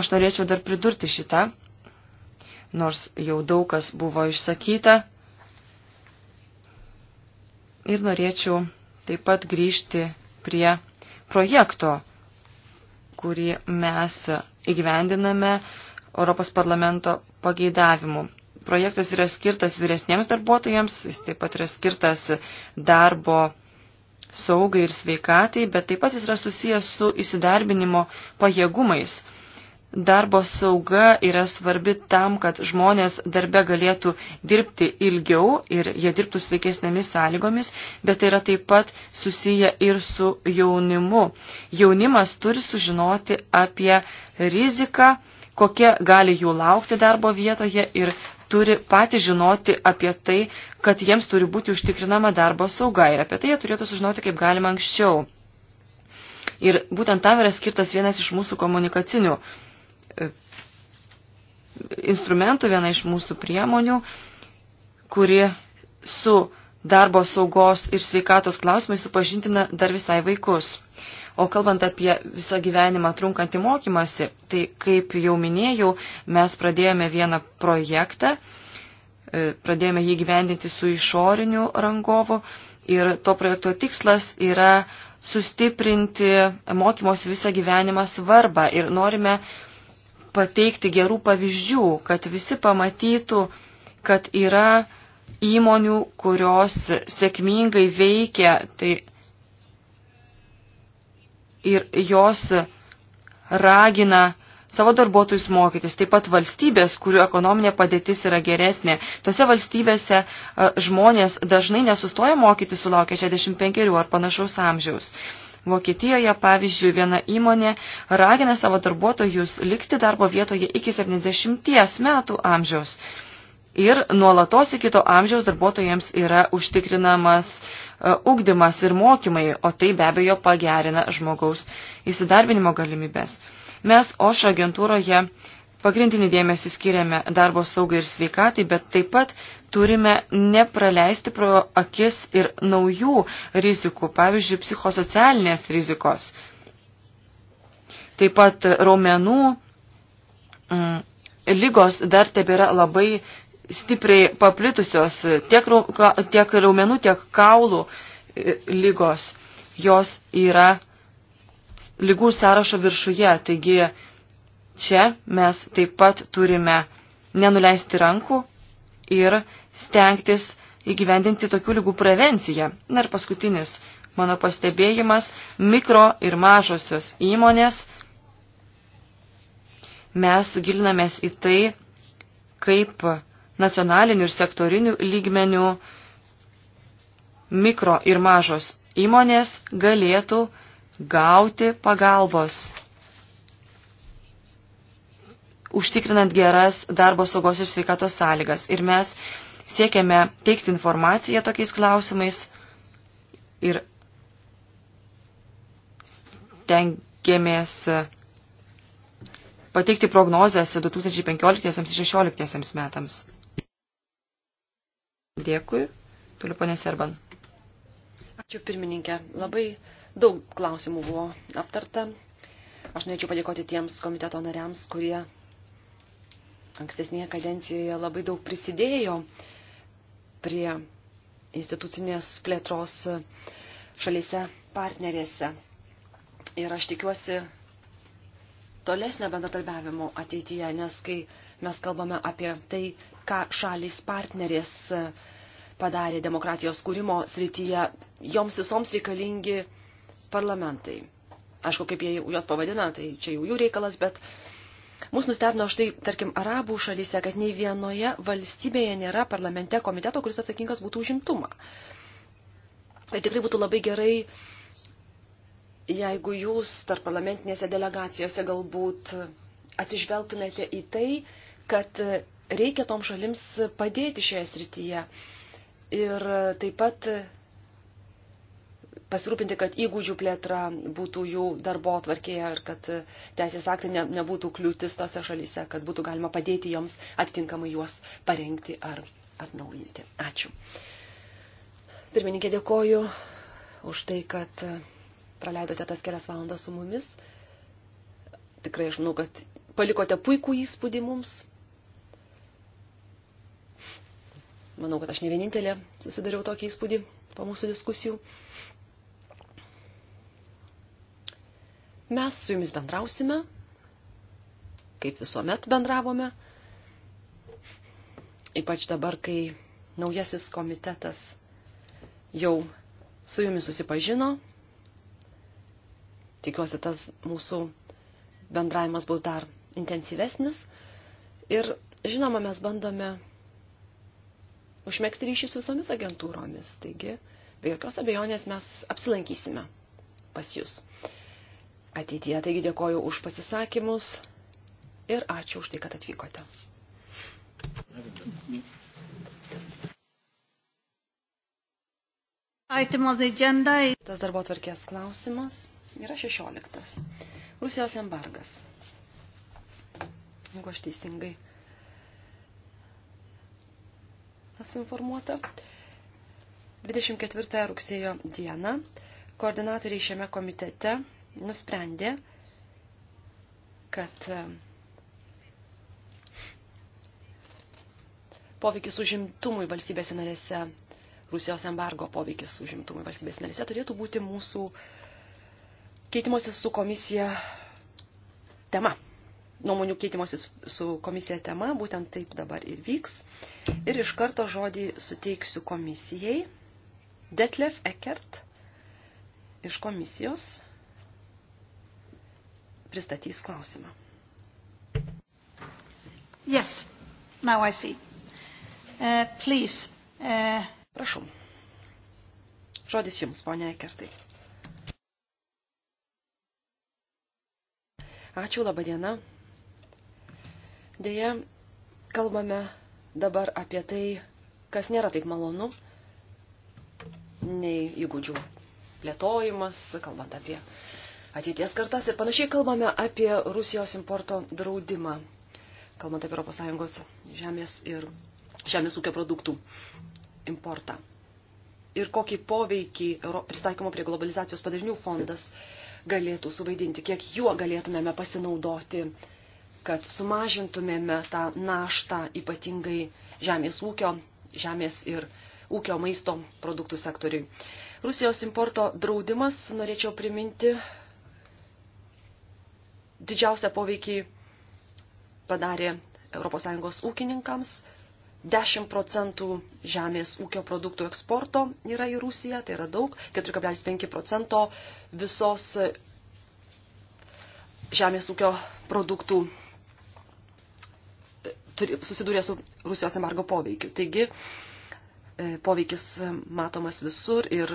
Aš norėčiau dar pridurti šitą, nors jau daug kas buvo išsakyta. Ir norėčiau taip pat grįžti prie projekto, kurį mes įgyvendiname Europos parlamento pageidavimų. Projektas yra skirtas vyresniems darbuotojams, jis taip pat yra skirtas darbo saugai ir sveikatai, bet taip pat jis yra susijęs su įsidarbinimo pajėgumais. Darbo sauga yra svarbi tam, kad žmonės darbe galėtų dirbti ilgiau ir jie dirbtų sveikesnėmis sąlygomis, bet tai yra taip pat susiję ir su jaunimu. Jaunimas turi sužinoti apie riziką, kokie gali jų laukti darbo vietoje ir turi patys žinoti apie tai, kad jiems turi būti užtikrinama darbo sauga ir apie tai jie turėtų sužinoti kaip galima anksčiau. Ir būtent tam yra skirtas vienas iš mūsų komunikacinių e, instrumentų, viena iš mūsų priemonių, kuri su darbo saugos ir sveikatos klausimai supažintina dar visai vaikus. O kalbant apie visą gyvenimą trunkantį mokymasi, tai kaip jau minėjau, mes pradėjome vieną projektą, e, pradėjome jį gyvendinti su išoriniu rangovu ir to projekto tikslas yra sustiprinti mokymosi visą gyvenimą svarbą ir norime pateikti gerų pavyzdžių, kad visi pamatytų, kad yra įmonių, kurios sėkmingai veikia, tai ir jos ragina savo darbuotojus mokytis, taip pat valstybės, kurių ekonominė padėtis yra geresnė. Tose valstybėse žmonės dažnai nesustoja mokyti sulaukę 65 ar panašaus amžiaus. Vokietijoje, pavyzdžiui, viena įmonė ragina savo darbuotojus likti darbo vietoje iki 70 metų amžiaus. Ir nuolatos iki to amžiaus darbuotojams yra užtikrinamas uh, E, ugdymas ir mokymai, o tai be abejo pagerina žmogaus įsidarbinimo galimybės. Mes OŠ agentūroje pagrindinį dėmesį skiriame darbo saugai ir sveikatai, bet taip pat turime nepraleisti pro akis ir naujų rizikų, pavyzdžiui, psichosocialinės rizikos. Taip pat raumenų mm, lygos dar tebėra labai stipriai paplitusios tiek, tiek raumenų, tiek kaulų e, lygos. Jos yra lygų sąrašo viršuje, taigi čia mes taip pat turime nenuleisti rankų ir stengtis įgyvendinti tokių lygų prevenciją. Na ir paskutinis mano pastebėjimas - mikro ir mažosios įmonės. Mes gilinamės į tai, kaip nacionalinių ir sektorinių lygmenių mikro ir mažos įmonės galėtų gauti pagalbos, užtikrinant geras darbo saugos ir sveikatos sąlygas. Ir mes siekiame teikti informaciją tokiais klausimais ir tengiamės pateikti prognozes 2015-2016 metams. Dėkui. Toliau ponė Serban. Ačiū pirmininkė. Labai daug klausimų buvo aptarta. Aš norėčiau padėkoti tiems komiteto nariams, kurie ankstesnėje kadencijoje labai daug prisidėjo prie institucinės plėtros šalyse partnerėse. Ir aš tikiuosi tolesnio bendradarbiavimo ateityje, nes kai mes kalbame apie tai, ką šalis partnerės e, padarė demokratijos kūrimo srityje. Joms visoms reikalingi parlamentai. Aišku, kaip jie juos pavadina, tai čia jau jų reikalas, bet Mūsų nustebino štai, tarkim, arabų šalyse, kad nei vienoje valstybėje nėra parlamente komiteto, kuris atsakingas būtų užimtumą. Ir tai tikrai būtų labai gerai, jeigu jūs tarp parlamentinėse delegacijose galbūt atsižvelgtumėte į tai, kad reikia tom šalims padėti šioje srityje. Ir taip pat pasirūpinti, kad įgūdžių plėtra būtų jų darbo atvarkėje ir kad teisės aktai ne, nebūtų kliūtis tose šalyse, kad būtų galima padėti joms atitinkamai juos parengti ar atnaujinti. Ačiū. Pirmininkė, dėkoju už tai, kad praleidote tas kelias valandas su mumis. Tikrai aš manau, kad palikote puikų įspūdį mums. Manau, kad aš ne vienintelė susidariau tokį įspūdį po mūsų diskusijų. Mes su jumis bendrausime, kaip visuomet bendravome, ypač dabar, kai naujasis komitetas jau su jumis susipažino. Tikiuosi, tas mūsų bendravimas bus dar intensyvesnis. Ir žinoma, mes bandome užmėgsti ryšį su visomis agentūromis. Taigi, be jokios abejonės mes apsilankysime pas jūs ateityje. Taigi dėkoju už pasisakymus ir ačiū už tai, kad atvykote. Tas darbo tvarkės klausimas yra 16. Rusijos embargas. Jeigu aš teisingai esu informuota. 24 rugsėjo dieną koordinatoriai šiame komitete nusprendė, kad e, poveikis užimtumui valstybėse narėse, Rusijos embargo poveikis užimtumui valstybėse narėse turėtų būti mūsų keitimosi su komisija tema nuomonių keitimosi su komisija tema, būtent taip dabar ir vyks. Ir iš karto žodį suteiksiu komisijai. Detlef Eckert iš komisijos pristatys klausimą. Yes, now I see. Uh, please. Uh... Prašau. Žodis jums, ponia Ekertai. Ačiū, laba diena. Deja, kalbame dabar apie tai, kas nėra taip malonu, nei įgūdžių plėtojimas, kalbant apie ateities kartas ir panašiai kalbame apie Rusijos importo draudimą, kalbant apie ES žemės ir žemės ūkio produktų importą. Ir kokį poveikį pristaikymo prie globalizacijos padarinių fondas galėtų suvaidinti, kiek juo galėtumėme pasinaudoti uh, kad sumažintumėme tą naštą ypatingai žemės ūkio, žemės ir ūkio maisto produktų sektoriui. Rusijos importo draudimas, norėčiau priminti, didžiausią poveikį padarė ES ūkininkams. 10 procentų žemės ūkio produktų eksporto yra į Rusiją, tai yra daug, 4,5 procento visos žemės ūkio produktų susidūrė su Rusijos embargo poveikiu. Taigi, e, poveikis matomas visur ir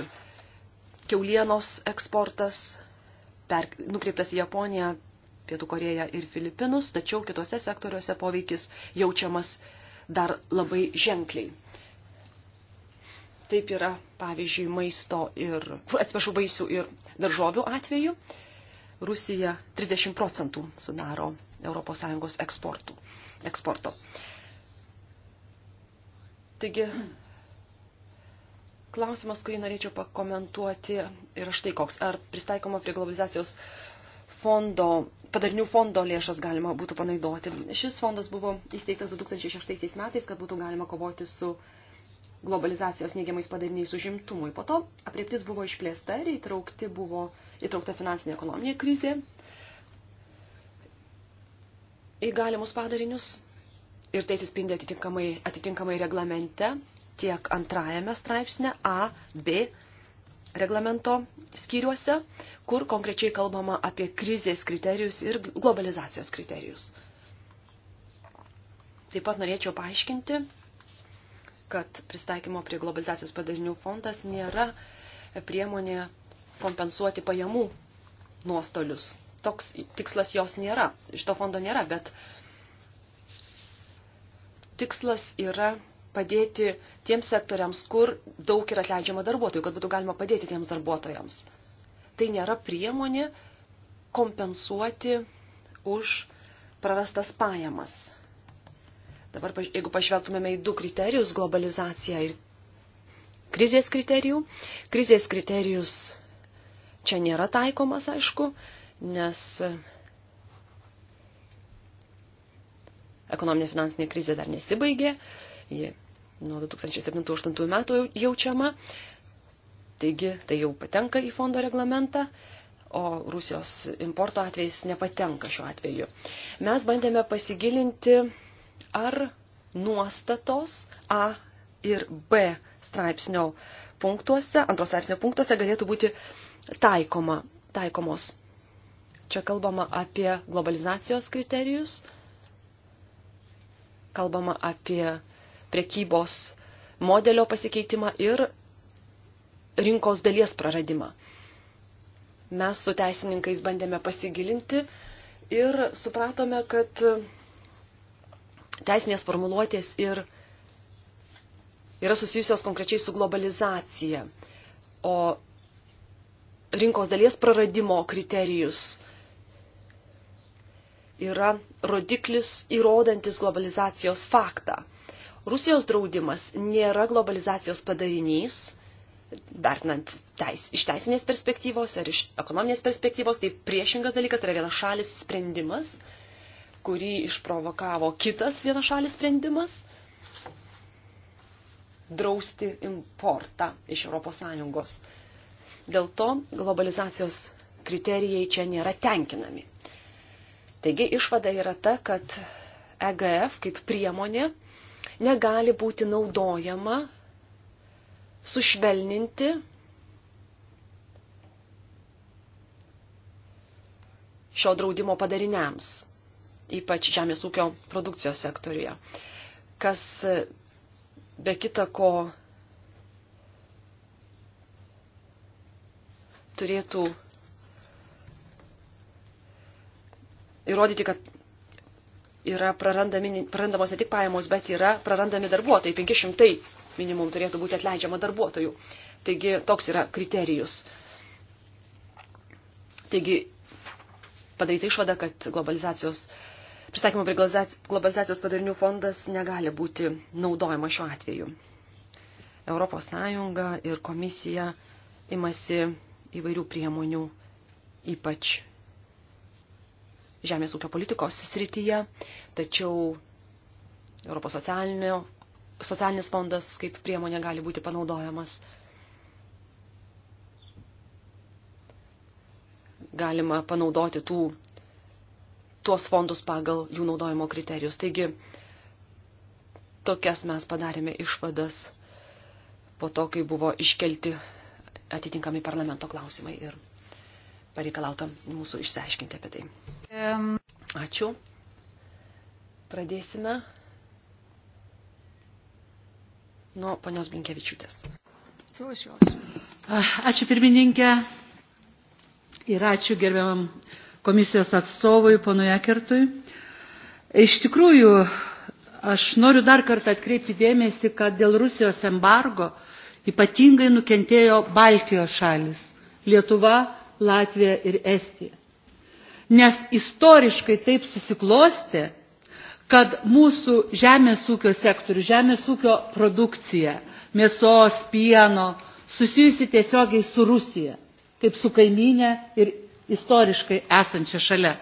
keulienos eksportas per, nukreiptas į Japoniją, Pietų Koreją ir Filipinus, tačiau kitose sektoriuose poveikis jaučiamas dar labai ženkliai. Taip yra, pavyzdžiui, maisto ir, atsiprašau, vaisių ir daržovių atveju. Rusija 30 procentų sudaro ES eksportų eksporto. Taigi, klausimas, kurį norėčiau pakomentuoti, yra štai koks. Ar pristaikoma prie globalizacijos fondo, padarinių fondo lėšas galima būtų panaudoti? Šis fondas buvo įsteigtas 2006 metais, kad būtų galima kovoti su globalizacijos neigiamais padariniais užimtumui. Po to apriptis buvo išplėsta ir įtraukti buvo, įtraukta finansinė ekonominė krizė, į galimus padarinius ir tai atsispindi atitinkamai, atitinkamai reglamente tiek antrajame straipsne A, B reglamento skyriuose, kur konkrečiai kalbama apie krizės kriterijus ir globalizacijos kriterijus. Taip pat norėčiau paaiškinti, kad pristaikymo prie globalizacijos padarinių fondas nėra priemonė kompensuoti pajamų nuostolius toks tikslas jos nėra, šito fondo nėra, bet tikslas yra padėti tiems sektoriams, kur daug yra atleidžiama darbuotojų, kad būtų galima padėti tiems darbuotojams. Tai nėra priemonė kompensuoti už prarastas pajamas. Dabar, jeigu pažvelgtumėme į du kriterijus - globalizaciją ir krizės kriterijų. Krizės kriterijus čia nėra taikomas, aišku, nes ekonominė finansinė krizė dar nesibaigė, ji nuo 2007-2008 metų jaučiama, taigi tai jau patenka į fondo reglamentą, o Rusijos importo atvejais nepatenka šiuo atveju. Mes bandėme pasigilinti, ar nuostatos A ir B straipsnio punktuose, antros straipsnio punktuose galėtų būti taikoma, taikomos Čia kalbama apie globalizacijos kriterijus, kalbama apie prekybos modelio pasikeitimą ir rinkos dalies praradimą. Mes su teisininkais bandėme pasigilinti ir supratome, kad teisinės formuluotės ir yra susijusios konkrečiai su globalizacija, o rinkos dalies praradimo kriterijus yra rodiklis įrodantis globalizacijos faktą. Rusijos draudimas nėra globalizacijos padarinys, vertinant teis, iš teisinės perspektyvos ar iš ekonominės perspektyvos, tai priešingas dalykas tai yra viena šalis sprendimas, kurį išprovokavo kitas viena šalis sprendimas drausti importą iš ES. Dėl to globalizacijos kriterijai čia nėra tenkinami. Taigi išvada yra ta, kad EGF kaip priemonė negali būti naudojama sušvelninti šio draudimo padariniams, ypač žemės ūkio produkcijos sektoriuje, kas be kita ko turėtų įrodyti, kad yra prarandamos ne tik pajamos, bet yra prarandami darbuotojai. 500 minimum turėtų būti atleidžiama darbuotojų. Taigi toks yra kriterijus. Taigi padaryta išvada, kad globalizacijos, pristatymo prie globalizacijos padarinių fondas negali būti naudojama šiuo atveju. Europos Sąjunga ir komisija imasi įvairių priemonių, ypač žemės ūkio politikos srityje, tačiau Europos socialinis fondas kaip priemonė gali būti panaudojamas. Galima panaudoti tų, tuos fondus pagal jų naudojimo kriterijus. Taigi, tokias mes padarėme išvadas po to, kai buvo iškelti atitinkami parlamento klausimai ir pareikalauta mūsų išsiaiškinti apie tai. Ačiū. Pradėsime nuo ponios Blinkevičiūtės. Ah, ačiū pirmininkė ir ačiū gerbiamam komisijos atstovui, ponui Ekertui. Iš tikrųjų, aš noriu dar kartą atkreipti dėmesį, kad dėl Rusijos embargo ypatingai nukentėjo Baltijos šalis - Lietuva, Latvija ir Estija nes istoriškai taip susiklosti, kad mūsų žemės ūkio sektorių, žemės ūkio produkcija, mėsos, pieno, susijusi tiesiogiai su Rusija, kaip su kaiminė ir istoriškai esančia šalia.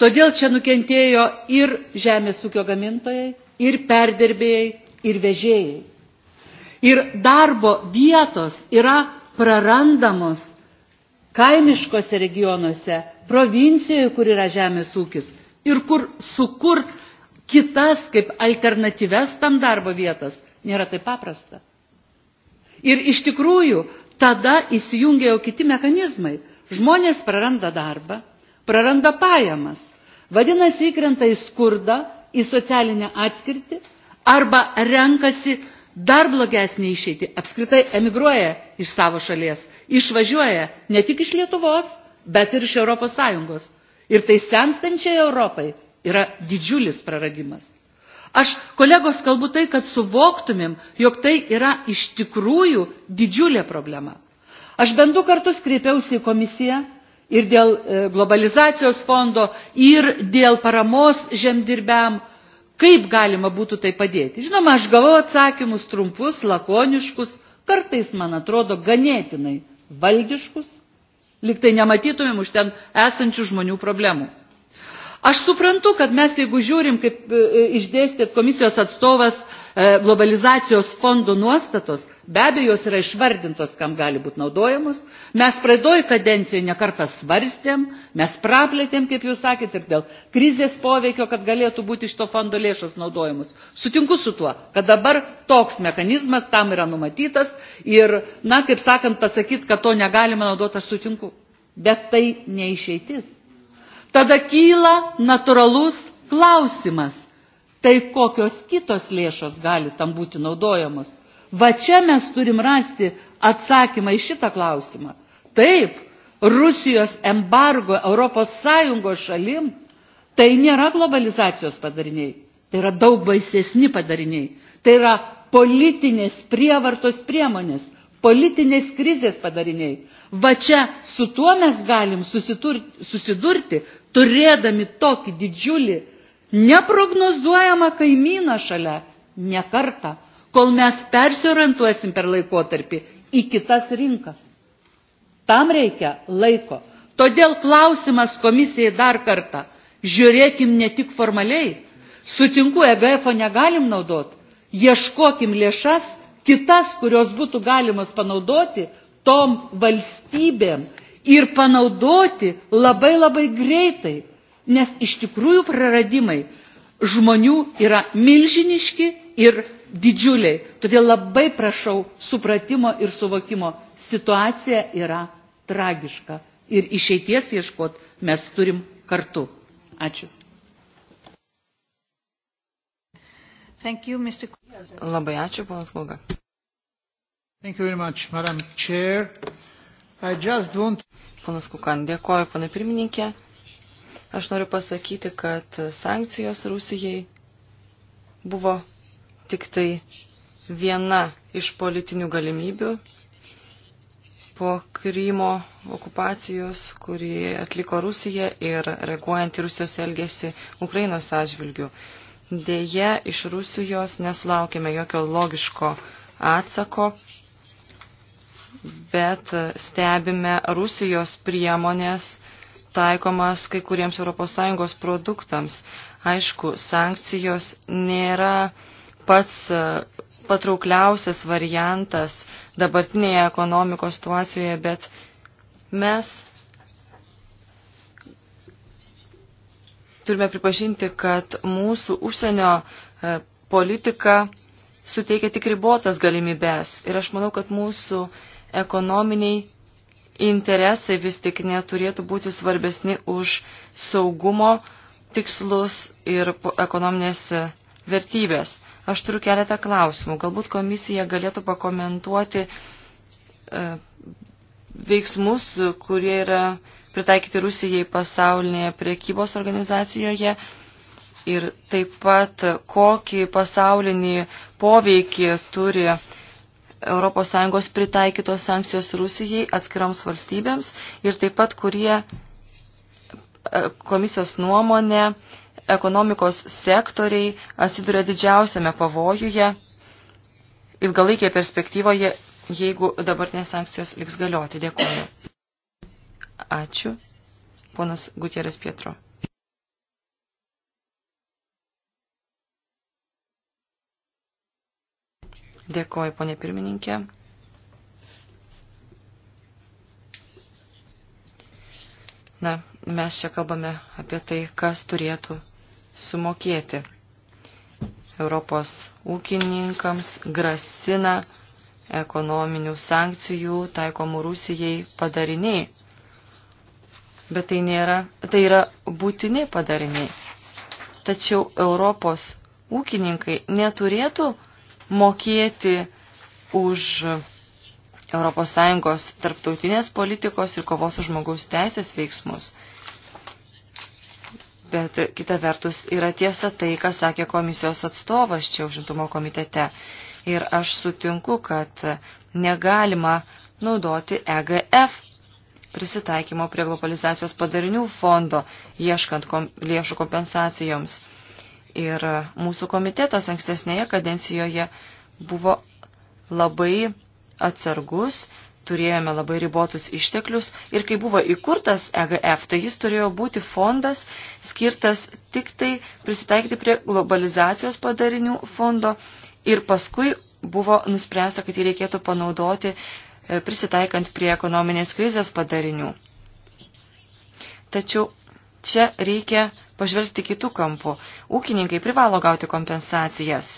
Todėl čia nukentėjo ir žemės ūkio gamintojai, ir perdirbėjai, ir vežėjai. Ir darbo vietos yra prarandamos kaimiškose regionuose provincijoje, kur yra žemės ūkis ir kur sukurt kitas kaip alternatyves tam darbo vietas nėra taip paprasta. Ir iš tikrųjų tada įsijungia jau kiti mechanizmai. Žmonės praranda darbą, praranda pajamas, vadinasi įkrenta į skurdą, į socialinę atskirtį arba renkasi dar blogesnį išeitį, apskritai emigruoja iš savo šalies, išvažiuoja ne tik iš Lietuvos, bet ir iš Europos Sąjungos. Ir tai senstančiai Europai yra didžiulis praradimas. Aš, kolegos, kalbu tai, kad suvoktumėm, jog tai yra iš tikrųjų didžiulė problema. Aš bent du kartus kreipiausi į komisiją ir dėl e, globalizacijos fondo, ir dėl paramos žemdirbiam, kaip galima būtų tai padėti. Žinoma, aš gavau atsakymus trumpus, lakoniškus, kartais, man atrodo, ganėtinai valdiškus, Liktai nematytumėm už ten esančių žmonių problemų. Aš suprantu, kad mes jeigu žiūrim, kaip e, e, išdėstėt komisijos atstovas e, globalizacijos fondo nuostatos, Be abejo, jos yra išvardintos, kam gali būti naudojamos. Mes praeitoj kadencijoje nekartą svarstėm, mes praplėtėm, kaip jūs sakėt, ir dėl krizės poveikio, kad galėtų būti iš to fondo lėšos naudojamos. Sutinku su tuo, kad dabar toks mechanizmas tam yra numatytas ir, na, kaip sakant, pasakyti, kad to negalima naudoti, aš sutinku. Bet tai neišeitis. Tada kyla natūralus klausimas. Tai kokios kitos lėšos gali tam būti naudojamos? Va čia mes turim rasti atsakymą į šitą klausimą. Taip, Rusijos embargo Europos Sąjungos šalim tai nėra globalizacijos padariniai. Tai yra daug baisesni padariniai. Tai yra politinės prievartos priemonės, politinės krizės padariniai. Va čia su tuo mes galim susidurti, turėdami tokį didžiulį neprognozuojamą kaimyną šalia, ne kartą, kol mes persiorantuosim per laikotarpį į kitas rinkas. Tam reikia laiko. Todėl klausimas komisijai dar kartą. Žiūrėkim ne tik formaliai. Sutinku, EGF negalim naudoti. Ieškokim lėšas, kitas, kurios būtų galimas panaudoti tom valstybėm ir panaudoti labai labai greitai. Nes iš tikrųjų praradimai žmonių yra milžiniški ir didžiuliai. Todėl labai prašau supratimo ir suvokimo. Situacija yra tragiška ir išeities ieškot mes turim kartu. Ačiū. Thank you, Mr. Labai ačiū, ponas Kulga. Thank you very much, Madam Chair. I just want... Ponas Kukan, dėkoju, pana pirmininkė. Aš noriu pasakyti, kad sankcijos Rusijai buvo tik tai viena iš politinių galimybių po Krymo okupacijos, kurį atliko Rusija ir reaguojant į Rusijos elgesį Ukrainos atžvilgių. Deja, iš Rusijos nesulaukėme jokio logiško atsako, bet stebime Rusijos priemonės taikomas kai kuriems ES produktams. Aišku, sankcijos nėra pats e, patraukliausias variantas dabartinėje ekonomikos situacijoje, bet mes turime pripažinti, kad mūsų užsienio e, politika suteikia tik ribotas galimybės. Ir aš manau, kad mūsų ekonominiai interesai vis tik neturėtų būti svarbesni už saugumo tikslus ir ekonominės e, vertybės. Aš turiu keletą klausimų. Galbūt komisija galėtų pakomentuoti e, veiksmus, kurie yra pritaikyti Rusijai pasaulinėje priekybos organizacijoje ir taip pat kokį pasaulinį poveikį turi ES pritaikytos sankcijos Rusijai atskiroms valstybėms ir taip pat kurie e, komisijos nuomonė ekonomikos sektoriai atsiduria didžiausiame pavojuje ilgalaikėje perspektyvoje, jeigu dabartinės sankcijos liks galioti. Dėkuoju. Ačiū. Ponas Gutieras Pietro. Dėkuoju, ponė pirmininkė. Na, mes čia kalbame apie tai, kas turėtų sumokėti. Europos ūkininkams grasina ekonominių sankcijų taikomų Rusijai padariniai. Bet tai, nėra, tai yra būtini padariniai. Tačiau Europos ūkininkai neturėtų mokėti už ES tarptautinės politikos ir kovos už žmogaus teisės veiksmus. Bet kita vertus yra tiesa tai, ką sakė komisijos atstovas čia užimtumo komitete. Ir aš sutinku, kad negalima naudoti EGF prisitaikymo prie globalizacijos padarinių fondo, ieškant kom, lėšų kompensacijoms. Ir mūsų komitetas ankstesnėje kadencijoje buvo labai atsargus turėjome labai ribotus išteklius ir kai buvo įkurtas EGF, tai jis turėjo būti fondas skirtas tik tai prisitaikyti prie globalizacijos padarinių fondo ir paskui buvo nuspręsta, kad jį reikėtų panaudoti e, prisitaikant prie ekonominės krizės padarinių. Tačiau čia reikia pažvelgti kitų kampų. Ūkininkai privalo gauti kompensacijas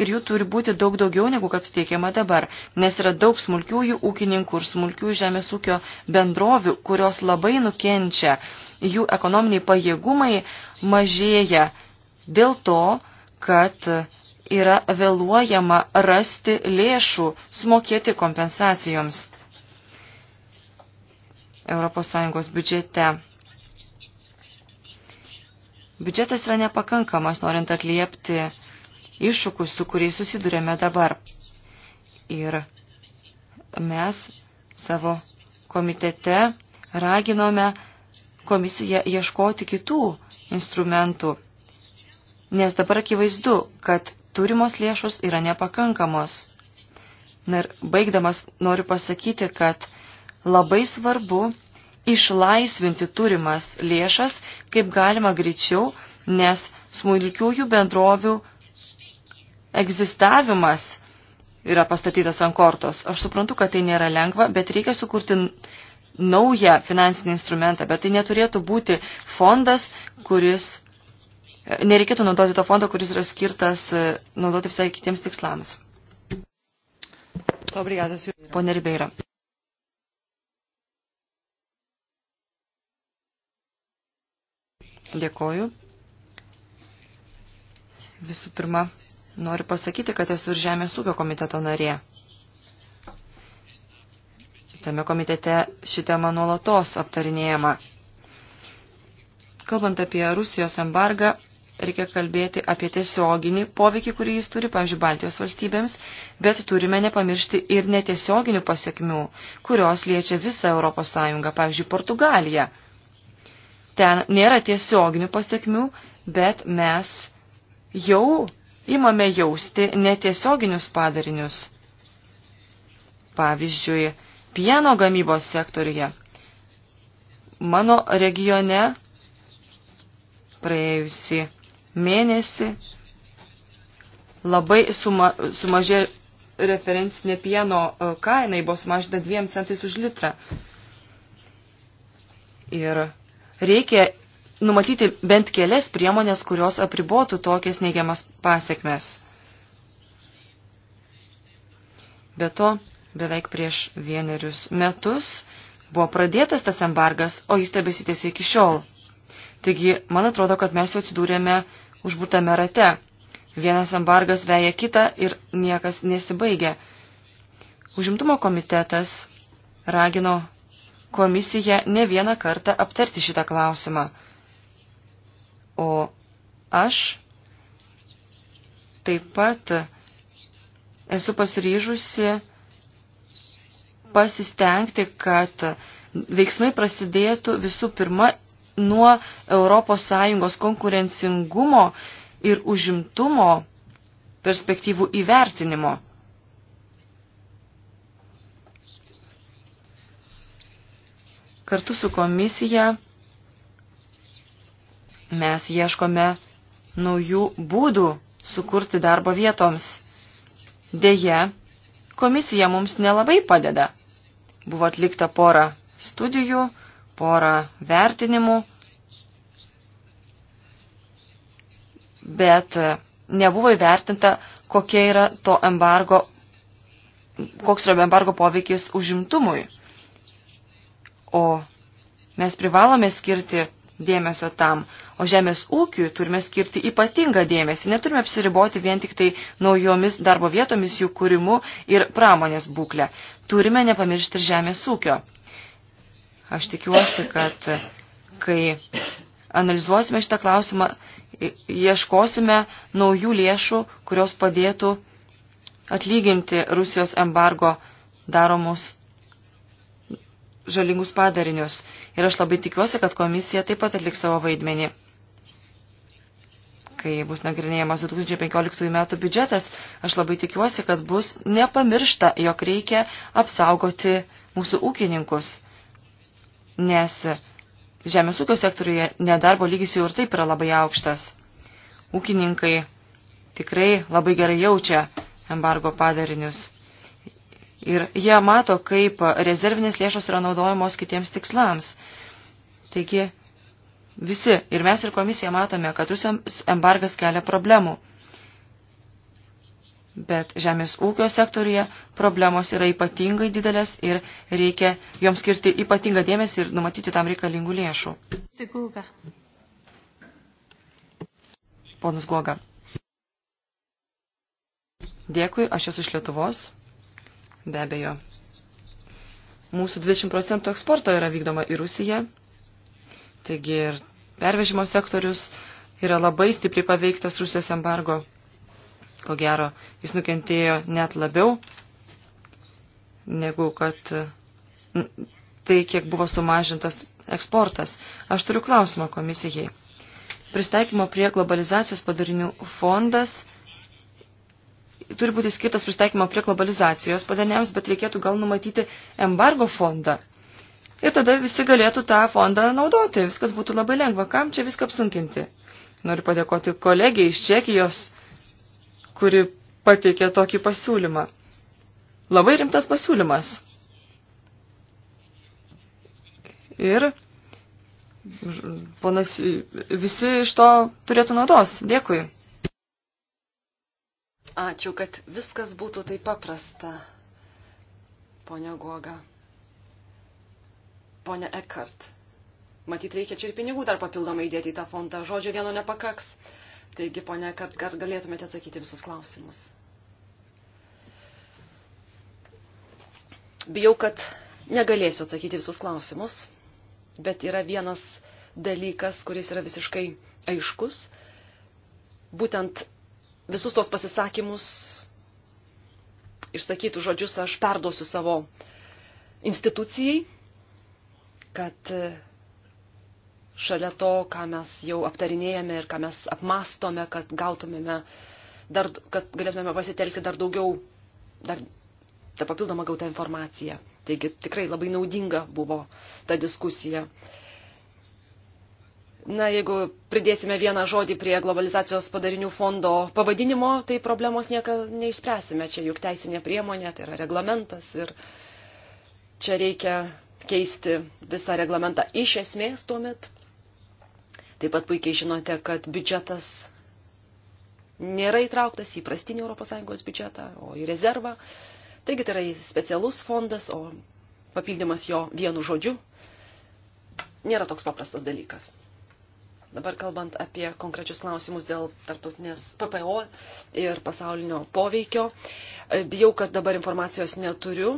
ir jų turi būti daug daugiau negu kad suteikiama dabar, nes yra daug smulkiųjų ūkininkų ir smulkiųjų žemės ūkio bendrovių, kurios labai nukenčia, jų ekonominiai pajėgumai mažėja dėl to, kad yra vėluojama rasti lėšų sumokėti kompensacijoms ES biudžete. Biudžetas yra nepakankamas, norint atliepti iššūkus, su kuriais susidurėme dabar. Ir mes savo komitete raginome komisiją ieškoti kitų instrumentų, nes dabar akivaizdu, kad turimos lėšos yra nepakankamos. Ir baigdamas noriu pasakyti, kad labai svarbu išlaisvinti turimas lėšas kaip galima greičiau, nes smulkiųjų bendrovių egzistavimas yra pastatytas ant kortos. Aš suprantu, kad tai nėra lengva, bet reikia sukurti naują finansinį instrumentą, bet tai neturėtų būti fondas, kuris, e, nereikėtų naudoti to fondo, kuris yra skirtas e, naudoti visai kitiems tikslams. Pone Ribeira. Dėkoju. Visų pirma, Noriu pasakyti, kad esu ir Žemės ūkio komiteto narė. Tame komitete ši tema nuolatos aptarinėjama. Kalbant apie Rusijos embargą, reikia kalbėti apie tiesioginį poveikį, kurį jis turi, pavyzdžiui, Baltijos valstybėms, bet turime nepamiršti ir netiesioginių pasiekmių, kurios liečia visą Europos Sąjungą, pavyzdžiui, Portugaliją. Ten nėra tiesioginių pasiekmių, bet mes jau imame jausti netiesioginius padarinius. Pavyzdžiui, pieno gamybos sektorija. Mano regione praėjusi mėnesį labai suma, sumažė referencinė pieno e, kaina, buvo sumažinta dviem centais už litrą. Ir reikia numatyti bent kelias priemonės, kurios apribotų tokias neigiamas pasiekmes. Be to, beveik prieš vienerius metus buvo pradėtas tas embargas, o jis tebesitėsi iki šiol. Taigi, man atrodo, kad mes jau atsidūrėme užburtame rate. Vienas embargas veja kitą ir niekas nesibaigia. Užimtumo komitetas ragino komisiją ne vieną kartą aptarti šitą klausimą. O aš taip pat esu pasiryžusi pasistengti, kad veiksmai prasidėtų visų pirma nuo ES konkurencingumo ir užimtumo perspektyvų įvertinimo. Kartu su komisija Mes ieškome naujų būdų sukurti darbo vietoms. Deja, komisija mums nelabai padeda. Buvo atlikta pora studijų, pora vertinimų, bet nebuvo įvertinta, kokia yra to embargo, koks yra embargo poveikis užimtumui. O mes privalome skirti dėmesio tam, o žemės ūkiui turime skirti ypatingą dėmesį, neturime apsiriboti vien tik tai naujomis darbo vietomis jų kūrimu ir pramonės būklę. Turime nepamiršti ir žemės ūkio. Aš tikiuosi, kad kai analizuosime šitą klausimą, ieškosime naujų lėšų, kurios padėtų atlyginti Rusijos embargo daromus žalingus padarinius. Ir aš labai tikiuosi, kad komisija taip pat atliks savo vaidmenį. Kai bus nagrinėjamas 2015 metų biudžetas, aš labai tikiuosi, kad bus nepamiršta, jog reikia apsaugoti mūsų ūkininkus. Nes žemės ūkio sektoriuje nedarbo lygis jau ir taip yra labai aukštas. Ūkininkai tikrai labai gerai jaučia embargo padarinius. Ir jie mato, kaip rezervinės lėšos yra naudojamos kitiems tikslams. Taigi visi, ir mes ir komisija matome, kad Rusijos embargas kelia problemų. Bet žemės ūkio sektorija problemos yra ypatingai didelės ir reikia joms skirti ypatingą dėmesį ir numatyti tam reikalingų lėšų. Ponas Guoga. Dėkui, aš esu iš Lietuvos. Be abejo, mūsų 20 procentų eksporto yra vykdoma į Rusiją, taigi ir pervežimo sektorius yra labai stipriai paveiktas Rusijos embargo. Ko gero, jis nukentėjo net labiau negu kad tai, kiek buvo sumažintas eksportas. Aš turiu klausimą komisijai. Pristaikymo prie globalizacijos padarinių fondas turi būti skirtas pristaikymo prie globalizacijos padariniams, bet reikėtų gal numatyti embargo fondą. Ir tada visi galėtų tą fondą naudoti, viskas būtų labai lengva, kam čia viską apsunkinti. Noriu padėkoti kolegijai iš Čekijos, kuri pateikė tokį pasiūlymą. Labai rimtas pasiūlymas. Ir ponas, visi iš to turėtų naudos. Dėkui. Ačiū, kad viskas būtų taip paprasta, ponia Goga. Pone Eckart, matyt, reikia čia ir pinigų dar papildomai dėti į tą fondą, žodžio vieno nepakaks. Taigi, ponia Eckart, ar galėtumėte atsakyti visus klausimus? Bijau, kad negalėsiu atsakyti visus klausimus, bet yra vienas dalykas, kuris yra visiškai aiškus. Būtent visus tos pasisakymus išsakytų žodžius aš perduosiu savo institucijai, kad šalia to, ką mes jau aptarinėjame ir ką mes apmastome, kad gautumėme, dar, kad galėtumėme pasitelkti dar daugiau, dar tą papildomą gautą informaciją. Taigi tikrai labai naudinga buvo ta diskusija. Na, jeigu pridėsime vieną žodį prie globalizacijos padarinių fondo pavadinimo, tai problemos nieka neišspręsime. Čia juk teisinė priemonė, tai yra reglamentas ir čia reikia keisti visą reglamentą iš esmės tuomet. Taip pat puikiai žinote, kad biudžetas nėra įtrauktas į prastinį ES biudžetą, o į rezervą. Taigi tai yra specialus fondas, o papildymas jo vienu žodžiu nėra toks paprastas dalykas. Dabar kalbant apie konkrečius klausimus dėl tarptautinės PPO ir pasaulinio poveikio, e, bijau, kad dabar informacijos neturiu,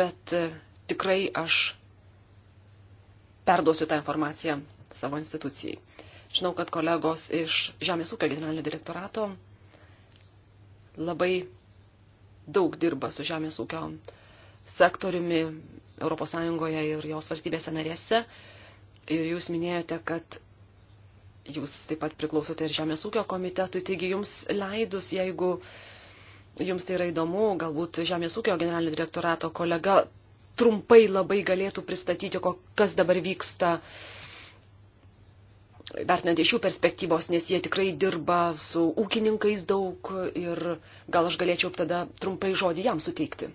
bet e, tikrai aš perduosiu tą informaciją savo institucijai. Žinau, kad kolegos iš Žemės ūkio generalinio direktorato labai daug dirba su Žemės ūkio sektoriumi ES ir jos valstybėse narėse. Ir jūs minėjote, kad jūs taip pat priklausote ir Žemės ūkio komitetui, taigi jums leidus, jeigu jums tai yra įdomu, galbūt Žemės ūkio generalinio direktorato kolega trumpai labai galėtų pristatyti, kas dabar vyksta, vertinant iš jų perspektyvos, nes jie tikrai dirba su ūkininkais daug ir gal aš galėčiau tada trumpai žodį jam suteikti.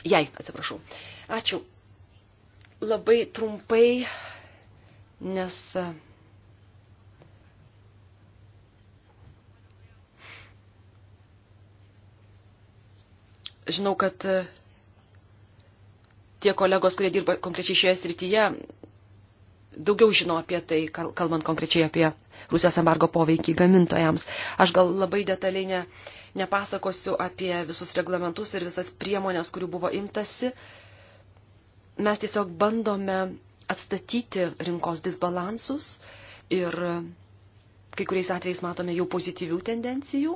Jei, atsiprašau. Ačiū. Labai trumpai nes e, žinau, kad e, tie kolegos, kurie dirba konkrečiai šioje srityje, daugiau žino apie tai, kalbant konkrečiai apie Rusijos embargo poveikį gamintojams. Aš gal labai detaliai ne, nepasakosiu apie visus reglamentus ir visas priemonės, kurių buvo imtasi. Mes tiesiog bandome atstatyti rinkos disbalansus ir kai kuriais atvejais matome jau pozityvių tendencijų.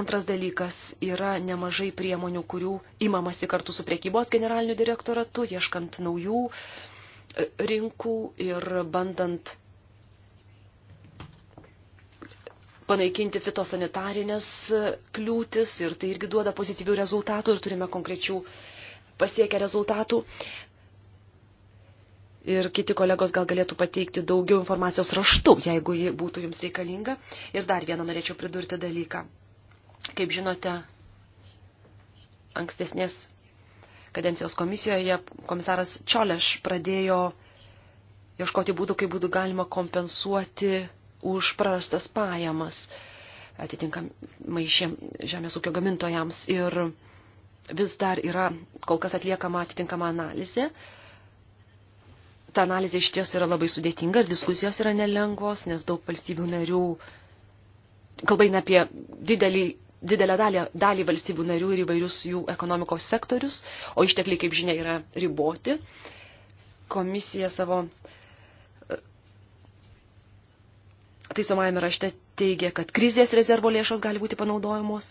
Antras dalykas yra nemažai priemonių, kurių imamasi kartu su priekybos generaliniu direktoratu, ieškant naujų e, rinkų ir bandant panaikinti fitosanitarinės e, kliūtis ir tai irgi duoda pozityvių rezultatų ir turime konkrečių pasiekę rezultatų ir kiti kolegos gal galėtų pateikti daugiau informacijos raštu, jeigu ji būtų jums reikalinga. Ir dar vieną norėčiau pridurti dalyką. Kaip žinote, ankstesnės kadencijos komisijoje komisaras Čioleš pradėjo ieškoti būdų, kaip būtų galima kompensuoti už prarastas pajamas atitinkamai žemės ūkio gamintojams. Ir vis dar yra kol kas atliekama atitinkama analizė. Uh, ta analizė iš ties yra labai sudėtinga ir diskusijos yra nelengvos, nes daug valstybių narių, kalba eina apie didelį, didelę dalį, dalį valstybių narių ir įvairius jų ekonomikos sektorius, o ištekliai, kaip žinia, yra riboti. Komisija savo e, taisomajame rašte teigia, kad krizės rezervo lėšos gali būti panaudojamos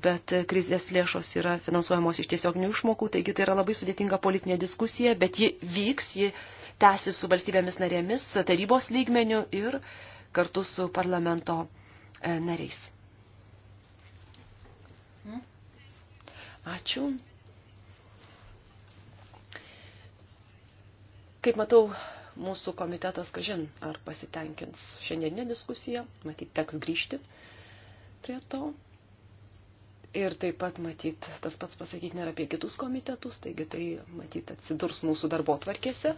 bet krizės lėšos yra finansuojamos iš tiesioginių išmokų, taigi tai yra labai sudėtinga politinė diskusija, bet ji vyks, ji tęsi su valstybėmis narėmis, tarybos lygmeniu ir kartu su parlamento e, nariais. Ačiū. Kaip matau, mūsų komitetas, kažin, ar pasitenkins šiandieninę diskusiją, matyt, teks grįžti prie to. Ir taip pat matyt, tas pats pasakyti nėra apie kitus komitetus, taigi tai matyt atsidurs mūsų darbo tvarkėse.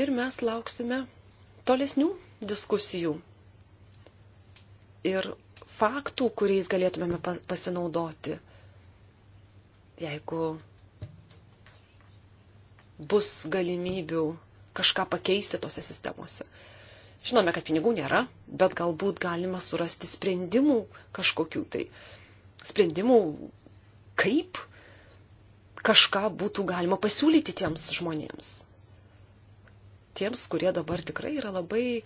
Ir mes lauksime tolesnių diskusijų ir faktų, kuriais galėtumėme pasinaudoti, jeigu bus galimybių kažką pakeisti tose sistemose. Žinome, kad pinigų nėra, bet galbūt galima surasti sprendimų kažkokių tai. Uh, sprendimų, kaip kažką būtų galima pasiūlyti tiems žmonėms. Tiems, kurie dabar tikrai yra labai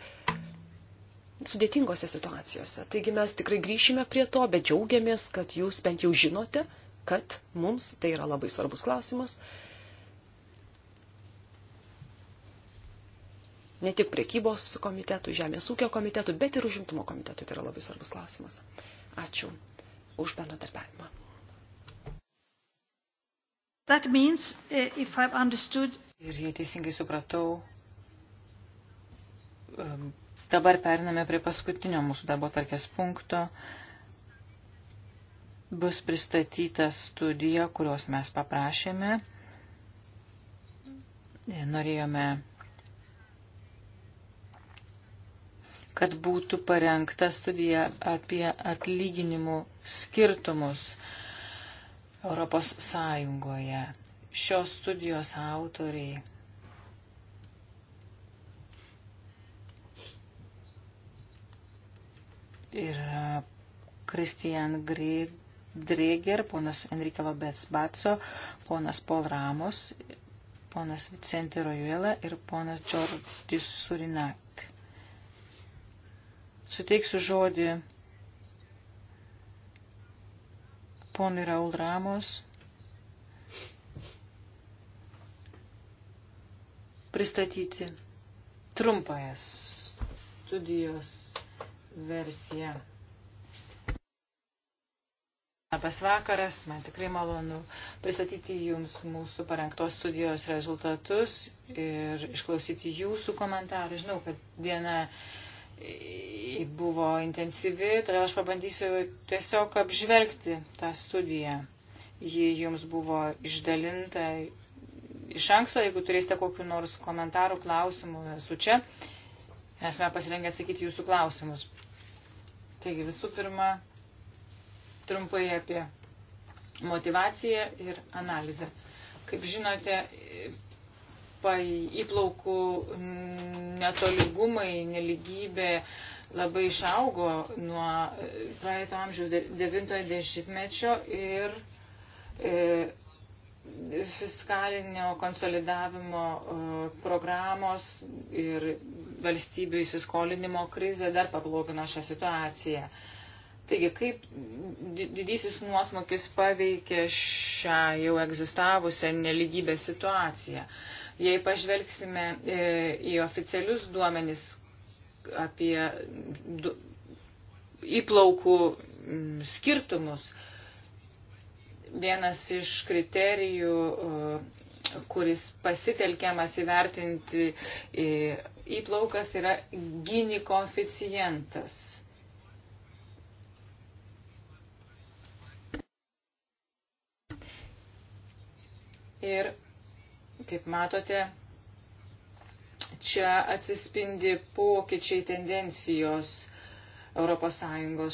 sudėtingose situacijose. Taigi mes tikrai grįšime prie to, bet džiaugiamės, kad jūs bent jau žinote, kad mums tai yra labai svarbus klausimas. Ne tik priekybos komitetų, žemės ūkio komitetų, bet ir užimtumo komitetų tai yra labai svarbus klausimas. Ačiū už bendradarbiavimą. That means, eh, if I've understood... Ir jei teisingai supratau, dabar periname prie paskutinio mūsų darbo tvarkės punkto. Bus pristatyta studija, kurios mes paprašėme. E, norėjome kad būtų parengta studija apie atlyginimų skirtumus Europos Sąjungoje. Šios studijos autoriai yra Kristijan Dreger, ponas Enrique Lobes Batso, ponas Paul Ramos, ponas Vicente Rojuela ir ponas Džordis Surinak. Suteiksiu žodį ponui Raul Ramos. Pristatyti trumpąją studijos versiją. Labas vakaras, man tikrai malonu pristatyti Jums mūsų parengtos studijos rezultatus ir išklausyti Jūsų komentarų. Žinau, kad diena buvo intensyvi, todėl aš pabandysiu tiesiog apžvelgti tą studiją. Ji jums buvo išdalinta iš anksto, jeigu turėsite kokiu nors komentarų, klausimų, esu čia. Esame pasirengę atsakyti jūsų klausimus. Taigi visų pirma, trumpai apie motivaciją ir analizę. Kaip žinote, įplaukų mm, netolygumai, neligybė labai išaugo nuo e, praeito amžiaus 90-mečio ir e, fiskalinio konsolidavimo e, programos ir valstybių įsiskolinimo krizė dar pablogino šią situaciją. Taigi, kaip didysis nuosmokis paveikė šią jau egzistavusią neligybę situaciją? Uh, Jei pažvelgsime e, į oficialius duomenis apie du, įplaukų skirtumus, vienas iš kriterijų, e, kuris pasitelkiamas įvertinti e, įplaukas, yra gyni koeficientas. Ir Kaip matote, čia atsispindi pokyčiai tendencijos ES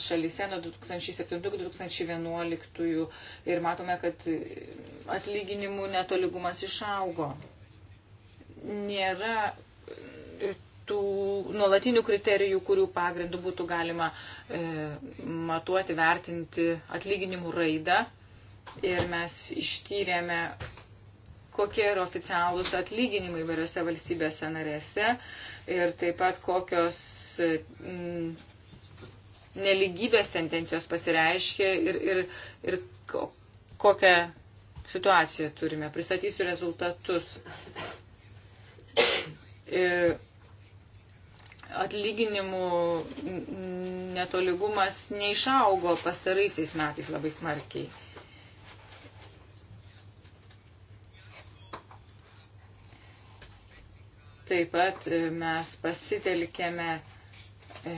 šalyse nuo 2007-2011 ir matome, kad atlyginimų netoligumas išaugo. Nėra tų nuolatinių kriterijų, kurių pagrindų būtų galima e, matuoti, vertinti atlyginimų raidą. Ir mes ištyrėme kokie yra oficialūs atlyginimai vairiose valstybėse narėse ir taip pat kokios mm, neligybės tendencijos pasireiškia ir, ir, ir kokią situaciją turime. Pristatysiu rezultatus. Ir atlyginimų netoligumas neišaugo pastaraisiais metais labai smarkiai. Taip pat e, mes pasitelkėme e,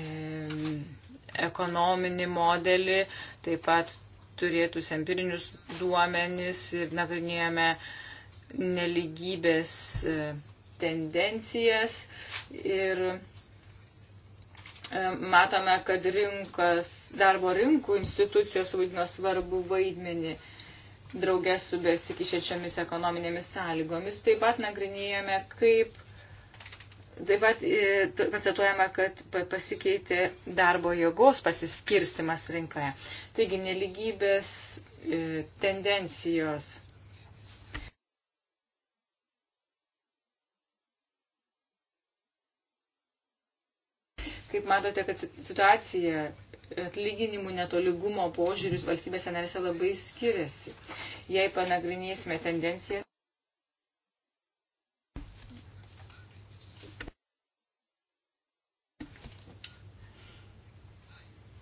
ekonominį modelį, taip pat turėtus empirinius duomenis ir nagrinėjame neligybės e, tendencijas ir matome, kad rinkos, darbo rinkų institucijos vaidino svarbu vaidmenį draugės su besikišečiamis ekonominėmis sąlygomis. Taip pat nagrinėjame, kaip Taip pat e, konstatuojama, kad pasikeitė darbo jėgos pasiskirstimas rinkoje. Taigi neligybės e, tendencijos. Kaip matote, kad situacija atlyginimų netolygumo požiūrius valstybėse narėse labai skiriasi. Jei panagrinėsime tendencijas.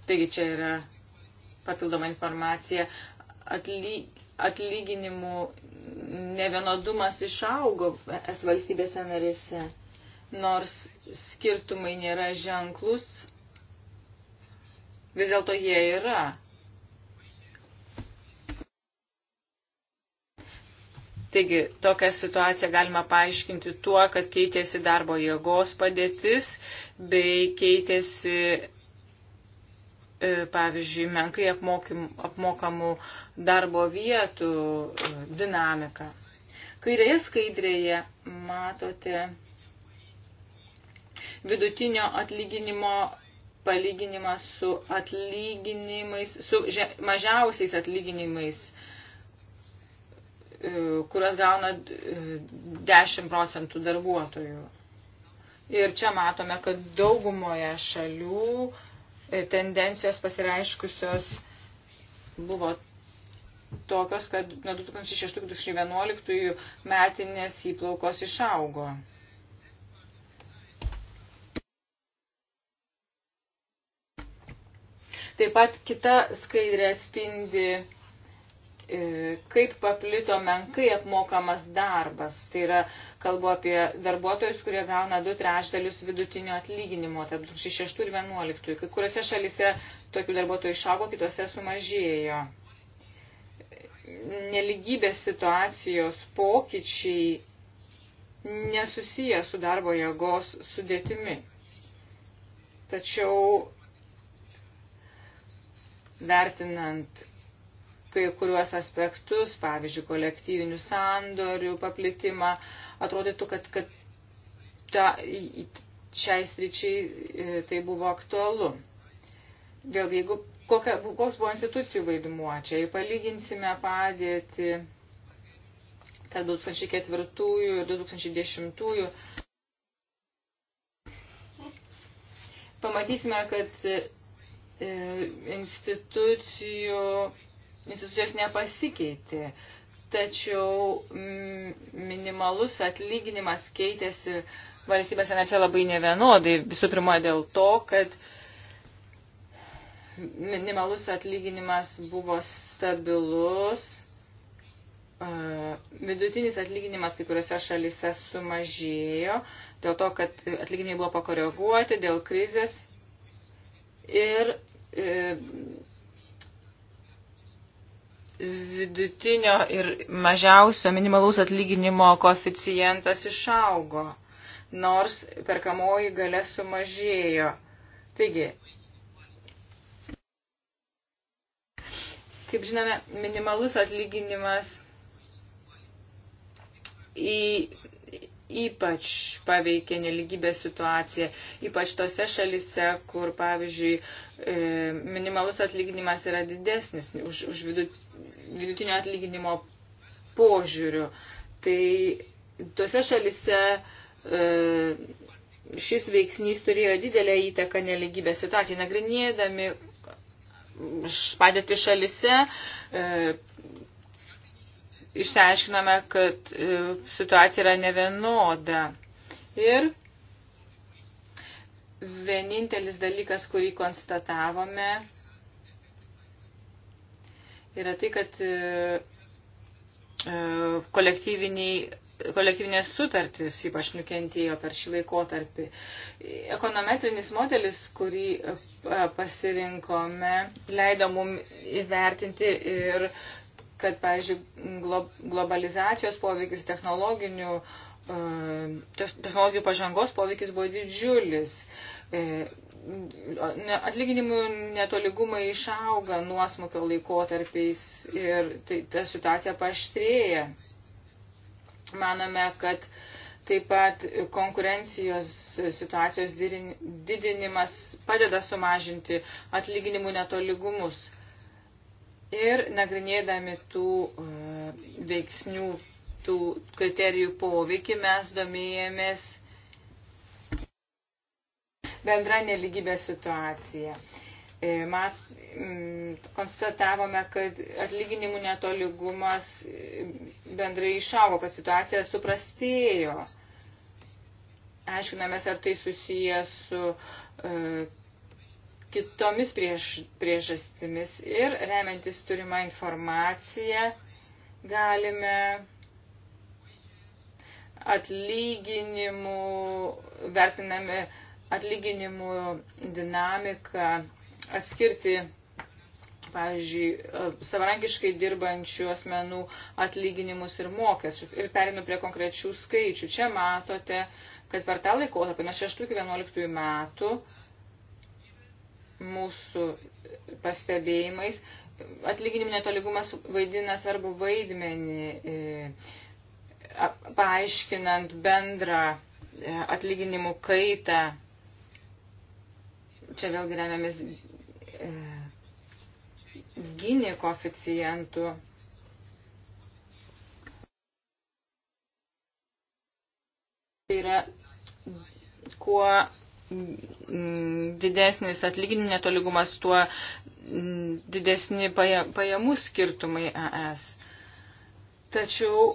Taigi čia yra papildoma informacija. Atly, atlyginimų nevienodumas išaugo es valstybėse narėse, nors skirtumai nėra ženklus, vis dėlto jie yra. Taigi, tokią situaciją galima paaiškinti tuo, kad keitėsi darbo jėgos padėtis bei keitėsi E, pavyzdžiui, menkai apmokym, apmokamų darbo vietų e, dinamiką. Kairėje skaidrėje matote vidutinio atlyginimo palyginimą su atlyginimais, su že, mažiausiais atlyginimais, e, kurias gauna 10 procentų darbuotojų. Ir čia matome, kad daugumoje šalių uh, E, tendencijos pasireiškusios buvo tokios, kad nuo 2006-2011 metinės įplaukos išaugo. Taip pat kita skaidrė atspindi E, kaip paplito menkai apmokamas darbas. Tai yra, kalbu apie darbuotojus, kurie gauna du trešdalius vidutinio atlyginimo, tarp 2006 ir 2011. Kai kuriuose šalise tokių darbuotojų išaugo, kitose sumažėjo. Neligybės situacijos pokyčiai nesusiję su darbo jėgos sudėtimi. Tačiau vertinant kai kuriuos aspektus, pavyzdžiui, kolektyvinių sandorių paplitimą, atrodytų, kad, kad ta, šiai sričiai e, tai buvo aktualu. Vėlgi, jeigu kokia, koks buvo institucijų vaidmuo, čia jei palyginsime padėti tarp 2004 ir 2010, pamatysime, kad e, institucijų institucijos nepasikeitė. Tačiau mm, minimalus atlyginimas keitėsi valstybėse nese labai nevienodai. Visų pirma dėl to, kad minimalus atlyginimas buvo stabilus, vidutinis atlyginimas kai kuriuose šalise sumažėjo, dėl to, kad atlyginimai buvo pakoreguoti dėl krizės ir e, vidutinio ir mažiausio minimalaus atlyginimo koeficientas išaugo, nors perkamoji gale sumažėjo. Taigi, kaip žinome, minimalus atlyginimas į ypač paveikė neligybės situacija, ypač tose šalise, kur, pavyzdžiui, e, minimalus atlyginimas yra didesnis už, už vidutinio atlyginimo požiūrių. Tai tose šalise e, šis veiksnys turėjo didelę įtaką neligybės situacijai. Nagrinėdami padėti šalise, e, išsiaiškiname, kad e, situacija yra nevienoda. Ir vienintelis dalykas, kurį konstatavome, yra tai, kad e, e, kolektyvinės sutartys ypač nukentėjo per šį laikotarpį. Ekonometrinis modelis, kurį pasirinkome, leido mum įvertinti ir uh, kad, pavyzdžiui, glo, globalizacijos poveikis technologinių e, technologijų pažangos poveikis buvo didžiulis. E, atlyginimų netoligumai išauga nuosmukio laikotarpiais ir tai, ta situacija paštrėja. Manome, kad taip pat konkurencijos situacijos didinimas padeda sumažinti atlyginimų netoligumus ir nagrinėdami tų e, veiksnių, tų kriterijų poveikį mes domėjomės bendra neligybė situacija. E, mat, mm, konstatavome, kad atlyginimų netoligumas e, bendrai išaugo, kad situacija suprastėjo. Aiškinamės, ar tai susiję su uh, kitomis prieš, priežastimis ir remiantis turimą informaciją galime atlyginimų, vertinami atlyginimų dinamiką atskirti, pavyzdžiui, savarankiškai dirbančių asmenų atlyginimus ir mokesčius. Ir perinu prie konkrečių skaičių. Čia matote, kad per tą laikotarpį nuo 6 iki 11 metų mūsų pastebėjimais. Atlyginimų netoligumas vaidina svarbu vaidmenį, e, paaiškinant bendrą e, atlyginimų kaitą. Čia vėlgi remiamės e, gini koficijantų. Tai yra, kuo didesnis atlyginimų netoligumas, tuo didesni pajamų skirtumai ES. Tačiau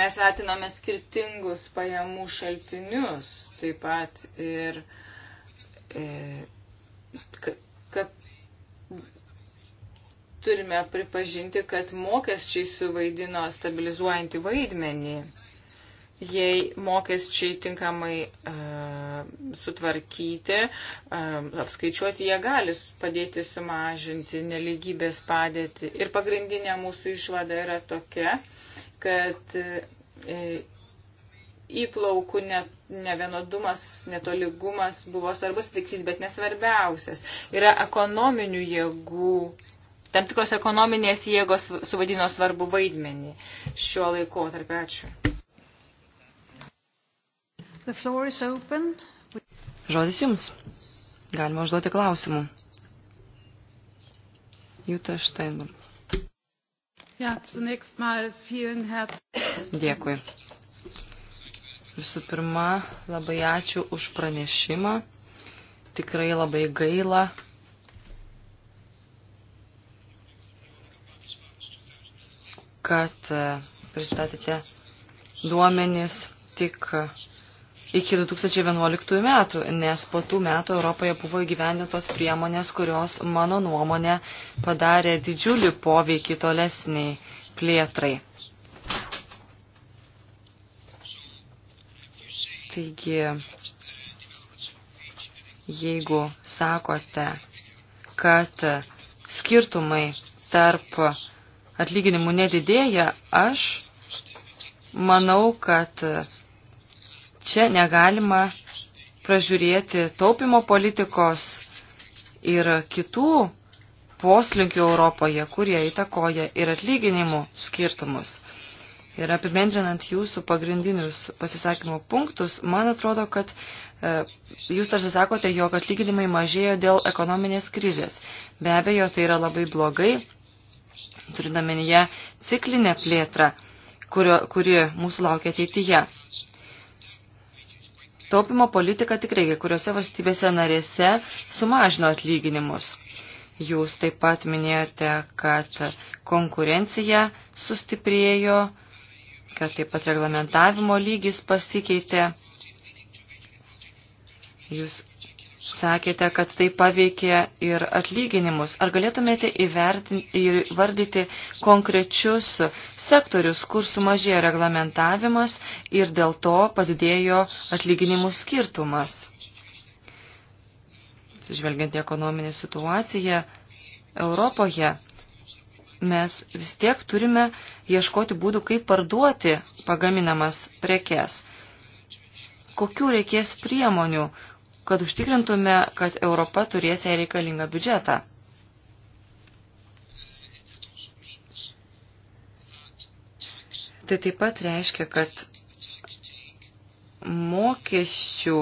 mes vertiname skirtingus pajamų šaltinius, taip pat ir e, ka, ka, turime pripažinti, kad mokesčiai suvaidino stabilizuojantį vaidmenį jei mokesčiai tinkamai e, sutvarkyti, e, apskaičiuoti, jie gali padėti sumažinti neligybės padėti. Ir pagrindinė mūsų išvada yra tokia, kad e, įplaukų net, nevienodumas, netoligumas buvo svarbus veiksys, bet nesvarbiausias. Yra ekonominių jėgų tam tikros ekonominės jėgos suvadino svarbu vaidmenį šiuo laikotarpiu. Ačiū. Žodis jums. Galima užduoti klausimų. Jūta Steinberg. Ja, zunächst mal vielen herzlichen Dėkui. Visų pirma, labai ačiū už pranešimą. Tikrai labai gaila, kad e, pristatėte duomenis tik iki 2011 metų, nes po tų metų Europoje buvo įgyvendintos priemonės, kurios, mano nuomonė, padarė didžiulį poveikį tolesniai plėtrai. Taigi, jeigu sakote, kad skirtumai tarp atlyginimų nedidėja, aš manau, kad Čia negalima pražiūrėti taupimo politikos ir kitų poslinkių Europoje, kurie įtakoja ir atlyginimų skirtumus. Ir apibendrinant jūsų pagrindinius pasisakymo punktus, man atrodo, kad e, jūs tarsi sakote, jog atlyginimai mažėjo dėl ekonominės krizės. Be abejo, tai yra labai blogai, turint omenyje ciklinę plėtrą, kurio, kuri mūsų laukia ateityje. Taupimo politika tikrai kai kuriuose valstybėse narėse sumažino atlyginimus. Jūs taip pat minėjote, kad konkurencija sustiprėjo, kad taip pat reglamentavimo lygis pasikeitė. Jūs Sakėte, kad tai paveikė ir atlyginimus. Ar galėtumėte įvardyti konkrečius sektorius, kur sumažėjo reglamentavimas ir dėl to padidėjo atlyginimų skirtumas? Žvelgiant į ekonominę situaciją Europoje, mes vis tiek turime ieškoti būdų, kaip parduoti pagaminamas prekes. Kokių reikės priemonių? kad užtikrintume, kad Europa turės ją reikalingą biudžetą. Tai taip pat reiškia, kad mokesčių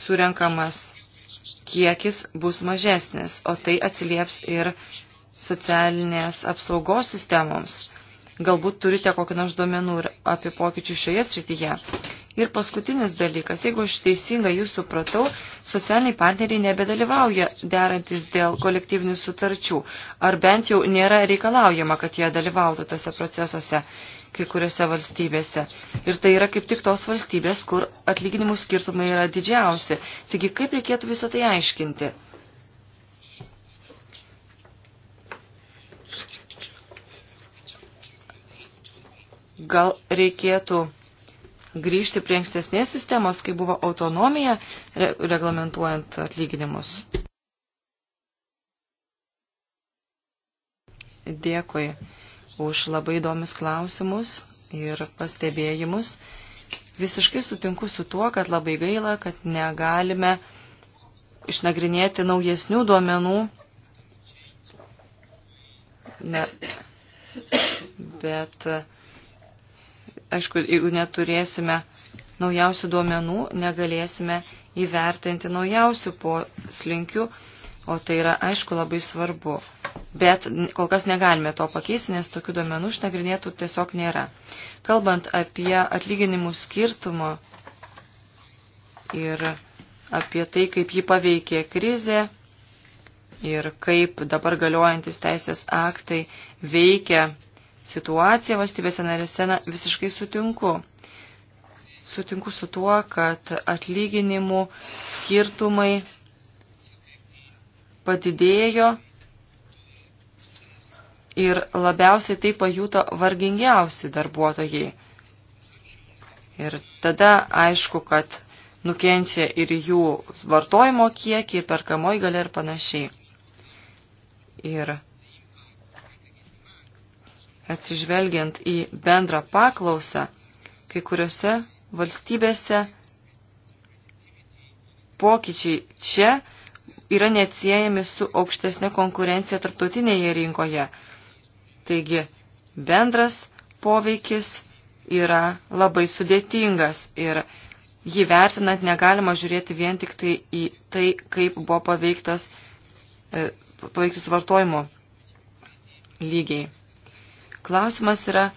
surenkamas kiekis bus mažesnis, o tai atsilieps ir socialinės apsaugos sistemoms. Galbūt turite kokį nors duomenų apie pokyčių šioje srityje. Ir paskutinis dalykas, jeigu aš teisingai jūs supratau, socialiniai partneriai nebedalyvauja derantis dėl kolektyvinių sutarčių, ar bent jau nėra reikalaujama, kad jie dalyvautų tose procesuose kai kuriuose valstybėse. Ir tai yra kaip tik tos valstybės, kur atlyginimų skirtumai yra didžiausi. Taigi kaip reikėtų visą tai aiškinti? Gal reikėtų grįžti prie ankstesnės sistemos, kai buvo autonomija re reglamentuojant atlyginimus. Dėkui už labai įdomius klausimus ir pastebėjimus. Visiškai sutinku su tuo, kad labai gaila, kad negalime išnagrinėti naujesnių duomenų. Ne, bet uh, aišku, jeigu neturėsime naujausių duomenų, negalėsime įvertinti naujausių poslinkių, o tai yra, aišku, labai svarbu. Bet kol kas negalime to pakeisti, nes tokių duomenų išnagrinėtų tiesiog nėra. Kalbant apie atlyginimų skirtumą ir apie tai, kaip jį paveikė krizė ir kaip dabar galiojantis teisės aktai veikia situaciją valstybėse narėse na, visiškai sutinku. Sutinku su tuo, kad atlyginimų skirtumai padidėjo ir labiausiai tai pajuto vargingiausi darbuotojai. Ir tada aišku, kad nukenčia ir jų vartojimo kiekį, perkamoji galia ir panašiai. Ir atsižvelgiant į bendrą paklausą, kai kuriuose valstybėse pokyčiai čia yra neatsiejami su aukštesnė konkurencija tarptautinėje rinkoje. Taigi, bendras poveikis yra labai sudėtingas ir jį vertinant negalima žiūrėti vien tik tai į tai, kaip buvo paveiktas, e, paveiktas vartojimo lygiai. Klausimas yra,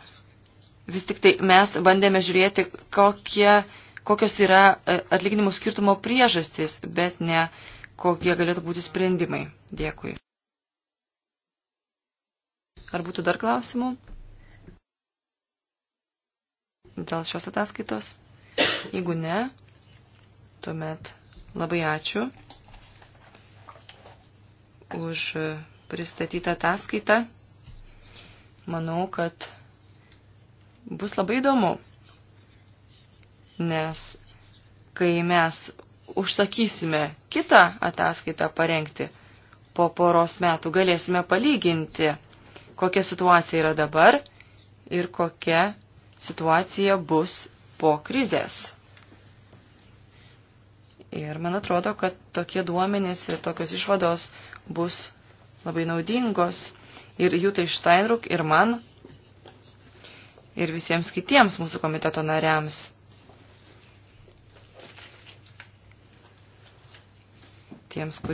vis tik tai mes bandėme žiūrėti, kokie, kokios yra e, atlyginimų skirtumo priežastys, bet ne kokie galėtų būti sprendimai. Dėkui. Ar būtų dar klausimų? Dėl šios ataskaitos? Jeigu ne, tuomet labai ačiū už pristatytą ataskaitą. Manau, kad bus labai įdomu, nes kai mes užsakysime kitą ataskaitą parengti, po poros metų galėsime palyginti, kokia situacija yra dabar ir kokia situacija bus po krizės. Ir man atrodo, kad tokie duomenys ir tokios išvados bus labai naudingos ir Jutai Steinruk, ir man, ir visiems kitiems mūsų komiteto nariams. Tiems, kurie